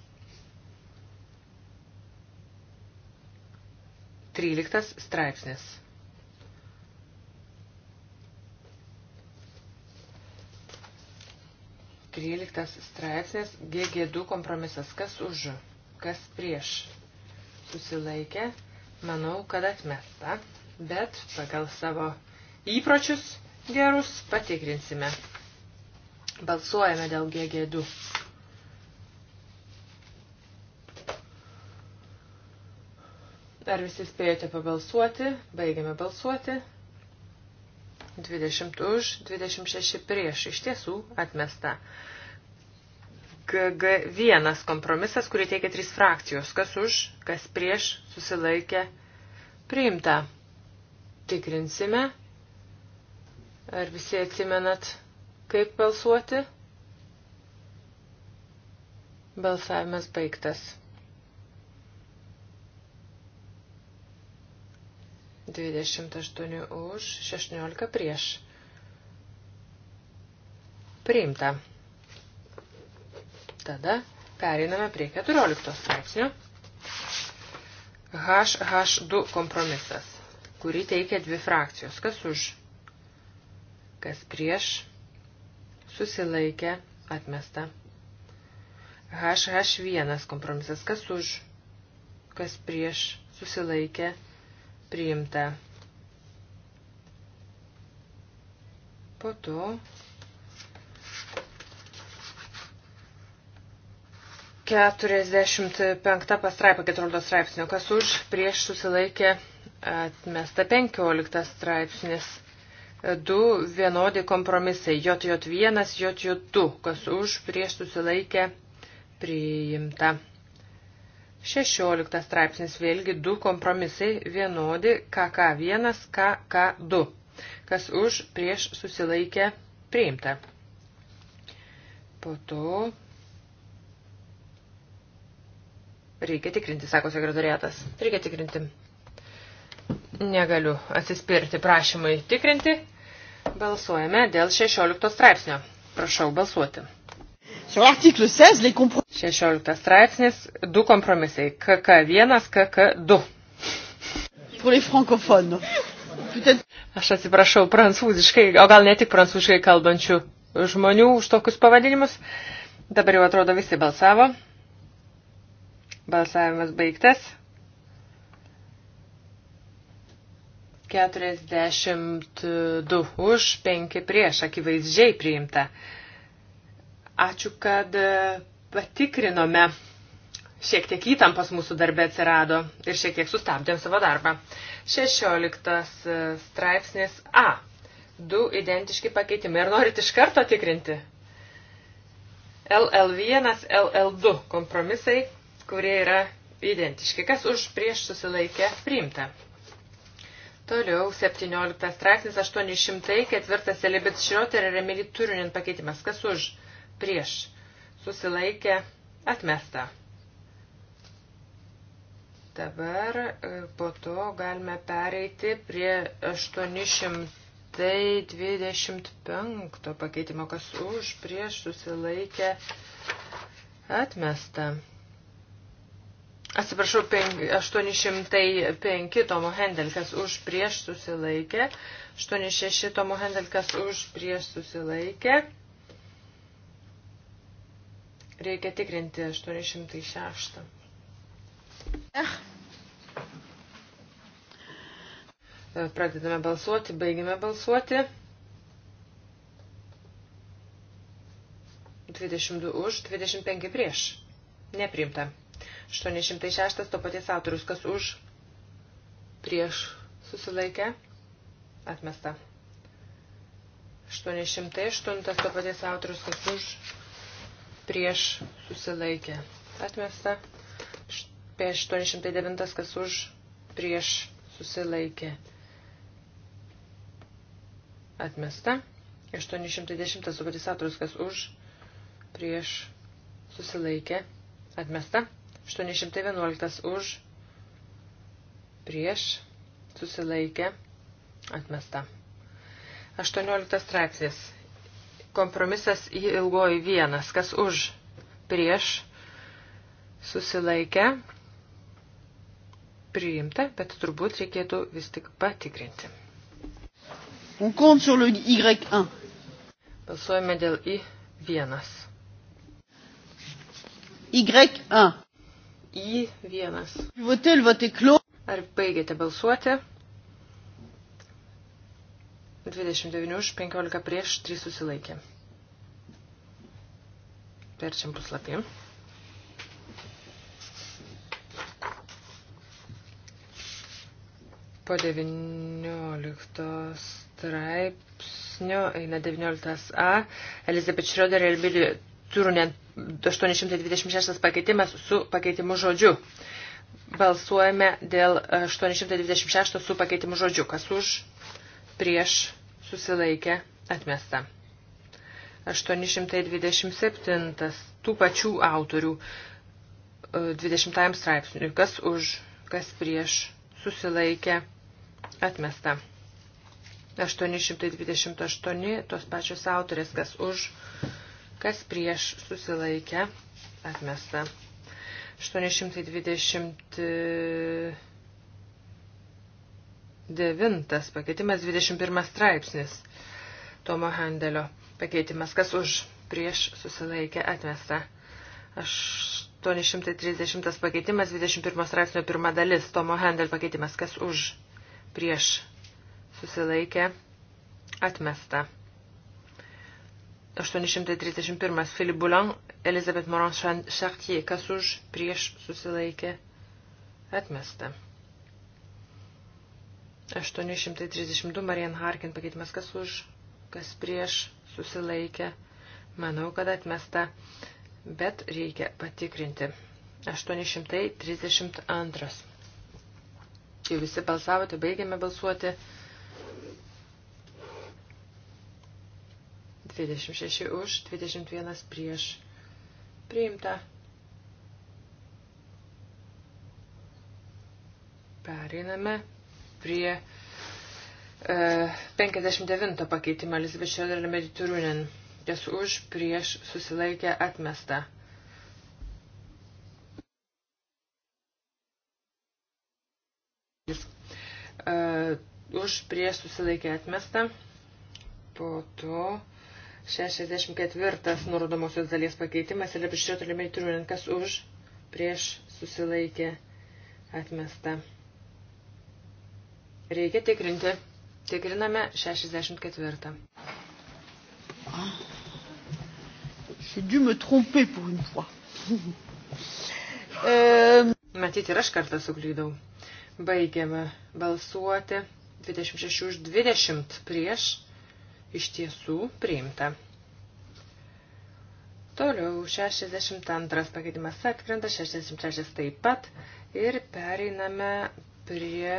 13 straipsnis. Tryliktas straipsnis GG2 kompromisas. Kas už, kas prieš. Susilaikė, manau, kad atmesta, bet pagal savo įpročius gerus patikrinsime. Balsuojame dėl GG2. Ar visi spėjote pabalsuoti? Baigiame balsuoti. 20 už, 26 prieš. Iš tiesų atmesta. GG1 kompromisas, kurį teikia trys frakcijos. Kas už, kas prieš, susilaikė, priimta. Tikrinsime. Ar visi atsimenat? kaip balsuoti. Balsavimas baigtas. 28 už, 16 prieš. Priimta. Tada pereiname prie 14 straipsnio. HH2 kompromisas, kurį teikia dvi frakcijos. Kas už? Kas prieš? susilaikė, atmesta. HH1 kompromisas, kas už, kas prieš, susilaikė, priimta. Po to keturiasdešimt penkta pastraipa keturioliktos straipsnio, kas už, prieš, susilaikė, atmesta penkioliktas straipsnis du vienodi kompromisai, JJ1, JJ2, kas už prieš susilaikę priimta. 16 straipsnis vėlgi du kompromisai vienodi KK1, KK2, kas už prieš susilaikę priimta. Po to reikia tikrinti, sako sekretariatas. Reikia tikrinti negaliu atsispirti prašymai tikrinti. Balsuojame dėl 16 straipsnio. Prašau balsuoti. 16 straipsnis, du kompromisai. KK1, KK2. Aš atsiprašau prancūziškai, o gal ne tik prancūziškai kalbančių žmonių už tokius pavadinimus. Dabar jau atrodo visi balsavo. Balsavimas baigtas. 42 už, 5 prieš, akivaizdžiai priimta. Ačiū, kad e, patikrinome. Šiek tiek įtampas mūsų darbė atsirado ir šiek tiek sustabdėm savo darbą. 16 e, straipsnis A. Du identiški pakeitimai. Ir norit iš karto tikrinti? LL1, LL2 kompromisai, kurie yra identiški. Kas už prieš susilaikę priimta? Toliau 17 straipsnis 804 Elibet Šrioter ir Emily Turinin pakeitimas. Kas už? Prieš. Susilaikė. Atmesta. Dabar e, po to galime pereiti prie 825 pakeitimo, kas už prieš susilaikė atmesta. Atsiprašau, 805 Tomo Hendelkas už prieš susilaikė, 86 Tomo Hendelkas už prieš susilaikė. Reikia tikrinti 806. Pradedame balsuoti, baigime balsuoti. 22 už, 25 prieš. Nepriimta. 806 to paties autorius, kas už, prieš, susilaikę, atmesta. 808 to paties autorius, kas už, prieš, susilaikę, atmesta. 809 kas už, prieš, susilaikė, atmesta. 810 to paties autorius, kas už, prieš, susilaikė, atmesta. 811 už, prieš, susilaikė, atmesta. 18 straipsnis. Kompromisas į ilgoji vienas, kas už, prieš, susilaikė, priimta, bet turbūt reikėtų vis tik patikrinti. On compte sur le Y1. Balsuojame dėl I1. Y1 į vienas. E Ar baigėte balsuoti? 29 už, 15 prieš, 3 susilaikė. Perčiam puslapį. Po 19 straipsnio eina 19a. Elizabeth Schroeder ir Billy Turunen 826 pakeitimas su pakeitimu žodžiu. Balsuojame dėl 826 su pakeitimu žodžiu. Kas už, prieš, susilaikė, atmesta. 827 tų pačių autorių 20 e, straipsniui. Kas už, kas prieš, susilaikė, atmesta. 828 tos pačios autorės, kas už, kas prieš susilaikę atmesta. 829 pakeitimas 21 straipsnis Tomo Handelio pakeitimas, kas už prieš susilaikę atmesta. 830 pakeitimas, 21 straipsnio pirma dalis, Tomo Handel pakeitimas, kas už, prieš, susilaikė, atmesta. 831. Filip Boulan, Elizabeth Moran Chartier. Kas už prieš susilaikė atmesta. 832. Marian Harkin pakeitimas. Kas už, kas prieš susilaikė. Manau, kad atmesta, bet reikia patikrinti. 832. Jau visi balsavote, baigėme balsuoti. 26 už, 21 prieš. Priimta. Pereiname prie e, 59 pakeitimą Elizabeth Schroeder ir Mediturinen. Ties už, prieš, susilaikę, atmesta. E, už, prieš, susilaikę, atmesta. Po to 64 nurodomosios dalies pakeitimas ir apščio tolimiai turiu rankas už, prieš susilaikė atmesta. Reikia tikrinti. Tikriname 64. J'ai dû me tromper pour une fois. Euh, Matyt, ir aš kartą suklydau. Baigiame balsuoti 26 už 20 prieš Iš tiesų priimta. Toliau 62 pakeitimas atkrenta, 66 taip pat ir pereiname prie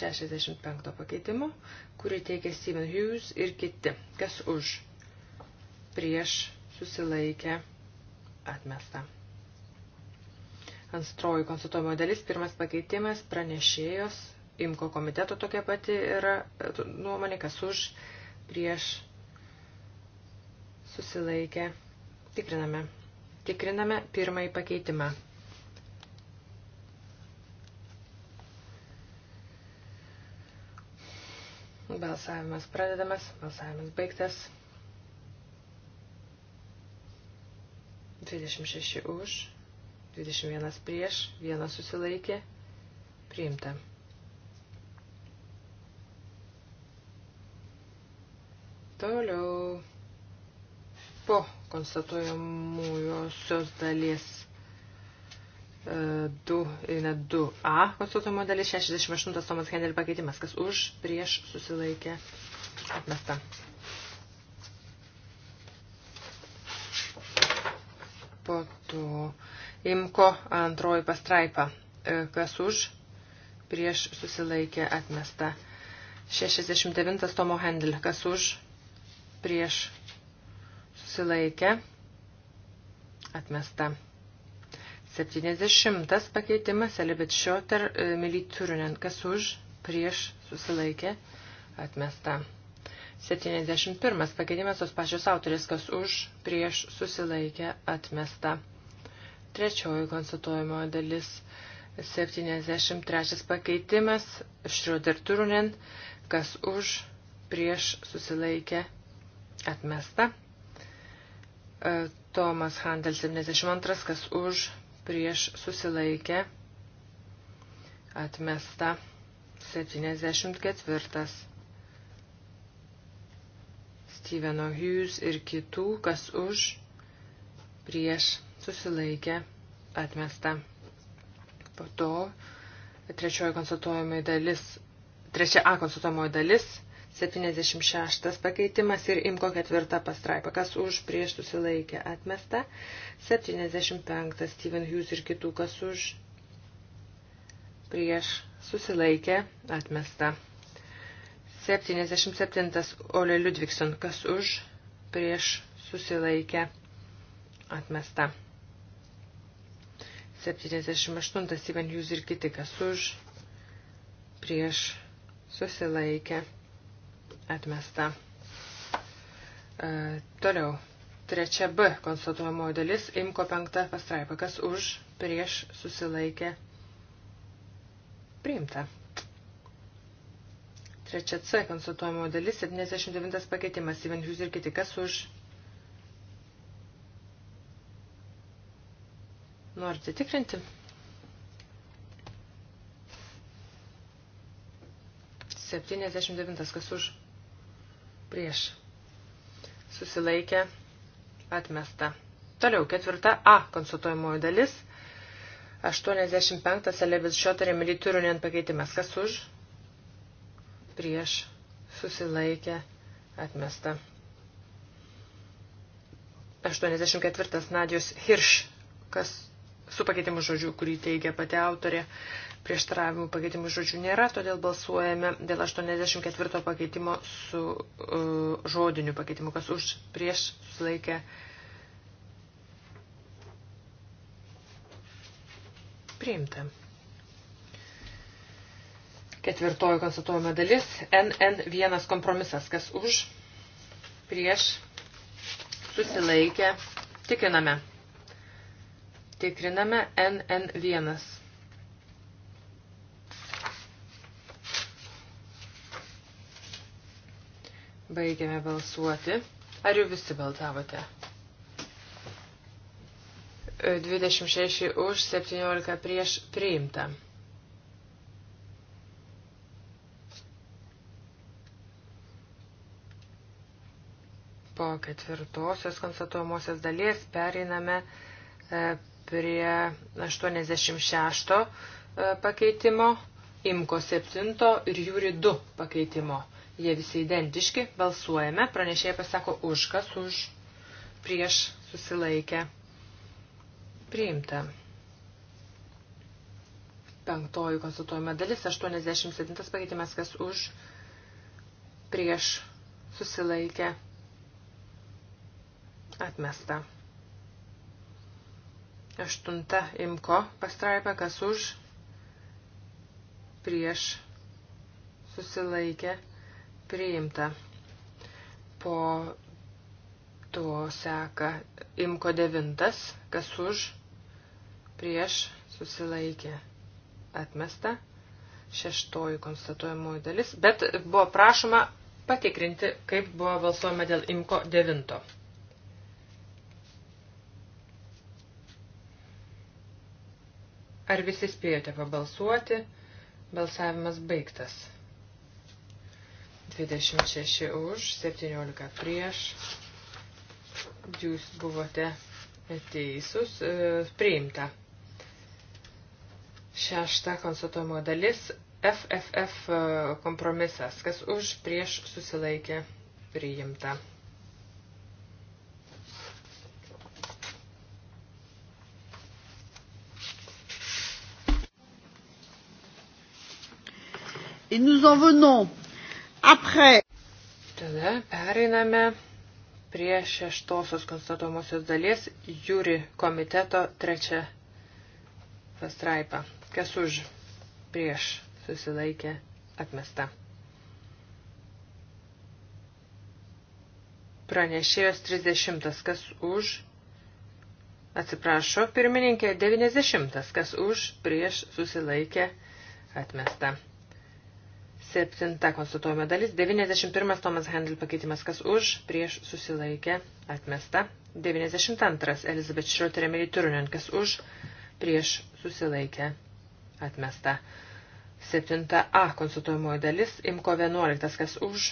65 pakeitimo, kurį teikia Steven Hughes ir kiti. Kas už? Prieš susilaikę atmesta. Antroji konsultuojimo dalis, pirmas pakeitimas, pranešėjos imko komiteto tokia pati yra e, nuomonė, kas už, prieš, susilaikė. Tikriname. Tikriname pirmąjį pakeitimą. Balsavimas pradedamas, balsavimas baigtas. 26 už, 21 prieš, 1 susilaikė, priimta. Toliau po konstatuojamųjosios dalies 2, ne 2a, konstatuojamo dalis 68 Tomas Hendelio pakeitimas, kas už, prieš susilaikė atmesta. Po to imko antroji pastraipa, e, kas už, prieš susilaikė atmesta. 69 Tomo Hendel, kas už, prieš susilaikę atmesta. 70 pakeitimas Elibet Šioter e, Militurinen, kas už prieš susilaikę atmesta. 71 pakeitimas tos pačios autorės, kas už prieš susilaikę atmesta. Trečioji konstatuojamojo dalis 73 pakeitimas Šrioder Turunen, kas už prieš susilaikę atmesta Atmesta. E, Tomas Handel 72, kas už, prieš susilaikė. Atmesta. 74. Steveno Hughes ir kitų, kas už, prieš susilaikė. Atmesta. Po to trečioji konstatuojamoji dalis, trečia A konstatuojamoji dalis 76 pakeitimas ir imko ketvirta pastraipa, kas už prieš susilaikė atmesta, 75 Steven Hughes ir kitų, kas už prieš susilaikė atmesta, 77 Ole Ludvigson, kas už prieš susilaikė atmesta, 78 Steven Hughes ir kiti, kas už prieš susilaikė atmesta Atmesta. E, toliau. Trečia B konstatuojamoji dalis. Imko penkta pastraipa. Kas už, prieš, susilaikė. Priimta. Trečia C konstatuojamoji dalis. 79 pakeitimas. Įvenžius ir kiti. Kas už, Norite tikrinti? Septyniasdešimt devintas, kas už? prieš susilaikę atmesta. Toliau ketvirta A konsultuojamoji dalis. 85 Alevis Šiotarė Militurinen pakeitimas. Kas už? Prieš susilaikę atmesta. 84 Nadijos Hirš. Kas su pakeitimu žodžiu, kurį teigia pati autorė. Prieštaravimų pakeitimų žodžių nėra, todėl balsuojame dėl 84 pakeitimo su uh, žodiniu pakeitimu, kas už prieš susilaikė priimta. Ketvirtoji konstatuojama dalis NN1 kompromisas, kas už prieš susilaikė tikiname. Tikriname NN1. Baigiame balsuoti. Ar jau visi baltavote? 26 už, 17 prieš priimta. Po ketvirtosios konstatuomosios dalies pereiname e, prie 86 e, pakeitimo, imko 7 ir jūri 2 pakeitimo. Jie visi identiški, balsuojame, pranešėjai pasako už, kas už, prieš susilaikę. Priimta. Penktoji konsultuojama dalis, 87 pakeitimas, kas už, prieš susilaikę. Atmesta. Aštunta imko pastraipa, kas už, prieš, susilaikė, priimta. Po to seka imko devintas, kas už, prieš, susilaikė, atmesta. Šeštoji konstatuojamoji dalis, bet buvo prašoma patikrinti, kaip buvo balsuojama dėl imko devinto. Ar visi spėjote pabalsuoti? Balsavimas baigtas. 26 už, 17 prieš. Jūs buvote teisus, e, priimta. Šešta konstatuojamo dalis FFF e, kompromisas, kas už prieš susilaikė priimta. Et nous en venons après. Tada pereiname prie šeštosios konstatomosios dalies jūri komiteto trečią pastraipą. Kas už prieš susilaikė atmesta. Pranešėjos 30. Kas už? Atsiprašo, pirmininkė 90. Kas už prieš susilaikė atmesta. Septinta konstatuojama dalis. 91 Tomas Handel pakeitimas. Kas už, prieš susilaikė, atmesta. 92 Elizabeth Schroeder Emily Turunen. Kas už, prieš susilaikė, atmesta. Septinta A konstatuojamoji dalis. Imko 11. Kas už,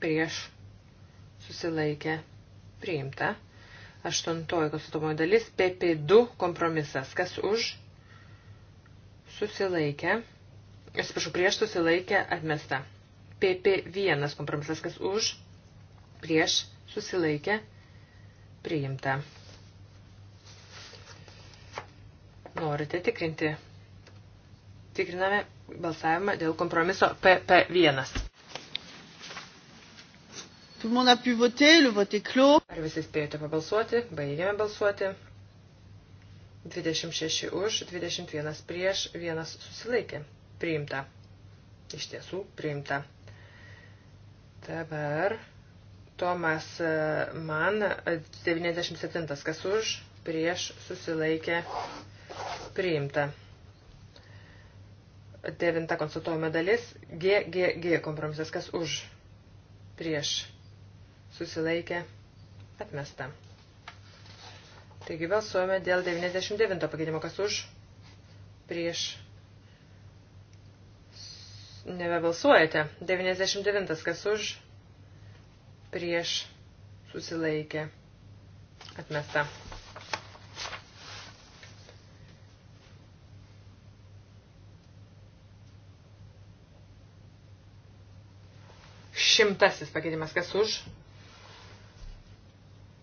prieš susilaikė, priimta. Aštuntoji konstatuojamoji dalis. PP2 kompromisas. Kas už, susilaikė, atmesta atsiprašau, prieš susilaikę atmesta. PP1 kompromisas, kas už, prieš susilaikę priimta. Norite tikrinti. Tikriname balsavimą dėl kompromiso PP1. Tout le monde a pu voter, le vote est clos. Ar visi spėjote pabalsuoti? Baigėme balsuoti. 26 už, 21 prieš, 1 susilaikė. Priimta. Iš tiesų, priimta. Dabar Tomas e, man 97. E, kas už? Prieš susilaikė. Priimta. Devinta konstatuojama dalis. GGG kompromisas. Kas už? Prieš susilaikė. Atmesta. Taigi balsuojame dėl 99 pakeitimo, kas už, prieš, nebebalsuojate. 99. Kas už? Prieš susilaikė. Atmesta. Šimtasis pakeitimas. Kas už?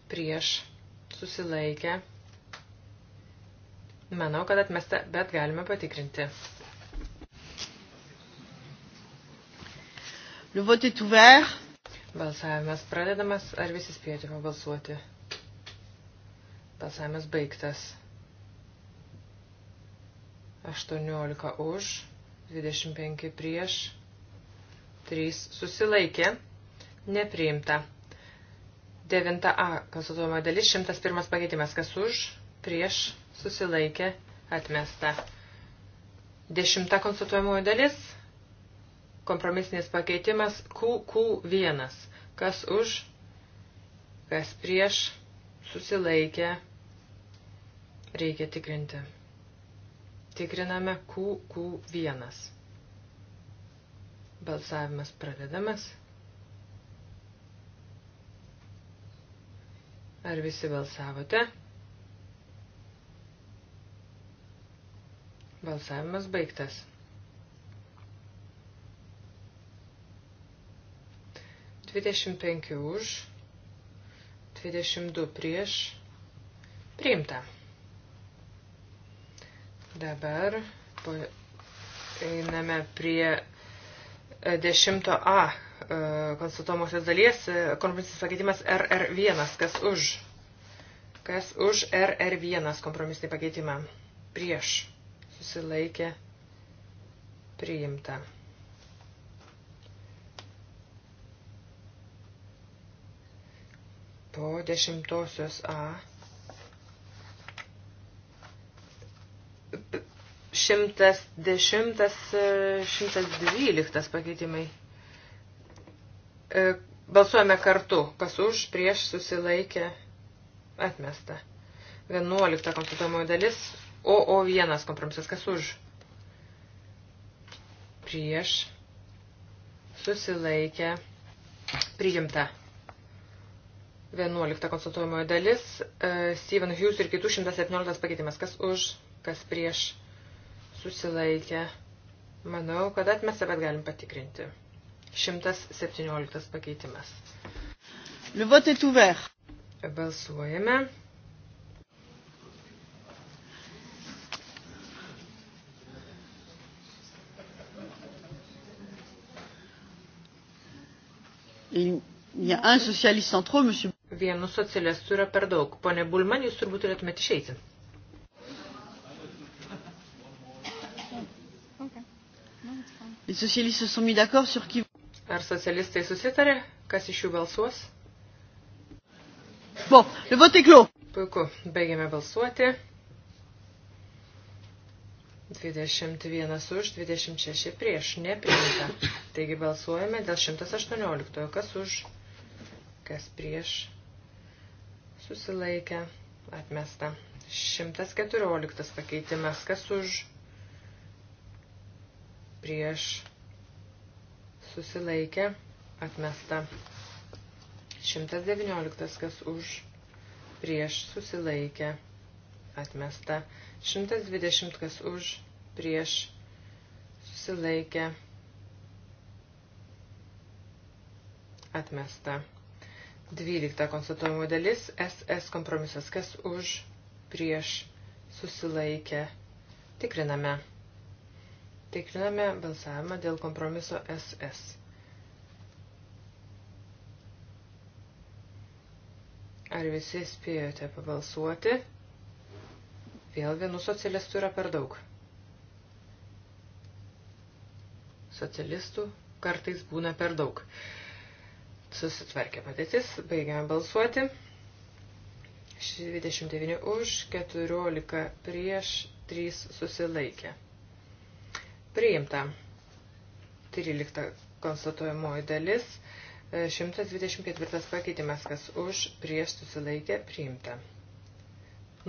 Prieš susilaikė. Manau, kad atmesta, bet galime patikrinti. Le vote est ouvert. Balsavimas pradedamas, ar visi spėtume balsuoti? Balsavimas baigtas. 18 už, 25 prieš, 3 susilaikė, nepriimta. 9a, konsultuojama dalis, 101 pakeitimas, kas už, prieš, susilaikė, atmesta. 10 konsultuojamojo dalis, kompromisinis pakeitimas QQ1. Kas už, kas prieš, susilaikė, reikia tikrinti. Tikriname QQ1. Balsavimas pradedamas. Ar visi balsavote? Balsavimas baigtas. 25 už, 22 prieš, priimta. Dabar einame prie 10a e, e, konstatuomosios dalies, e, kompromisinis pakeitimas RR1, kas už, kas už RR1 kompromisinį pakeitimą, prieš, susilaikė, priimta. po dešimtosios A. Šimtas dešimtas, šimtas dvyliktas pakeitimai. E, balsuojame kartu, kas už, prieš susilaikė atmesta. 11 konsultuojamoji dalis, o, o vienas kompromisas, kas už, prieš susilaikė priimta. 11 konsultuojamojo dalis. E, Steven Hughes ir kitų 117 pakeitimas. Kas už, kas prieš susilaikė. Manau, kad atmestą, bet galim patikrinti. 117 pakeitimas. Le vote est ouvert. Balsuojame. Il y a un socialiste en trop, monsieur vienu socialistu yra per daug. Pone Bulman, jūs turbūt turėtumėte išeiti. Ar socialistai susitarė, kas iš jų balsuos? Bon, le vote est clos. Puiku, baigiame balsuoti. 21 už, 26 prieš, nepriimta. Taigi balsuojame dėl 118, kas už, kas prieš susilaikę, atmesta. 114 pakeitimas, kas už, prieš, susilaikę, atmesta. 119 kas už, prieš, susilaikę, atmesta. 120 kas už, prieš, susilaikę, atmesta. 12 konstatuojimo dalis SS kompromisas. Kas už, prieš, susilaikę. Tikriname. Tikriname balsavimą dėl kompromiso SS. Ar visi spėjote pabalsuoti? Vėl vienu socialistų yra per daug. Socialistų kartais būna per daug. Susitvarkė padėtis, baigiam balsuoti. 29 už, 14 prieš, 3 susilaikė. Priimta. 13 konstatuojamoji dalis. 124 pakeitimas, kas už, prieš susilaikė, priimta.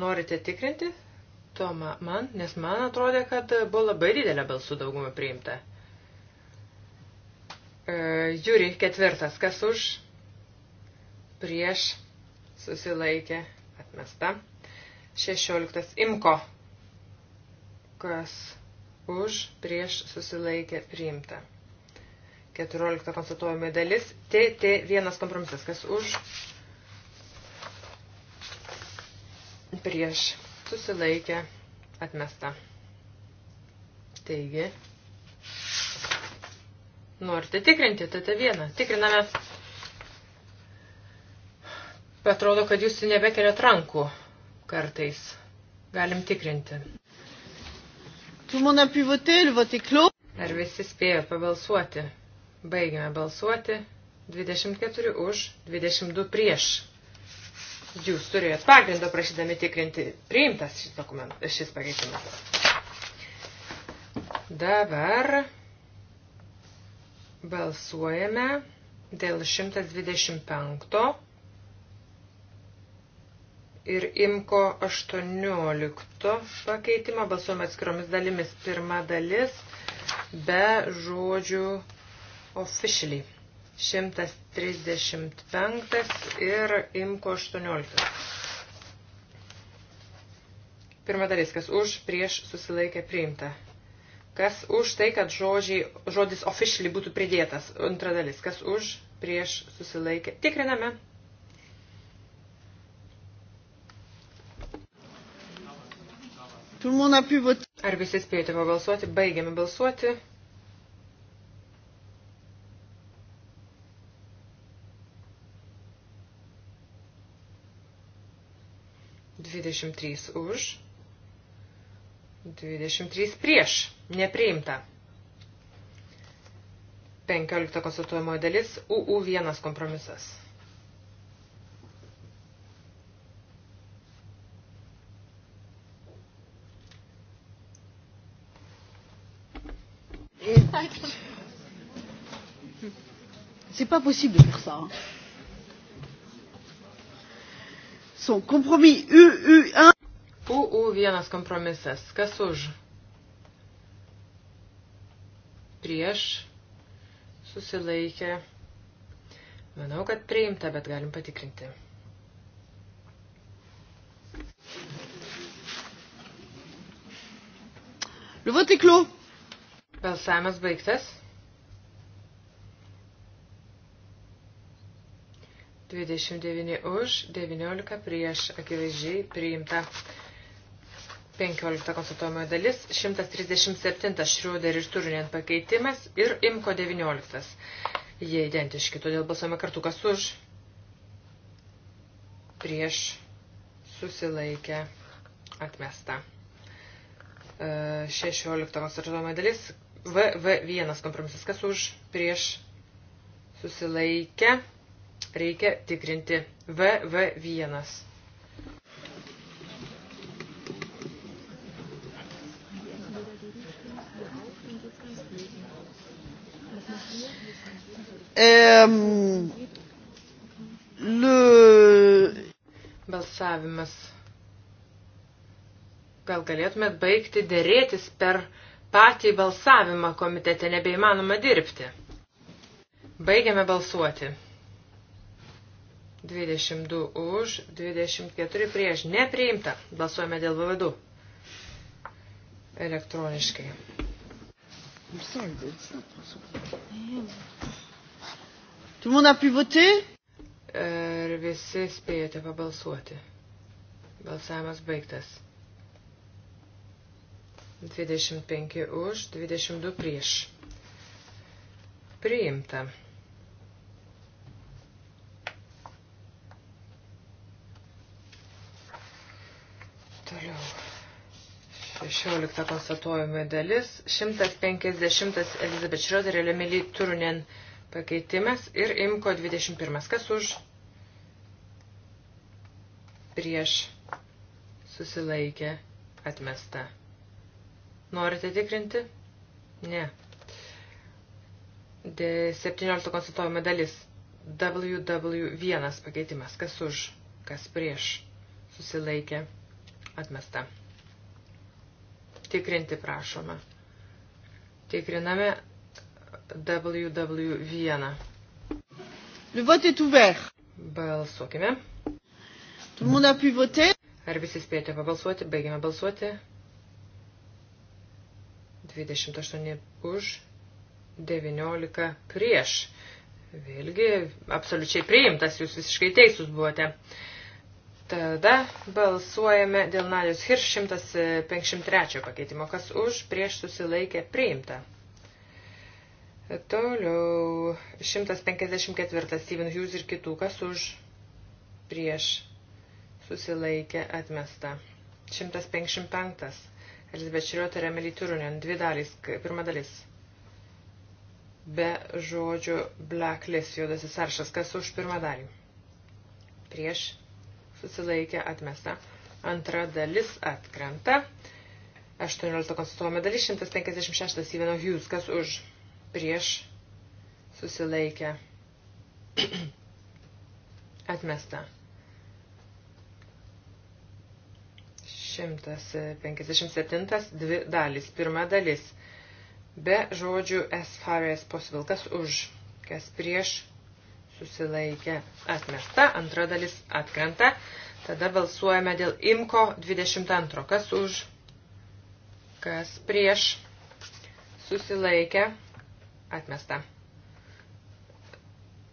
Norite tikrinti? Toma, man, nes man atrodė, kad buvo labai didelė balsų dauguma priimta. E, Jūri ketvirtas, kas už, prieš, susilaikė, atmesta. Šešioliktas, imko, kas už, prieš, susilaikė, priimta. Keturiolikta konstatuojama dalis, TT1 kompromisas, kas už, prieš, susilaikė, atmesta. Taigi, Norite tikrinti, TT1. Tai Tikriname. Atrodo, kad jūs nebekeliat rankų kartais. Galim tikrinti. Ar visi spėjo pabalsuoti? Baigime balsuoti. 24 už, 22 prieš. Jūs turėjot pagrindą prašydami tikrinti priimtas šis, dokument, šis pakeitimas. Dabar Balsuojame dėl 125 ir imko 18 pakeitimo. Balsuojame atskiromis dalimis. Pirma dalis be žodžių officially. 135 ir imko 18. Pirma dalis, kas už, prieš, susilaikė, priimta. Kas už tai, kad žodžiai, žodis officially būtų pridėtas? Antra dalis. Kas už, prieš, susilaikė? Tikriname. Ar visi spėjote pabalsuoti? Baigiame balsuoti. Dvidešimt trys už. 23 prieš. Nepriimta. 15 konstatuojamoji dalis UU1 kompromisas. C'est pas possible de faire ça. Hein. Son compromis UU1. UU1 kompromisas. Kas už? Prieš susilaikė. Manau, kad priimta, bet galim patikrinti. Liuvotiklių. Balsavimas baigtas. 29 už, 19 prieš, akivaizdžiai priimta. 15 konsultuojamojo dalis, 137 šrioder ir turinien pakeitimas ir imko 19. Jie identiški, todėl balsuojame kartu kas už, prieš, susilaikę, atmesta. 16 e, konsultuojamojo dalis, VV1 kompromisas kas už, prieš, susilaikę, reikia tikrinti VV1. Um, le... Balsavimas. Gal galėtumėt baigti dėrėtis per patį balsavimą komitete, nebeįmanoma dirbti. Baigiame balsuoti. 22 už, 24 prieš. Nepriimta. Balsuojame dėl vadų. Elektroniškai. I'm sorry, dude. It's not possible. I am. Tout le monde a pu voter? Ir visi spėjote pabalsuoti. Balsavimas baigtas. 25 už, 22 prieš. Priimta. Toliau. 16 konstatuojami dalis. 150 Elizabeth Schroeder ir Emily Turunen pakeitimas ir imko 21. Kas už? Prieš susilaikė atmesta. Norite tikrinti? Ne. De 17 konsultuojama dalis. WW1 pakeitimas. Kas už? Kas prieš? Susilaikė atmesta. Tikrinti prašoma. Tikriname WW1. Le vote est ouvert. Balsuokime. Tout le monde a pu voter. Ar visi spėjote pabalsuoti? Baigėme balsuoti. 28 už, 19 prieš. Vėlgi, absoliučiai priimtas, jūs visiškai teisūs buvote. Tada balsuojame dėl Nadios Hirš 153 pakeitimo, kas už prieš susilaikė priimta. Toliau 154 Steven Hughes ir kitų, kas už prieš susilaikė atmesta. 155 Elizabeth Schroeder Emily Turunen, dvi dalys, pirma dalis. Be žodžio blacklist, juodasis aršas, kas už pirmą dalį. Prieš susilaikė atmesta. Antra dalis atkrenta. 18 konstatuojama dalis 156 Ivano Hughes, kas už prieš susilaikę atmesta. 157 dvi dalys. Pirma dalis. Be žodžių as far as possible. Kas už, kas prieš susilaikę atmesta. Antra dalis atkrenta. Tada balsuojame dėl imko 22. Kas už, kas prieš susilaikę atmesta Atmesta.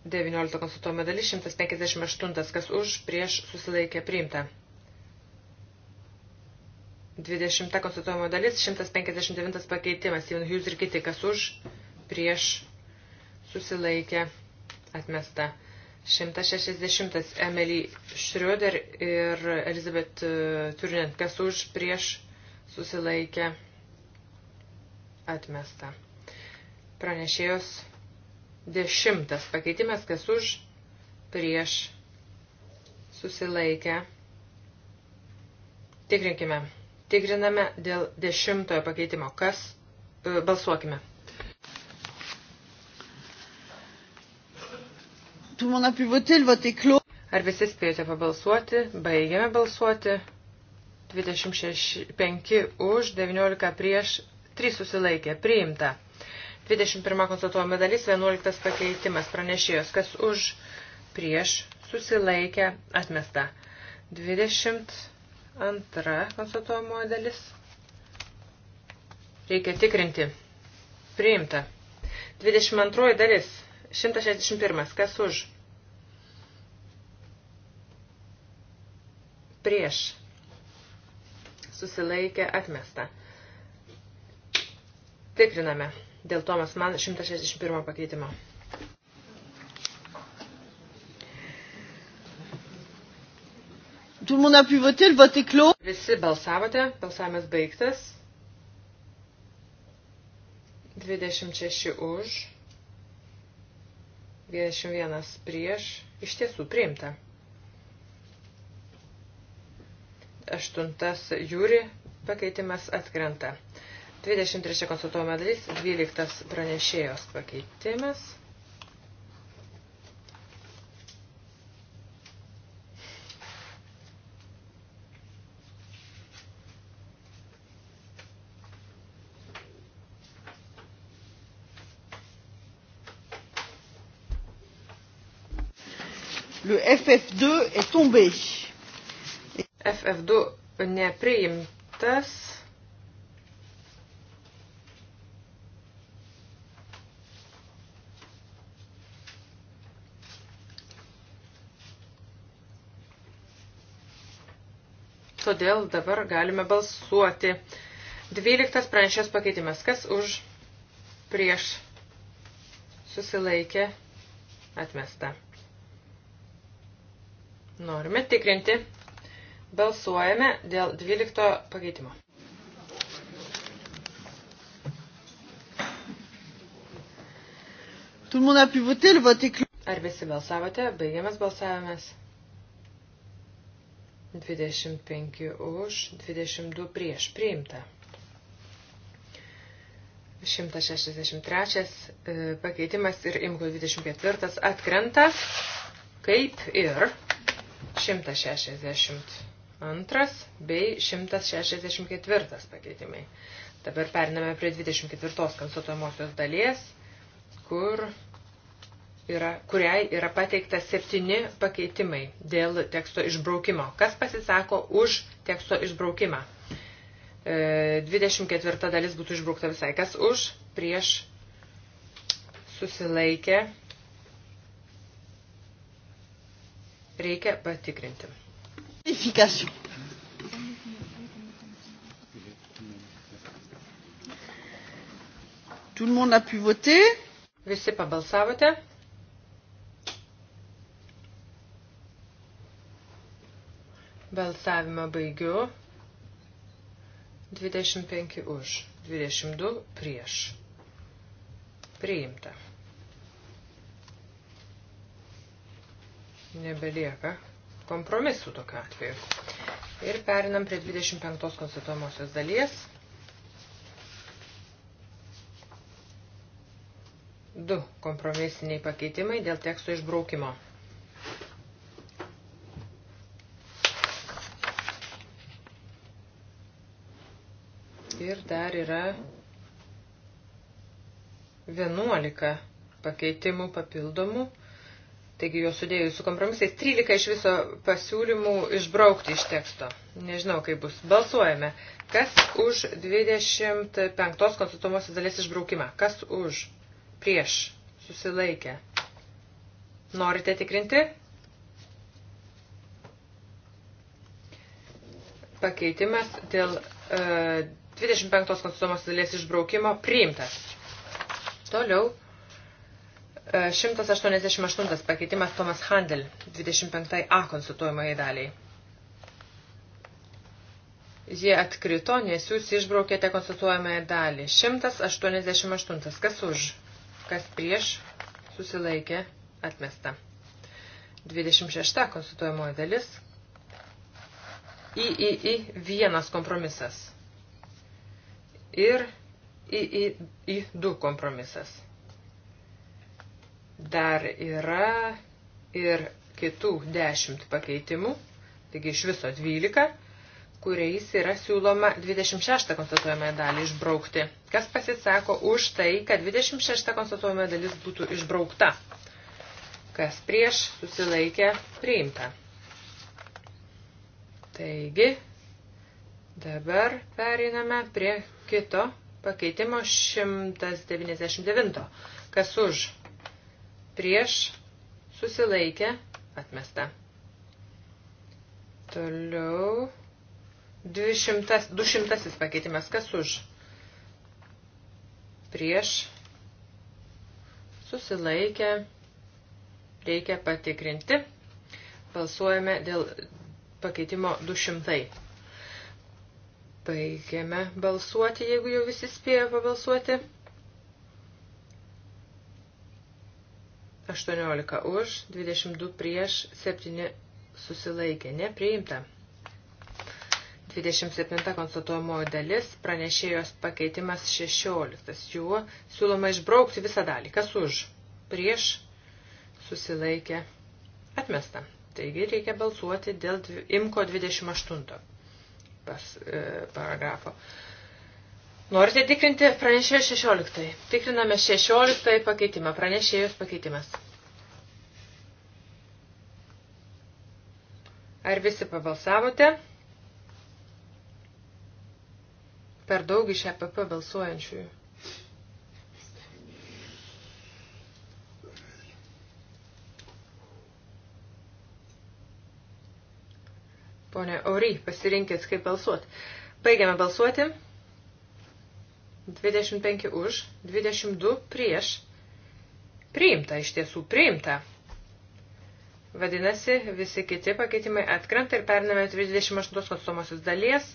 19 konsultuojama dalis 158, kas už, prieš susilaikė priimta. 20 konsultuojama dalis 159 pakeitimas, Steven Hughes ir kiti, kas už, prieš susilaikė atmesta. 160 Emily Schröder ir Elizabeth e, Turinen, kas už, prieš susilaikė atmesta pranešėjos dešimtas pakeitimas, kas už, prieš, susilaikę. Tikrinkime. Tikriname dėl dešimtojo pakeitimo. Kas? E, balsuokime. Ar visi spėjote pabalsuoti? Baigiame balsuoti. 25 už, 19 prieš, 3 susilaikė. Priimta. 21 konstatuojama dalis, 11 pakeitimas pranešėjos, kas už, prieš, susilaikę, atmesta. 22 konstatuojama dalis, reikia tikrinti, priimta. 22 dalis, 161, kas už, prieš, susilaikę, atmesta. Tikriname. Dėl to mes man 161 pakeitimo. Tout le monde a pu voter, le vote est clos. Visi balsavote, balsavimas baigtas. 26 už, 21 prieš, iš tiesų priimta. Aštuntas jūri pakeitimas atkrenta. 23 konsultuojama dalis, 12 pranešėjos pakeitimas. Le FF2 est tombé. FF2 nepriimtas. todėl dabar galime balsuoti. 12 pranešės pakeitimas. Kas už prieš susilaikė atmesta. Norime tikrinti. Balsuojame dėl 12 pakeitimo. Ar visi balsavote? Baigiamas balsavimas. 25 už, 22 prieš priimta. 163 e, pakeitimas ir imko 24 atkrenta, kaip ir 162 bei 164 pakeitimai. Dabar periname prie 24 konsultuojamosios dalies, kur yra, kuriai yra pateikta septyni pakeitimai dėl teksto išbraukimo. Kas pasisako už teksto išbraukimą? 24 e, dalis būtų išbraukta visai. Kas už, prieš, susilaikė, reikia patikrinti. Efikacijų. Tout le monde a pu voter. Visi pabalsavote. Balsavimą baigiu. 25 už, 22 prieš. Priimta. Nebelieka kompromisų tokiu atveju. Ir perinam prie 25 konstatuomosios dalies. 2 kompromisiniai pakeitimai dėl teksto išbraukimo. Ir dar yra 11 pakeitimų papildomų. Taigi juos sudėjus su kompromisais 13 iš viso pasiūlymų išbraukti iš teksto. Nežinau, kaip bus. Balsuojame. Kas už 25 konsultuomosios dalies išbraukimą? Kas už? Prieš? Susilaikę? Norite tikrinti? Pakeitimas dėl. Uh, e, 25 konstitucijos dalies išbraukimo priimtas. Toliau 188 e, pakeitimas Tomas Handel 25a konstituojamai daliai. Jie atkrito, nes jūs išbraukėte konstituojamąją dalį. 188. Kas už? Kas prieš? Susilaikė. Atmesta. 26. Konstituojamoji dalis. III vienas kompromisas ir II2 kompromisas. Dar yra ir kitų 10 pakeitimų, taigi iš viso 12, kuriais yra siūloma 26 konstatuojamąją dalį išbraukti. Kas pasisako už tai, kad 26 konstatuojamąją dalis būtų išbraukta? Kas prieš susilaikė priimta? Taigi, dabar periname prie kito pakeitimo 199. Kas už? Prieš susilaikė atmesta. Toliau 200, 200 pakeitimas. Kas už? Prieš susilaikė. Reikia patikrinti. Balsuojame dėl pakeitimo 200. Baigėme balsuoti, jeigu jau visi spėjo pabalsuoti. 18 už, 22 prieš, 7 susilaikė, nepriimta. 27 konstatuojamoji dalis, pranešėjos pakeitimas 16. Juo siūloma išbraukti visą dalį. Kas už? Prieš susilaikė atmesta. Taigi reikia balsuoti dėl imko 28 pas, e, paragrafo. Norite tikrinti pranešėjo 16. Tikriname 16 pakeitimą, pranešėjos pakeitimas. Ar visi pabalsavote? Per daug iš EPP balsuojančiųjų. Pone Aury, pasirinkit, kaip balsuot. Baigiame balsuoti. 25 už, 22 prieš. Priimta, iš tiesų priimta. Vadinasi, visi kiti pakeitimai atkrenta ir periname 28 konstituomosios dalies.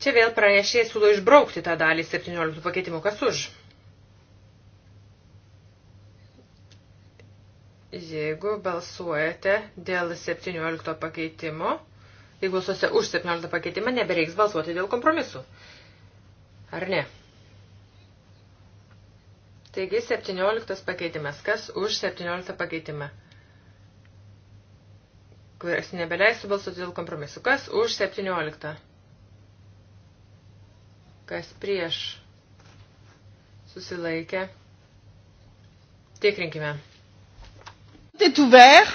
Čia vėl pranešėjai siūlo išbraukti tą dalį 17 pakeitimų. Kas už? Jeigu balsuojate dėl 17 pakeitimo, Jeigu balsuosite už 17 pakeitimą, nebereiks balsuoti dėl kompromisų. Ar ne? Taigi 17 pakeitimas. Kas už 17 pakeitimą? Kuris nebeleistų balsuoti dėl kompromisų. Kas už 17? Kas prieš? Susilaikė. Tikrinkime. Tai tu ver?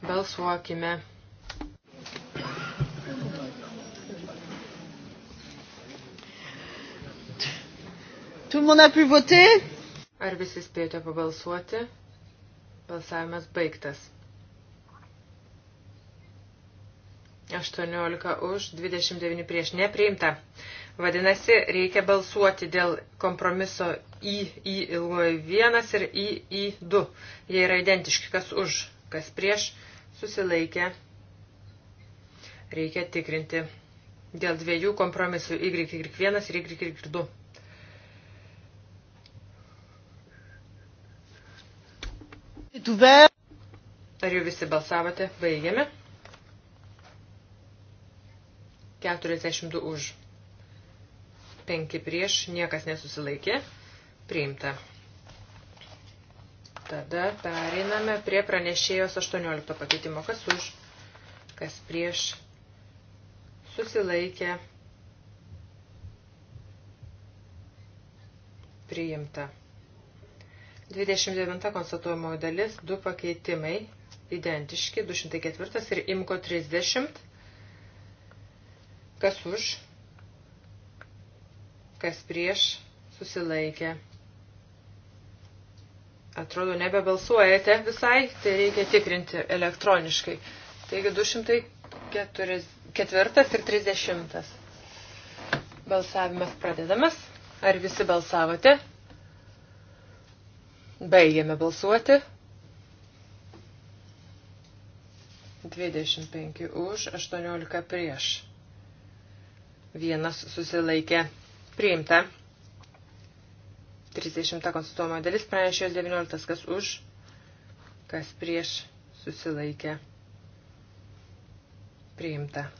Balsuokime. Tout le monde a pu voter? Ar visi spėjote pabalsuoti? Balsavimas baigtas. 18 už, 29 prieš nepriimta. Vadinasi, reikia balsuoti dėl kompromiso į, į ilgoji vienas ir į, į du. Jie yra identiški, kas už, kas prieš, susilaikė. Reikia tikrinti dėl dviejų kompromisų Y1 ir Y2. est ouvert. Ar jau visi balsavote? Baigiame. 42 už. 5 prieš, niekas nesusilaikė. Priimta. Tada pereiname prie pranešėjos 18 pakeitimo. Kas už, kas prieš, susilaikė. Priimta. 29 konstatuojamoji dalis, du pakeitimai, identiški, 204 ir imko 30. Kas už, kas prieš, susilaikė. Atrodo, nebebalsuojate visai, tai reikia tikrinti elektroniškai. Taigi 204 ir 30. Balsavimas pradedamas. Ar visi balsavote? Baigėme balsuoti. 25 už, 18 prieš. Vienas susilaikė priimta. 30 konstituojama dalis pranešė 19, kas už, kas prieš susilaikė priimta.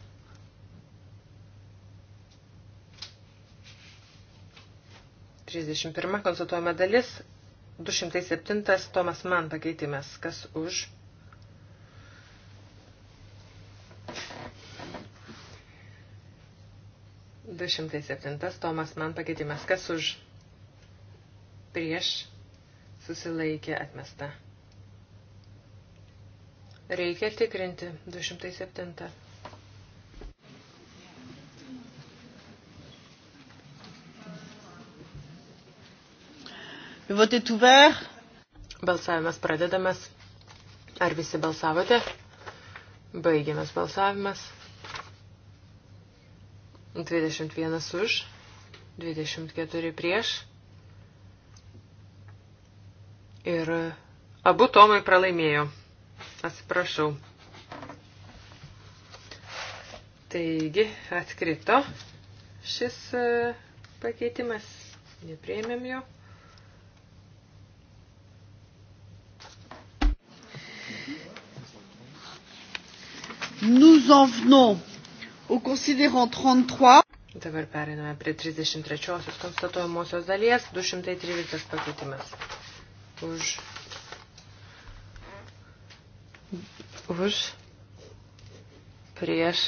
Trisdešimt pirma konsultuojama dalis, 207 Tomas Man pakeitimas. Kas už? Du šimtai septintas Tomas Man pakeitimas. Kas už? Prieš susilaikė atmesta. Reikia tikrinti 207. Le vote est ouvert. Balsavimas pradedamas. Ar visi balsavote? Baigiamas balsavimas. 21 už, 24 prieš. Ir abu Tomai pralaimėjo. Atsiprašau. Taigi, atkrito šis e, pakeitimas. Neprieimėm jo. Nous en venons au considérant 33. Dabar periname prie 33 konstatuojamosios dalies, 213 pakeitimas. Už. Už. Prieš.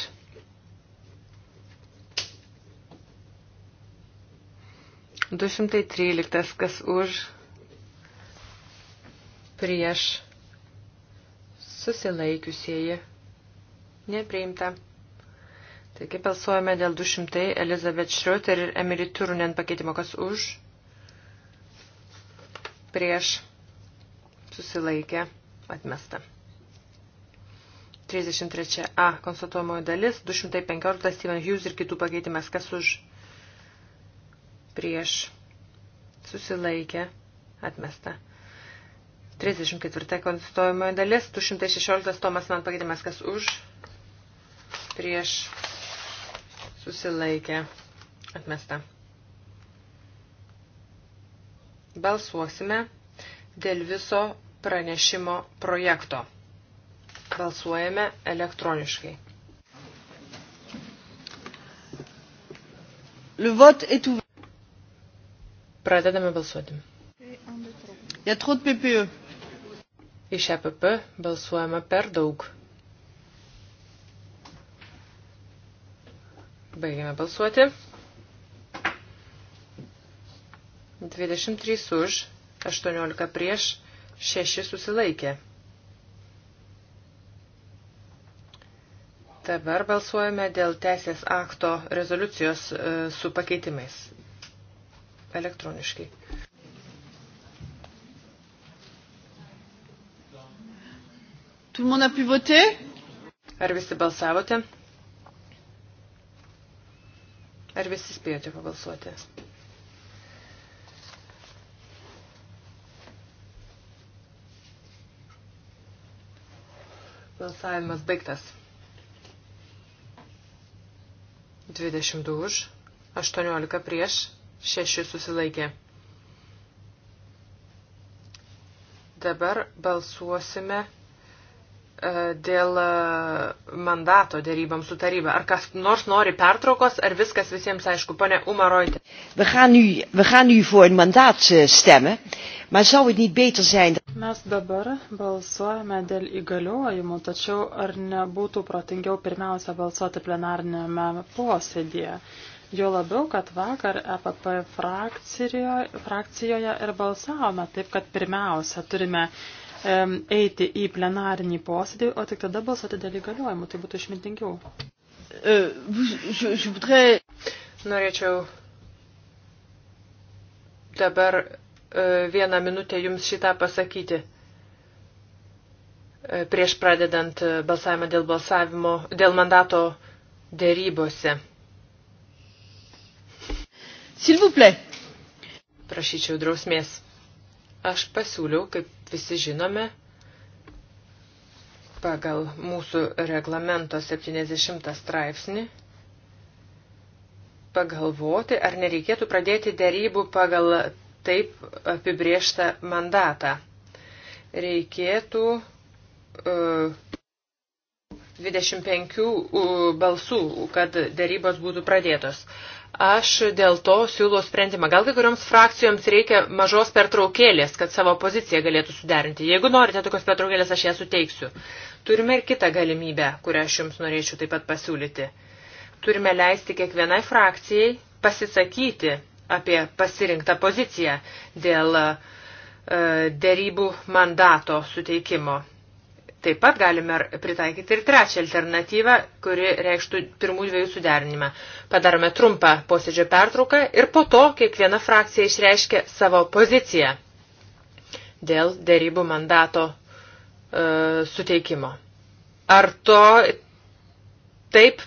Du šimtai tryliktas, kas už, prieš, susilaikiusieji. Nepriimta. Taigi balsuojame dėl 200 Elizabeth Schroeder ir Emily Turunen pakeitimo. Kas už? Prieš. Susilaikė. Atmesta. 33a konstatuojamoji dalis. 215 Steven Hughes ir kitų pakeitimas. Kas už? Prieš. Susilaikė. Atmesta. 34 konstatuojamoji dalis. 216 Tomas man pakeitimas. Kas už? prieš susilaikę atmesta. Balsuosime dėl viso pranešimo projekto. Balsuojame elektroniškai. Le vote est ouvert. Pradedame balsuoti. Il y a trop de PPE. Iš EPP balsuojama per daug. Baigėme balsuoti. 23 už, 18 prieš, 6 susilaikė. Dabar balsuojame dėl teisės akto rezoliucijos e, su pakeitimais elektroniškai. Tout le monde a pu voter? Ar visi balsavote? Ar visi spėjote pabalsuoti? Balsavimas baigtas. 20 už, 18 prieš, 6 susilaikė. Dabar balsuosime E, dėl e, mandato dėrybam su taryba. Ar kas nors nori pertraukos, ar viskas visiems aišku, pane Umaroitė? We gaan nu, we gaan nu voor een mandaat eh, stemmen, maar zou het niet beter zijn... Mes dabar balsuojame dėl įgaliojimų, tačiau ar nebūtų protingiau pirmiausia balsuoti plenarinėme posėdėje? Jo labiau, kad vakar EPP frakcijoje, frakcijoje ir balsavome, taip kad pirmiausia turime uh, eiti į plenarinį posėdį, o tik tada balsuoti dėl įgaliojimų. Tai būtų išmintingiau. E, Norėčiau dabar e, vieną minutę jums šitą pasakyti. E, prieš pradedant balsavimą dėl balsavimo, dėl mandato dėrybose. S'il vous plaît. Prašyčiau drausmės. Aš pasiūliau, kaip visi žinome, pagal mūsų reglamento 70 straipsnį pagalvoti, ar nereikėtų pradėti dėrybų pagal taip apibriežtą mandatą. Reikėtų e, uh, 25 balsų, kad dėrybos būtų pradėtos. Uh, Aš dėl to siūlau sprendimą. Gal kai kurioms frakcijoms reikia mažos pertraukėlės, kad savo poziciją galėtų suderinti. Jeigu norite tokios pertraukėlės, aš ją suteiksiu. Turime ir kitą galimybę, kurią aš jums norėčiau taip pat pasiūlyti. Turime leisti kiekvienai frakcijai pasisakyti apie pasirinktą poziciją dėl e, dėrybų mandato suteikimo. Taip pat galime pritaikyti ir trečią alternatyvą, kuri reikštų pirmų dviejų suderinimą. Padarome trumpą posėdžio pertrauką ir po to kiekviena frakcija išreiškia savo poziciją dėl dėrybų mandato e, suteikimo. Ar to taip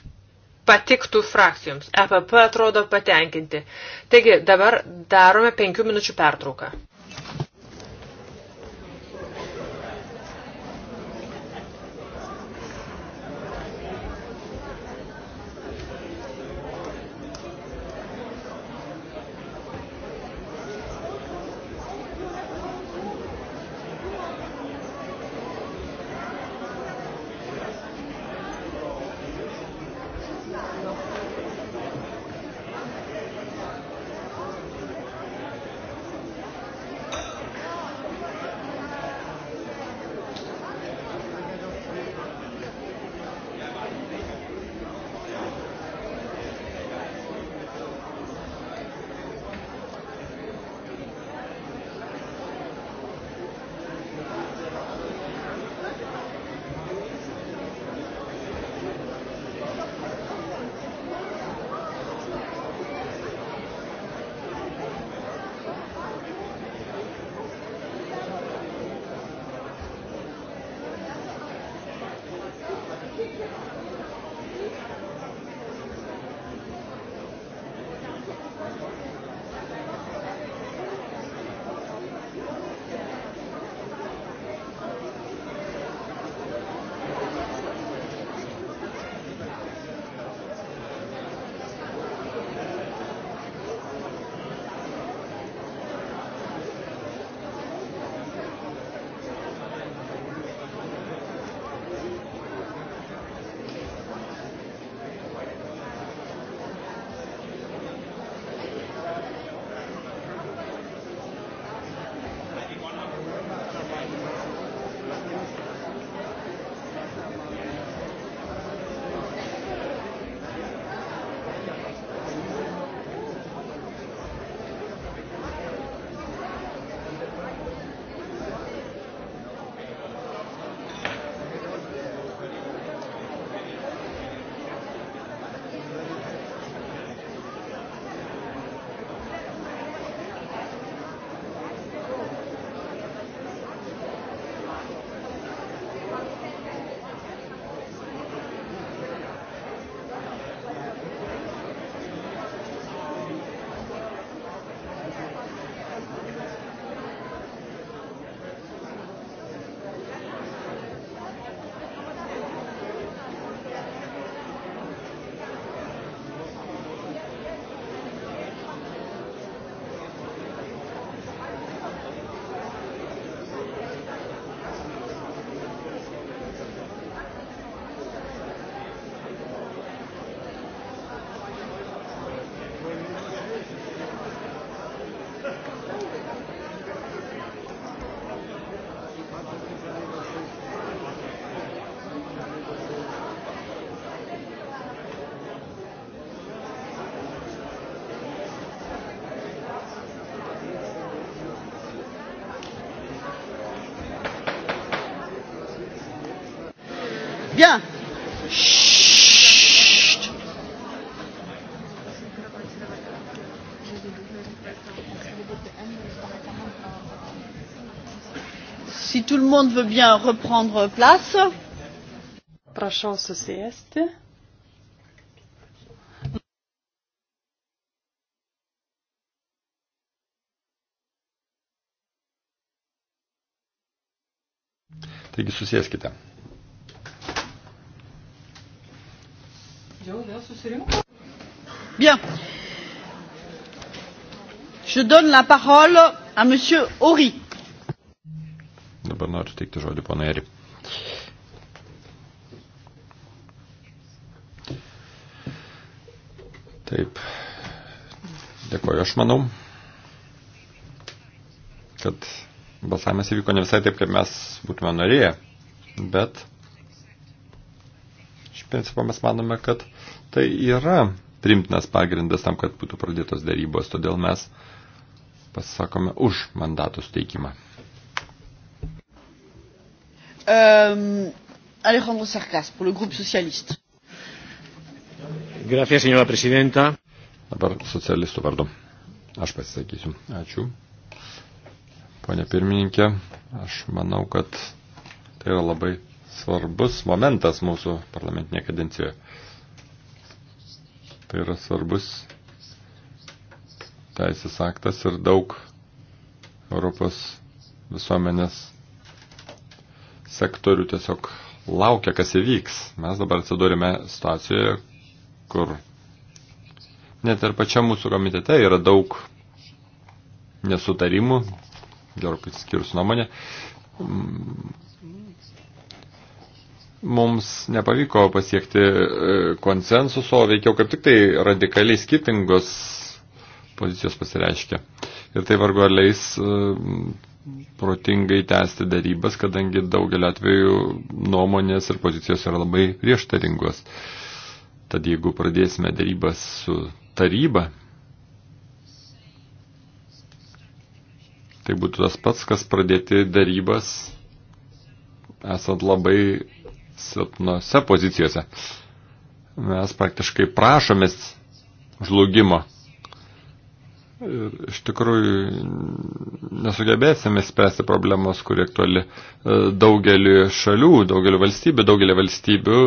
patiktų frakcijoms? EPP atrodo patenkinti. Taigi dabar darome penkių minučių pertrauką. monde veut bien reprendre place. Prašau susėsti. Taigi susėskite. Jau vėl susirinko. Bien. Je donne la parole à Monsieur Horry dabar noriu teikti žodį pono Eri. Taip, dėkoju, aš manau, kad balsavimas įvyko ne visai taip, kaip mes būtume norėję, bet iš principo mes manome, kad tai yra primtinas pagrindas tam, kad būtų pradėtos darybos, todėl mes pasakome už mandatų steikimą. Um, Alejandro Sarkas, pour le groupe socialiste. Gracias, señora presidenta. Dabar socialistų vardu. Aš pasisakysiu. Ačiū. Pone pirmininkė, aš manau, kad tai yra labai svarbus momentas mūsų parlamentinėje kadencijoje. Tai yra svarbus teisės aktas ir daug Europos visuomenės sektorių tiesiog laukia, kas įvyks. Mes dabar atsidūrime situacijoje, kur net ir pačia mūsų komitete yra daug nesutarimų, gerokai skirus nuomonė. Mums nepavyko pasiekti e, konsensuso, veikiau kaip tik tai radikaliai skirtingos pozicijos pasireiškia. Ir tai vargu ar leis e, protingai tęsti darybas, kadangi daugelį atvejų nuomonės ir pozicijos yra labai prieštaringos. Tad jeigu pradėsime darybas su taryba, tai būtų tas pats, kas pradėti darybas esant labai silpnose pozicijose. Mes praktiškai prašomės žlugimo Ir iš tikrųjų nesugebėsime spręsti problemos, kurie aktuali e, daugeliu šalių, daugeliu valstybių, daugeliu valstybių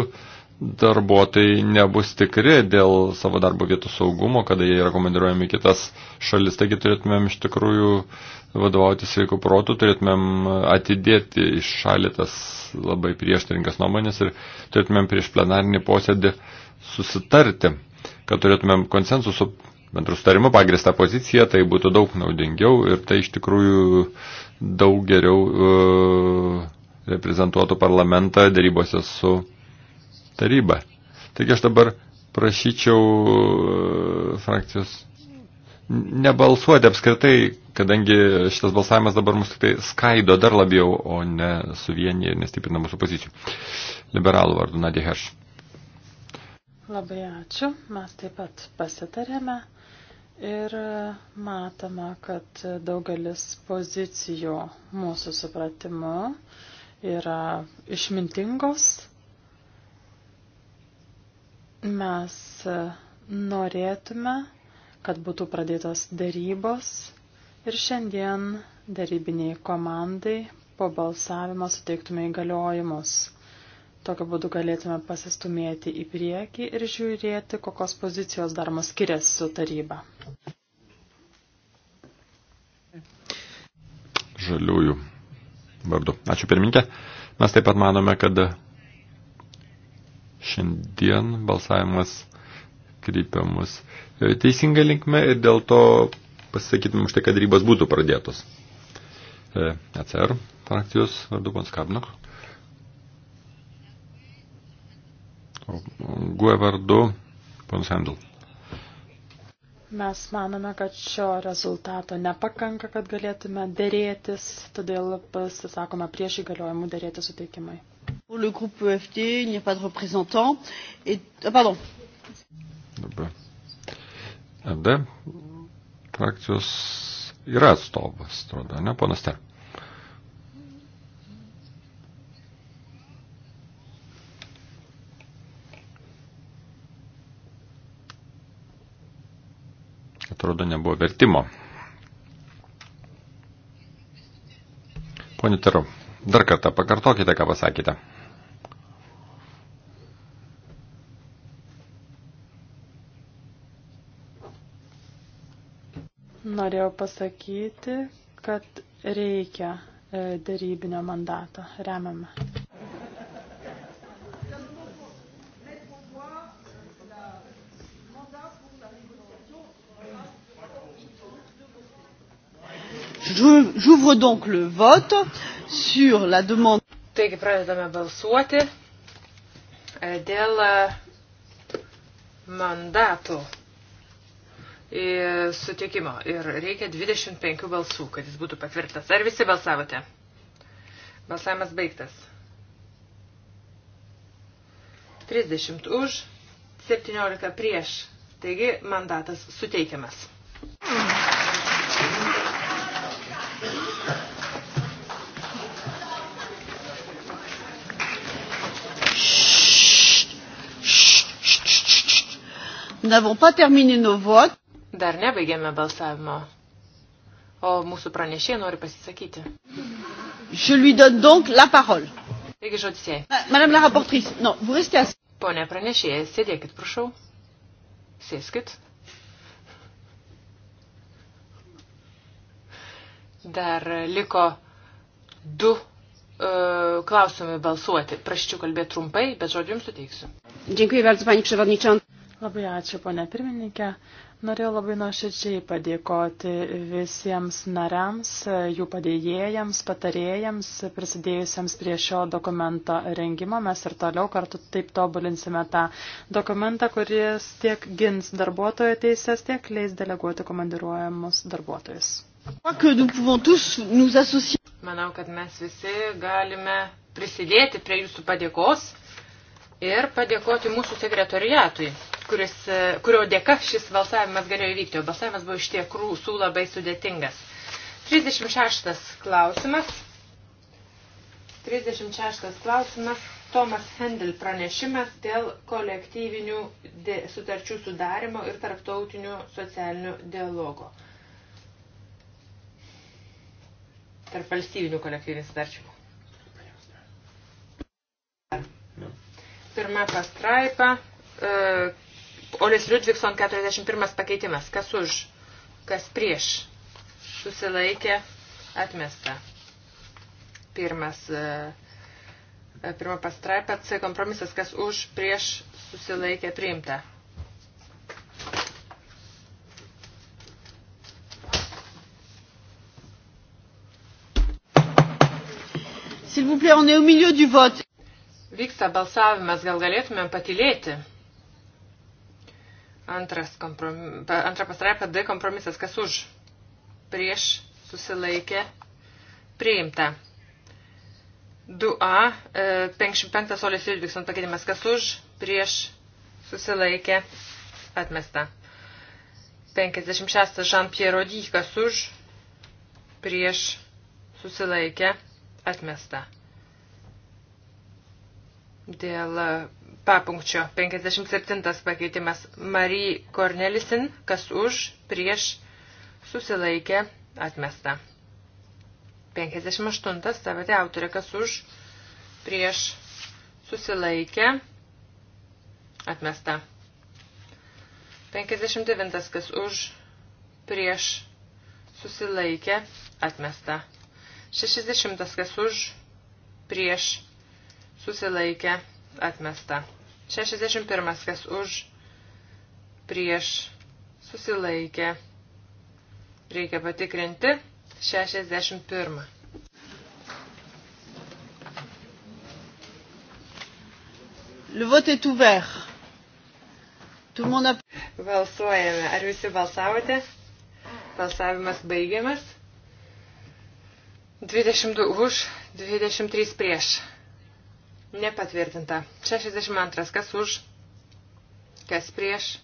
darbuotojai nebus tikri dėl savo darbo vietų saugumo, kada jie yra komandiruojami kitas šalis. Taigi turėtumėm iš tikrųjų vadovauti sveiku protu, turėtumėm atidėti iš šalį tas labai prieštaringas nuomonės ir turėtumėm prieš plenarinį posėdį susitarti, kad turėtumėm konsensusų bendrų starimų pagristą poziciją, tai būtų daug naudingiau ir tai iš tikrųjų daug geriau e, reprezentuotų parlamentą darybose su taryba. Taigi aš dabar prašyčiau e, frakcijos nebalsuoti apskritai, kadangi šitas balsavimas dabar mus tik tai skaido dar labiau, o ne suvienyje ir nestiprina mūsų pozicijų. Liberalų vardu Nadė Herš. Labai ačiū. Mes taip pat pasitarėme Ir matome, kad daugelis pozicijų mūsų supratimu yra išmintingos. Mes norėtume, kad būtų pradėtos darybos ir šiandien darybiniai komandai po balsavimo suteiktume įgaliojimus. Tokiu būdu galėtume pasistumėti į priekį ir žiūrėti, kokios pozicijos dar mus skiriasi su taryba. Žaliųjų vardu. Ačiū pirminkė. Mes taip pat manome, kad šiandien balsavimas krypiamus teisinga linkme ir dėl to pasisakytume už tai, kad rybos būtų pradėtos. E, ECR frakcijos vardu Ponskabnok. Gue vardu, ponas Handel. Mes manome, kad šio rezultato nepakanka, kad galėtume dėrėtis, todėl pasisakome prieš įgaliojimų dėrėti suteikimai. E ah, Dabar. FD e frakcijos yra atstovas, atrodo, ne, ponas Ter? atrodo, nebuvo vertimo. Pone Taru, dar kartą pakartokite, ką pasakėte. Norėjau pasakyti, kad reikia e, dėrybinio mandato. Remiame. J'ouvre donc le vote sur la demande. Taigi pradedame balsuoti e, dėl e, mandato sutikimo. Ir reikia 25 balsų, kad jis būtų patvirtas. Ar visi balsavote? Balsavimas baigtas. 30 už, 17 prieš. Taigi mandatas suteikiamas. Mm. Dar nebaigėme balsavimo, o mūsų pranešėjai nori pasisakyti. Je lui donne donc la parole. Taigi žodis jai. Madame la rapportrice, non, vous restez assis. Pone pranešėja, sėdėkit, prašau. Sėskit. Dar liko du e, klausimai balsuoti. Prašyčiau kalbėti trumpai, bet žodžiu jums suteiksiu. Dziękuję bardzo, pani przewodnicząca. Labai ačiū, ponė pirmininkė. Norėjau labai nuoširdžiai padėkoti visiems nariams, jų padėjėjams, patarėjams, prisidėjusiems prie šio dokumento rengimo. Mes ir toliau kartu taip tobulinsime tą dokumentą, kuris tiek gins darbuotojo teises, tiek leis deleguoti komandiruojamus darbuotojus. Manau, kad mes visi galime prisidėti prie jūsų padėkos ir padėkoti mūsų sekretoriatui kuris, e, kurio dėka šis balsavimas galėjo įvykti, o balsavimas buvo iš tie krūsų labai sudėtingas. 36 klausimas. 36 klausimas. Tomas Hendel pranešimas dėl kolektyvinių sutarčių sudarimo ir tarptautinių socialinių dialogo. Tarp valstybinių kolektyvinių sutarčių. Pirma pastraipa. E, Olis Liudvikson 41 pakeitimas. Kas už? Kas prieš? Susilaikė. Atmesta. Pirmas. E, pirma pastraipa. C kompromisas. Kas už? Prieš? Susilaikė. Priimta. S'il vous plaît, on est au milieu du vote. Vyksta balsavimas, gal galėtumėm patilėti? Antras kompromis, antra pastraipa D kompromisas. Kas už? Prieš susilaikė priimta. 2A, 55 solės Judvikson pakeitimas. Kas už? Prieš susilaikė atmesta. 56 Jean-Pierre Rody. Kas už? Prieš susilaikė atmesta. Dėl e, papunkčio 57 pakeitimas Marie Cornelisin, kas už, prieš, susilaikė, atmesta. 58 savate autorė, kas už, prieš, susilaikė, atmesta. 59 kas už, prieš, susilaikė, atmesta. 60 kas už, prieš, susilaikė susilaikė, atmesta. 61. Kas už, prieš, susilaikė. Reikia patikrinti. 61. Le vote est ouvert. Tout le monde a... Balsuojame. Ar visi balsavote? Balsavimas baigiamas. 22 už, 23 prieš. Nepatvirtinta. 62. Kas už? Kas prieš?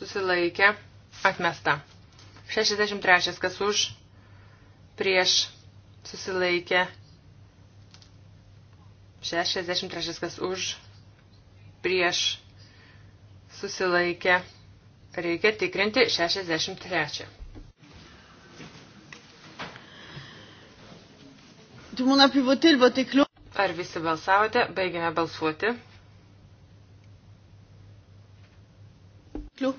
Susilaikė. Atmesta. 63. Kas už? Prieš? Susilaikė. 63. Kas už? Prieš? Susilaikė. Reikia tikrinti 63. Tout le monde a pu voter, le vote est clos. Ar visi balsavote? Baigėme balsuoti. Kliu.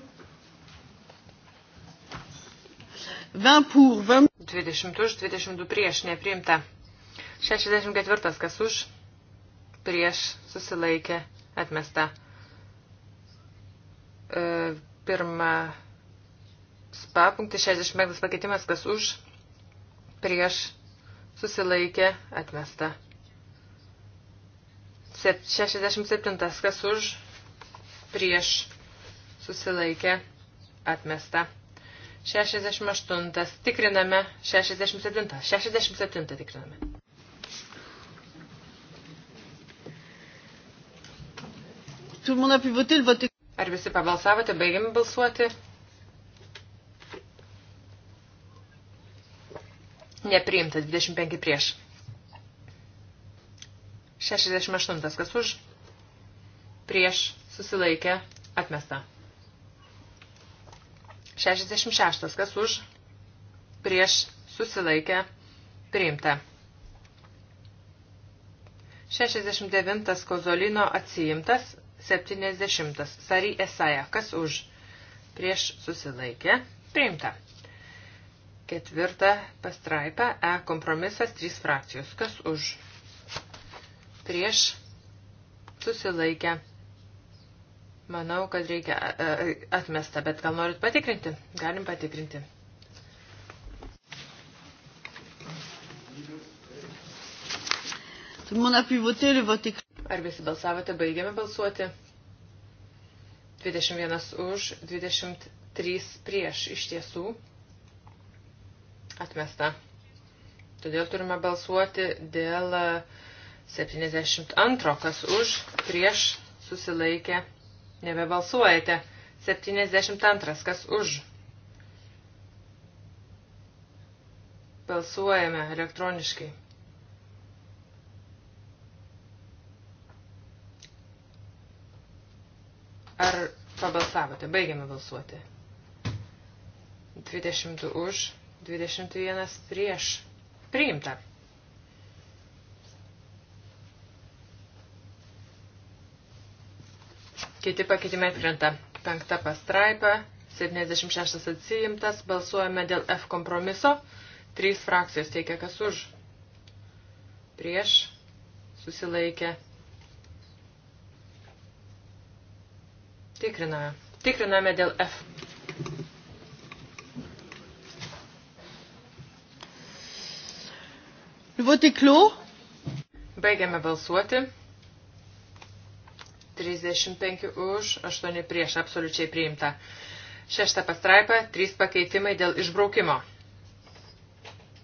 20 už 22 prieš nepriimta. 64 kas už prieš susilaikė atmesta. E, pirma spa punktis 65 pakeitimas kas už prieš susilaikė atmesta. 67. Kas už? Prieš. Susilaikė. Atmesta. 68. Tikriname. 67. 67 tikriname. Ar visi pabalsavote? Baigiame balsuoti. Nepriimta. 25 prieš. 68. Kas už? Prieš susilaikę atmesta. 66. Kas už? Prieš susilaikę priimta. 69. Kozolino atsiimtas. 70. Sari Esaja. Kas už? Prieš susilaikę priimta. Ketvirta pastraipa E kompromisas 3 frakcijos. Kas už? prieš susilaikę. Manau, kad reikia e, e, atmesta, bet gal norit patikrinti? Galim patikrinti. Ar visi balsavote, baigėme balsuoti? 21 už, 23 prieš iš tiesų atmesta. Todėl turime balsuoti dėl uh, 72, kas už, prieš, susilaikė, nebebalsuojate. 72, kas už. Balsuojame elektroniškai. Ar pabalsavote? Baigiame balsuoti. 20 už, 21 prieš. Priimta. Kiti pakeitimai atkrenta. Penkta pastraipa, 76 atsijimtas, balsuojame dėl F kompromiso. Trys frakcijos teikia kas už. Prieš susilaikė. Tikriname. Tikriname dėl F. Votiklių. Baigiame balsuoti. 35 už, 8 prieš, absoliučiai priimta. Šešta pastraipa, 3 pakeitimai dėl išbraukimo.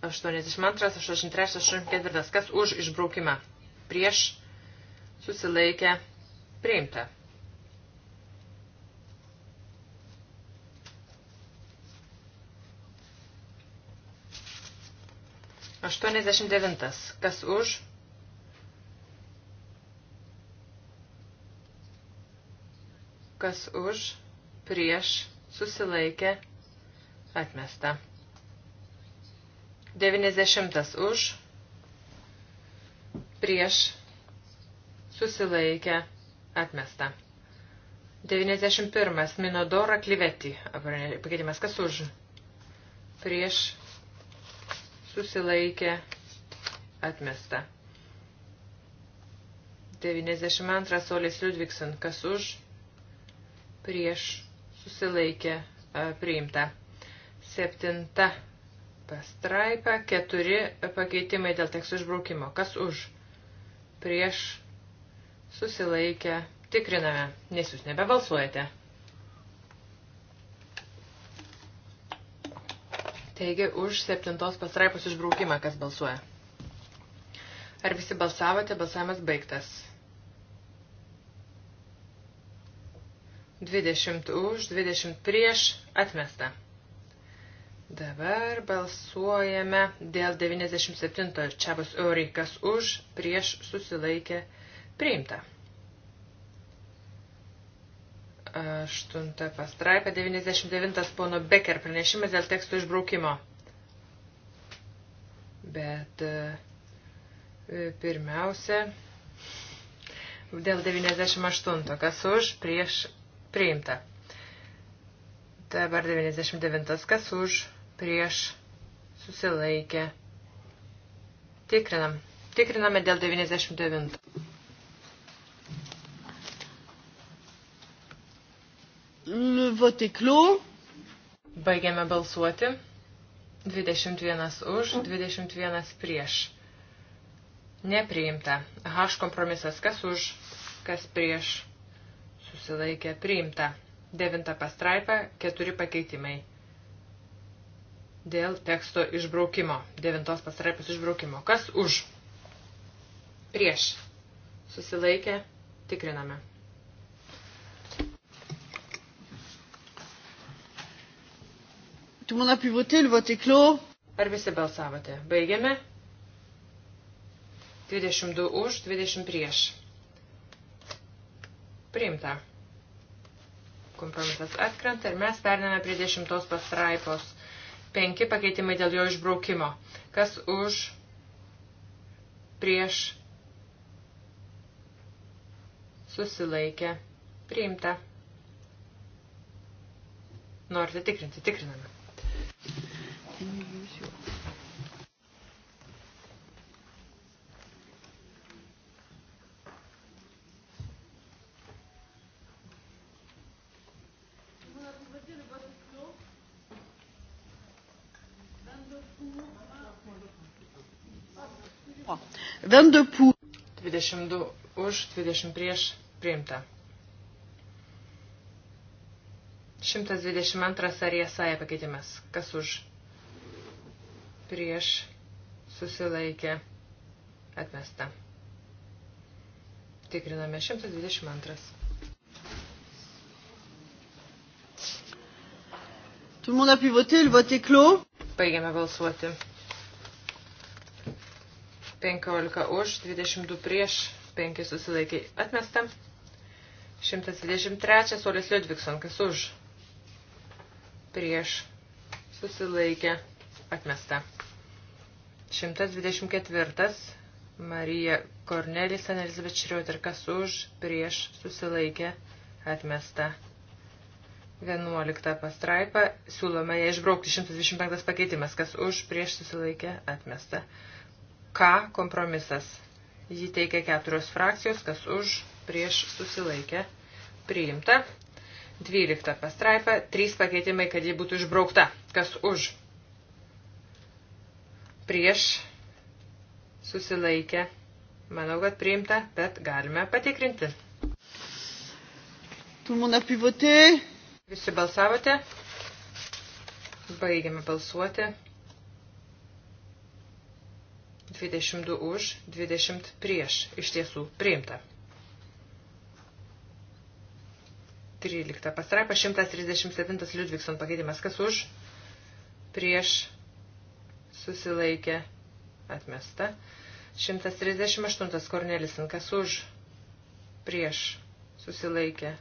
82, 83, 84. Kas už išbraukimą? Prieš susilaikę priimta. Aštuoniasdešimt devintas. Kas už? kas už, prieš, susilaikė, atmesta. 90 už, prieš, susilaikė, atmesta. 91. Minodora Klivetį. Pakeitimas kas už? Prieš susilaikė atmesta. 92. Solis Liudvikson. Kas už? prieš susilaikė e, priimta. Septinta pastraipa, keturi pakeitimai dėl tekstų išbraukimo. Kas už? Prieš susilaikę. Tikriname, nes jūs nebebalsuojate. Taigi už septintos pastraipos išbraukimą, kas balsuoja. Ar visi balsavote, balsavimas baigtas. 20 už, 20 prieš, atmesta. Dabar balsuojame dėl 97 čia bus eureikas už, prieš susilaikę priimta. 8 pastraipa 99 pono Becker pranešimas dėl teksto išbraukimo. Bet e, pirmiausia, dėl 98, kas už, prieš priimta. Dabar 99. Kas už, prieš, susilaikė. Tikrinam. Tikriname dėl 99. Le vote est clos. Baigiame balsuoti. 21 už, 21 prieš. Nepriimta. H kompromisas. Kas už, kas prieš susilaikė priimta. Devinta pastraipa, keturi pakeitimai. Dėl teksto išbraukimo. Devintos pastraipos išbraukimo. Kas už? Prieš. Susilaikė. Tikriname. Tout le monde a pu voter, le vote est clos. Ar visi balsavote? Baigiame. 22 už, 20 prieš. Priimta kompromisas atkrenta ir mes periname prie dešimtos pastraipos. Penki pakeitimai dėl jo išbraukimo. Kas už, prieš, susilaikė, priimta. Norite tikrinti, tikriname. 22 už, 20 prieš priimta. 122 ariesaja pakeitimas. Kas už? Prieš susilaikė atmesta. Tikriname 122. Tout le monde a pu voter, le vote est clos. Baigiame balsuoti. 15 už, 22 prieš, 5 susilaikė atmesta. 123 Solis Liudvikson, kas už, prieš, susilaikė atmesta. 124 Marija Kornelis Elizabeth Šrioter, kas už, prieš, susilaikė atmesta. 11 pastraipa, siūlome ją išbraukti 125 pakeitimas, kas už, prieš, susilaikė atmesta. K kompromisas. Jį teikia keturios frakcijos, kas už, prieš, susilaikė, priimta. 12 pastraipa, 3 pakeitimai, kad ji būtų išbraukta. Kas už, prieš, susilaikė, manau, kad priimta, bet galime patikrinti. Visi balsavote? Baigiame balsuoti. 22 už, 20 prieš. Iš tiesų priimta. 13 pastraipa 137 Liudvikson pakeitimas. Kas už? Prieš susilaikė atmesta. 138 Kornelisin. Kas už? Prieš susilaikė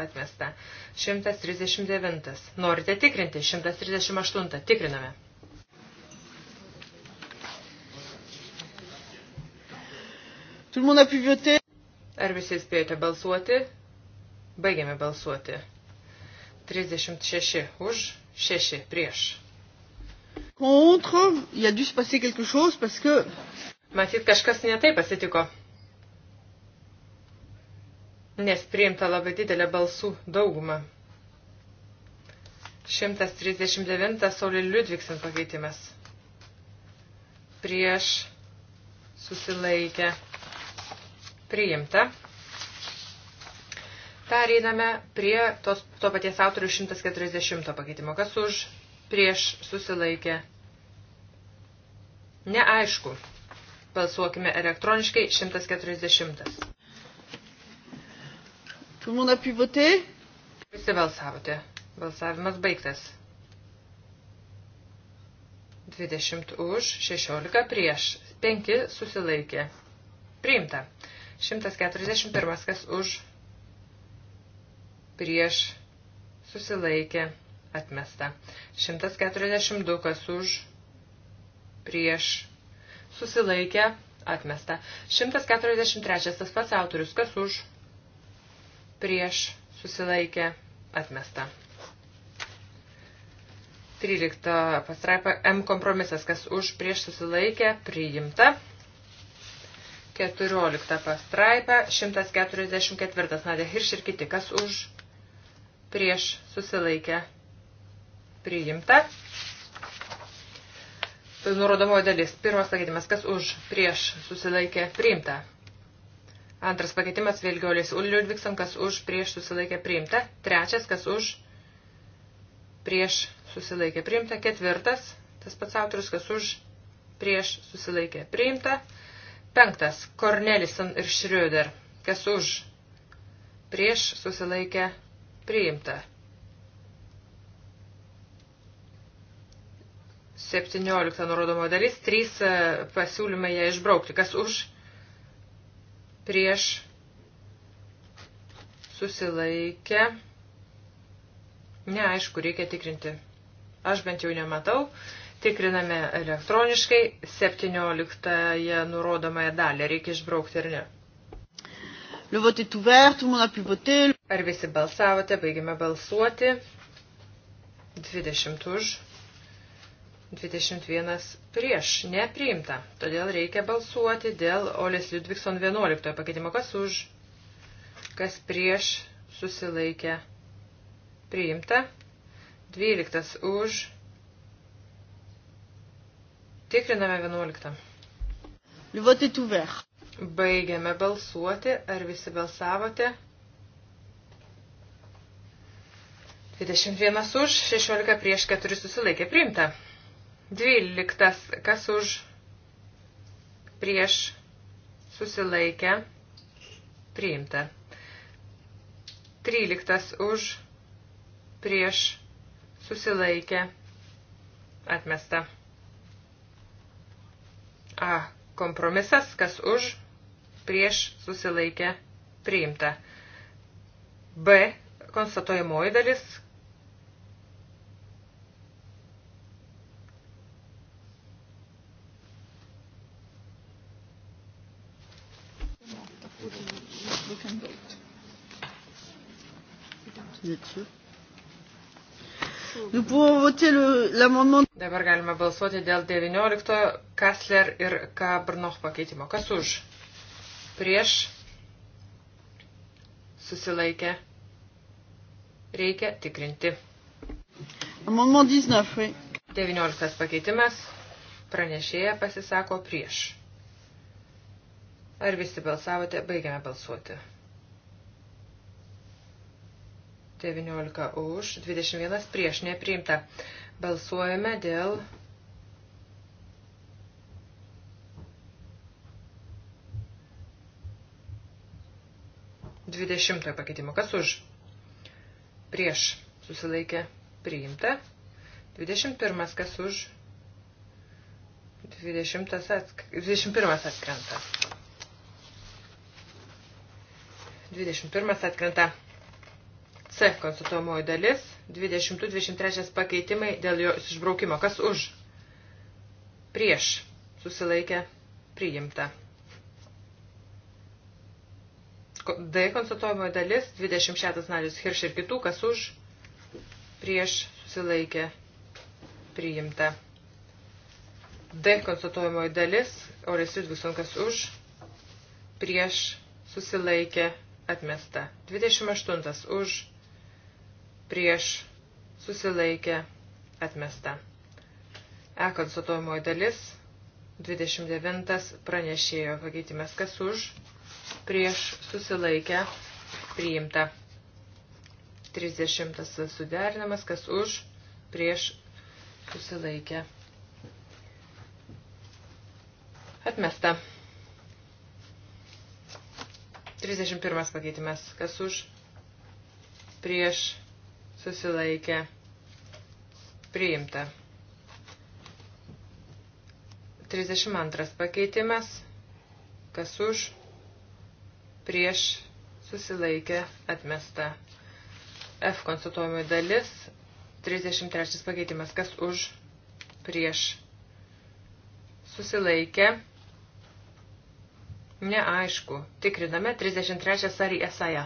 atmesta. 139. Norite tikrinti? 138. Tikriname. Tout le monde a pu voter. Ar visi spėjote balsuoti? Baigėme balsuoti. 36 už, 6 prieš. Contre, il a dû se passer quelque chose parce que... Matyt, kažkas netai pasitiko. Nes priimta labai didelė balsų dauguma. 139 Saulė Liudviksen pakeitimas. Prieš susilaikę Priimta. Pereiname prie tos, to paties autorių 140 pakeitimo. Kas už prieš susilaikė? Neaišku. Balsuokime elektroniškai 140. Tout le monde a pu voter? Visi balsavote. Balsavimas baigtas. 20 už, 16 prieš, 5 susilaikė. Priimta. 141. Kas už prieš susilaikė atmesta. 142. Kas už prieš susilaikė atmesta. 143. Tas pats autorius. Kas už prieš susilaikė atmesta. 13 pastraipa M kompromisas, kas už prieš susilaikė, priimta. 14 pastraipa, 144 Nadė Hirš ir kiti, kas už prieš susilaikę priimta. Tai nurodomoji dalis. Pirmas pakeitimas, kas už prieš susilaikė priimta. Antras pakeitimas, vėlgiolės Ulliudvikson, kas už prieš susilaikė priimta. Trečias, kas už prieš susilaikė priimta. Ketvirtas, tas pats autorius, kas už prieš susilaikė priimta. Penktas. Cornelison ir Schröder. Kas už? Prieš susilaikę priimta. 17 nurodomo dalis. 3 e, pasiūlymai ją išbraukti. Kas už? Prieš susilaikę. Neaišku, reikia tikrinti. Aš bent jau nematau. Tikriname elektroniškai 17 nurodomąją dalį. Reikia išbraukti ar ne? Le vote est ouvert, tout le monde a pu voter. Ar visi balsavote, baigime balsuoti. 20 už, 21 prieš, nepriimta. Todėl reikia balsuoti dėl Olės Ludvigson 11 pakeitimo. Kas už, kas prieš, susilaikė, priimta. 12 už, Tikriname 11. Le vote est ouvert. Baigiame balsuoti. Ar visi balsavote? 21 už, 16 prieš 4 susilaikė. Priimta. 12. Kas už prieš susilaikę? Priimta. 13. Už prieš susilaikę? Atmesta. A kompromisas, kas už, prieš susilaikę priimta. B konstatuojamoji dalis. Jetzt. Nous pouvons voter l'amendement. Dabar galime balsuoti dėl 19 Kassler ir Kabrnoch pakeitimo. Kas už? Prieš? Susilaikė? Reikia tikrinti. Amendement 19, oui. 19 pakeitimas. Pranešėja pasisako prieš. Ar visi balsavote? Baigiame balsuoti. 19 už, 21 prieš, nepriimta. Balsuojame dėl dvidešimtojo pakeitimo. Kas už? Prieš susilaikė priimta. 21. Kas už? 20 atsk... 21 atkrenta. 21 atkrenta. C konstatuojamoji dalis, 20-23 pakeitimai dėl jo išbraukimo. Kas už? Prieš susilaikė priimta. D konstatuojamoji dalis, 26 narius Hirš ir kitų, kas už? Prieš susilaikė priimta. D konstatuojamoji dalis, Oris Vidvison, kas už? Prieš susilaikė priimta atmesta. 28 už prieš susilaikę atmesta. E konstatuojamoji dalis 29 pranešėjo pakeitimas kas už prieš susilaikę priimta. 30 suderinamas kas už prieš susilaikę atmesta. 31 pakeitimas kas už prieš susilaikė priimta. 32 pakeitimas, kas už, prieš susilaikė atmesta. F konsultuojimų dalis, 33 pakeitimas, kas už, prieš susilaikė. Neaišku, tikriname 33 ar į esąją.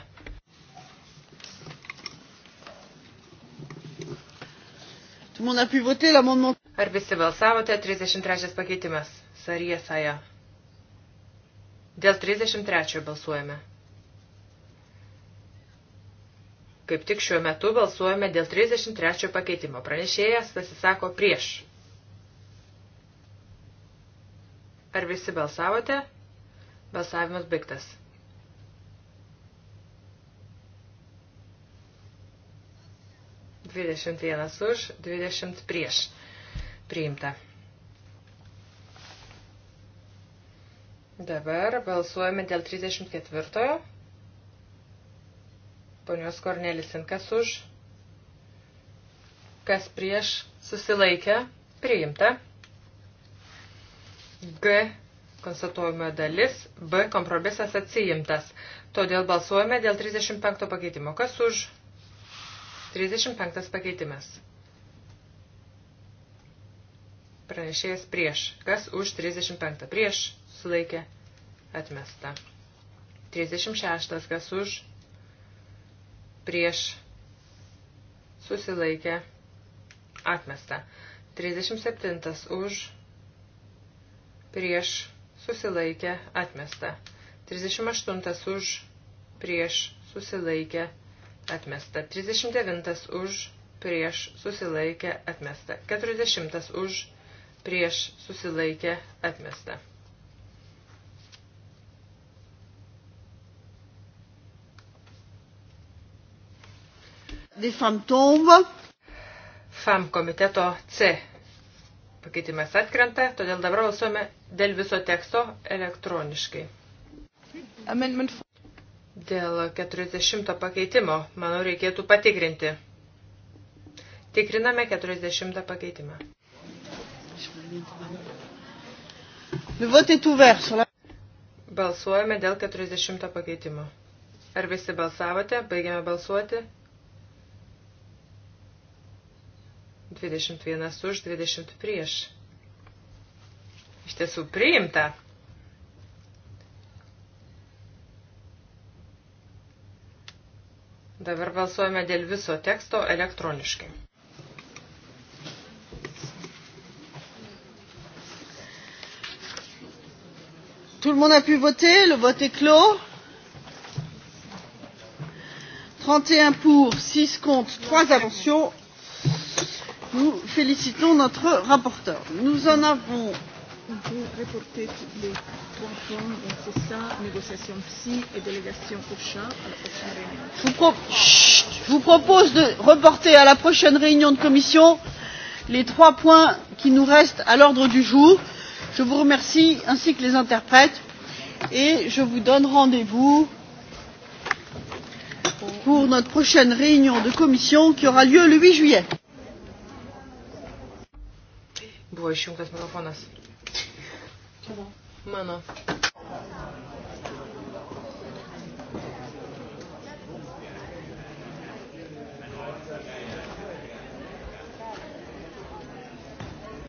Ar visi balsavote? 33 pakeitimas. Sarija Saja. Dėl 33 balsuojame. Kaip tik šiuo metu balsuojame dėl 33 pakeitimo. Pranešėjas pasisako prieš. Ar visi balsavote? Balsavimas baigtas. 21 už, 20 prieš. Priimta. Dabar balsuojame dėl 34. Ponios Kornelisin, kas už, kas prieš, susilaikė, priimta. G konstatuojama dalis, B kompromisas atsiimtas. Todėl balsuojame dėl 35 pakeitimo. Kas už? 35 pakeitimas. Pranešėjas prieš. Kas už 35? Prieš sulaikė atmesta. 36. Kas už prieš susilaikė atmesta. 37. Už prieš susilaikė atmesta. 38. Už prieš susilaikė atmesta atmesta. 39 už, prieš susilaikę atmesta. 40 už, prieš susilaikę atmesta. Des femmes tombent. FAM komiteto C pakeitimas atkrenta, todėl dabar balsuojame dėl viso teksto elektroniškai. Amendment Dėl 40 pakeitimo, manau, reikėtų patikrinti. Tikriname 40 pakeitimą. Balsuojame dėl 40 pakeitimo. Ar visi balsavote? Baigiame balsuoti. 21 už, 20 prieš. Iš tiesų priimta. Dabar balsuojame dėl viso teksto elektroniškai. Tout le monde a pu voter, le vote est clos. 31 pour, 6 contre, 3 abstentions. Nous félicitons notre rapporteur. Nous en avons on peut reporter les trois points, donc c'est ça, négociation psy et délégation au chat à la prochaine réunion. Je vous, pro Chut, je vous propose de reporter à la prochaine réunion de commission les trois points qui nous restent à l'ordre du jour. Je vous remercie ainsi que les interprètes et je vous donne rendez vous pour notre prochaine réunion de commission qui aura lieu le huit juillet buvo išjungtas mikrofonas Mano.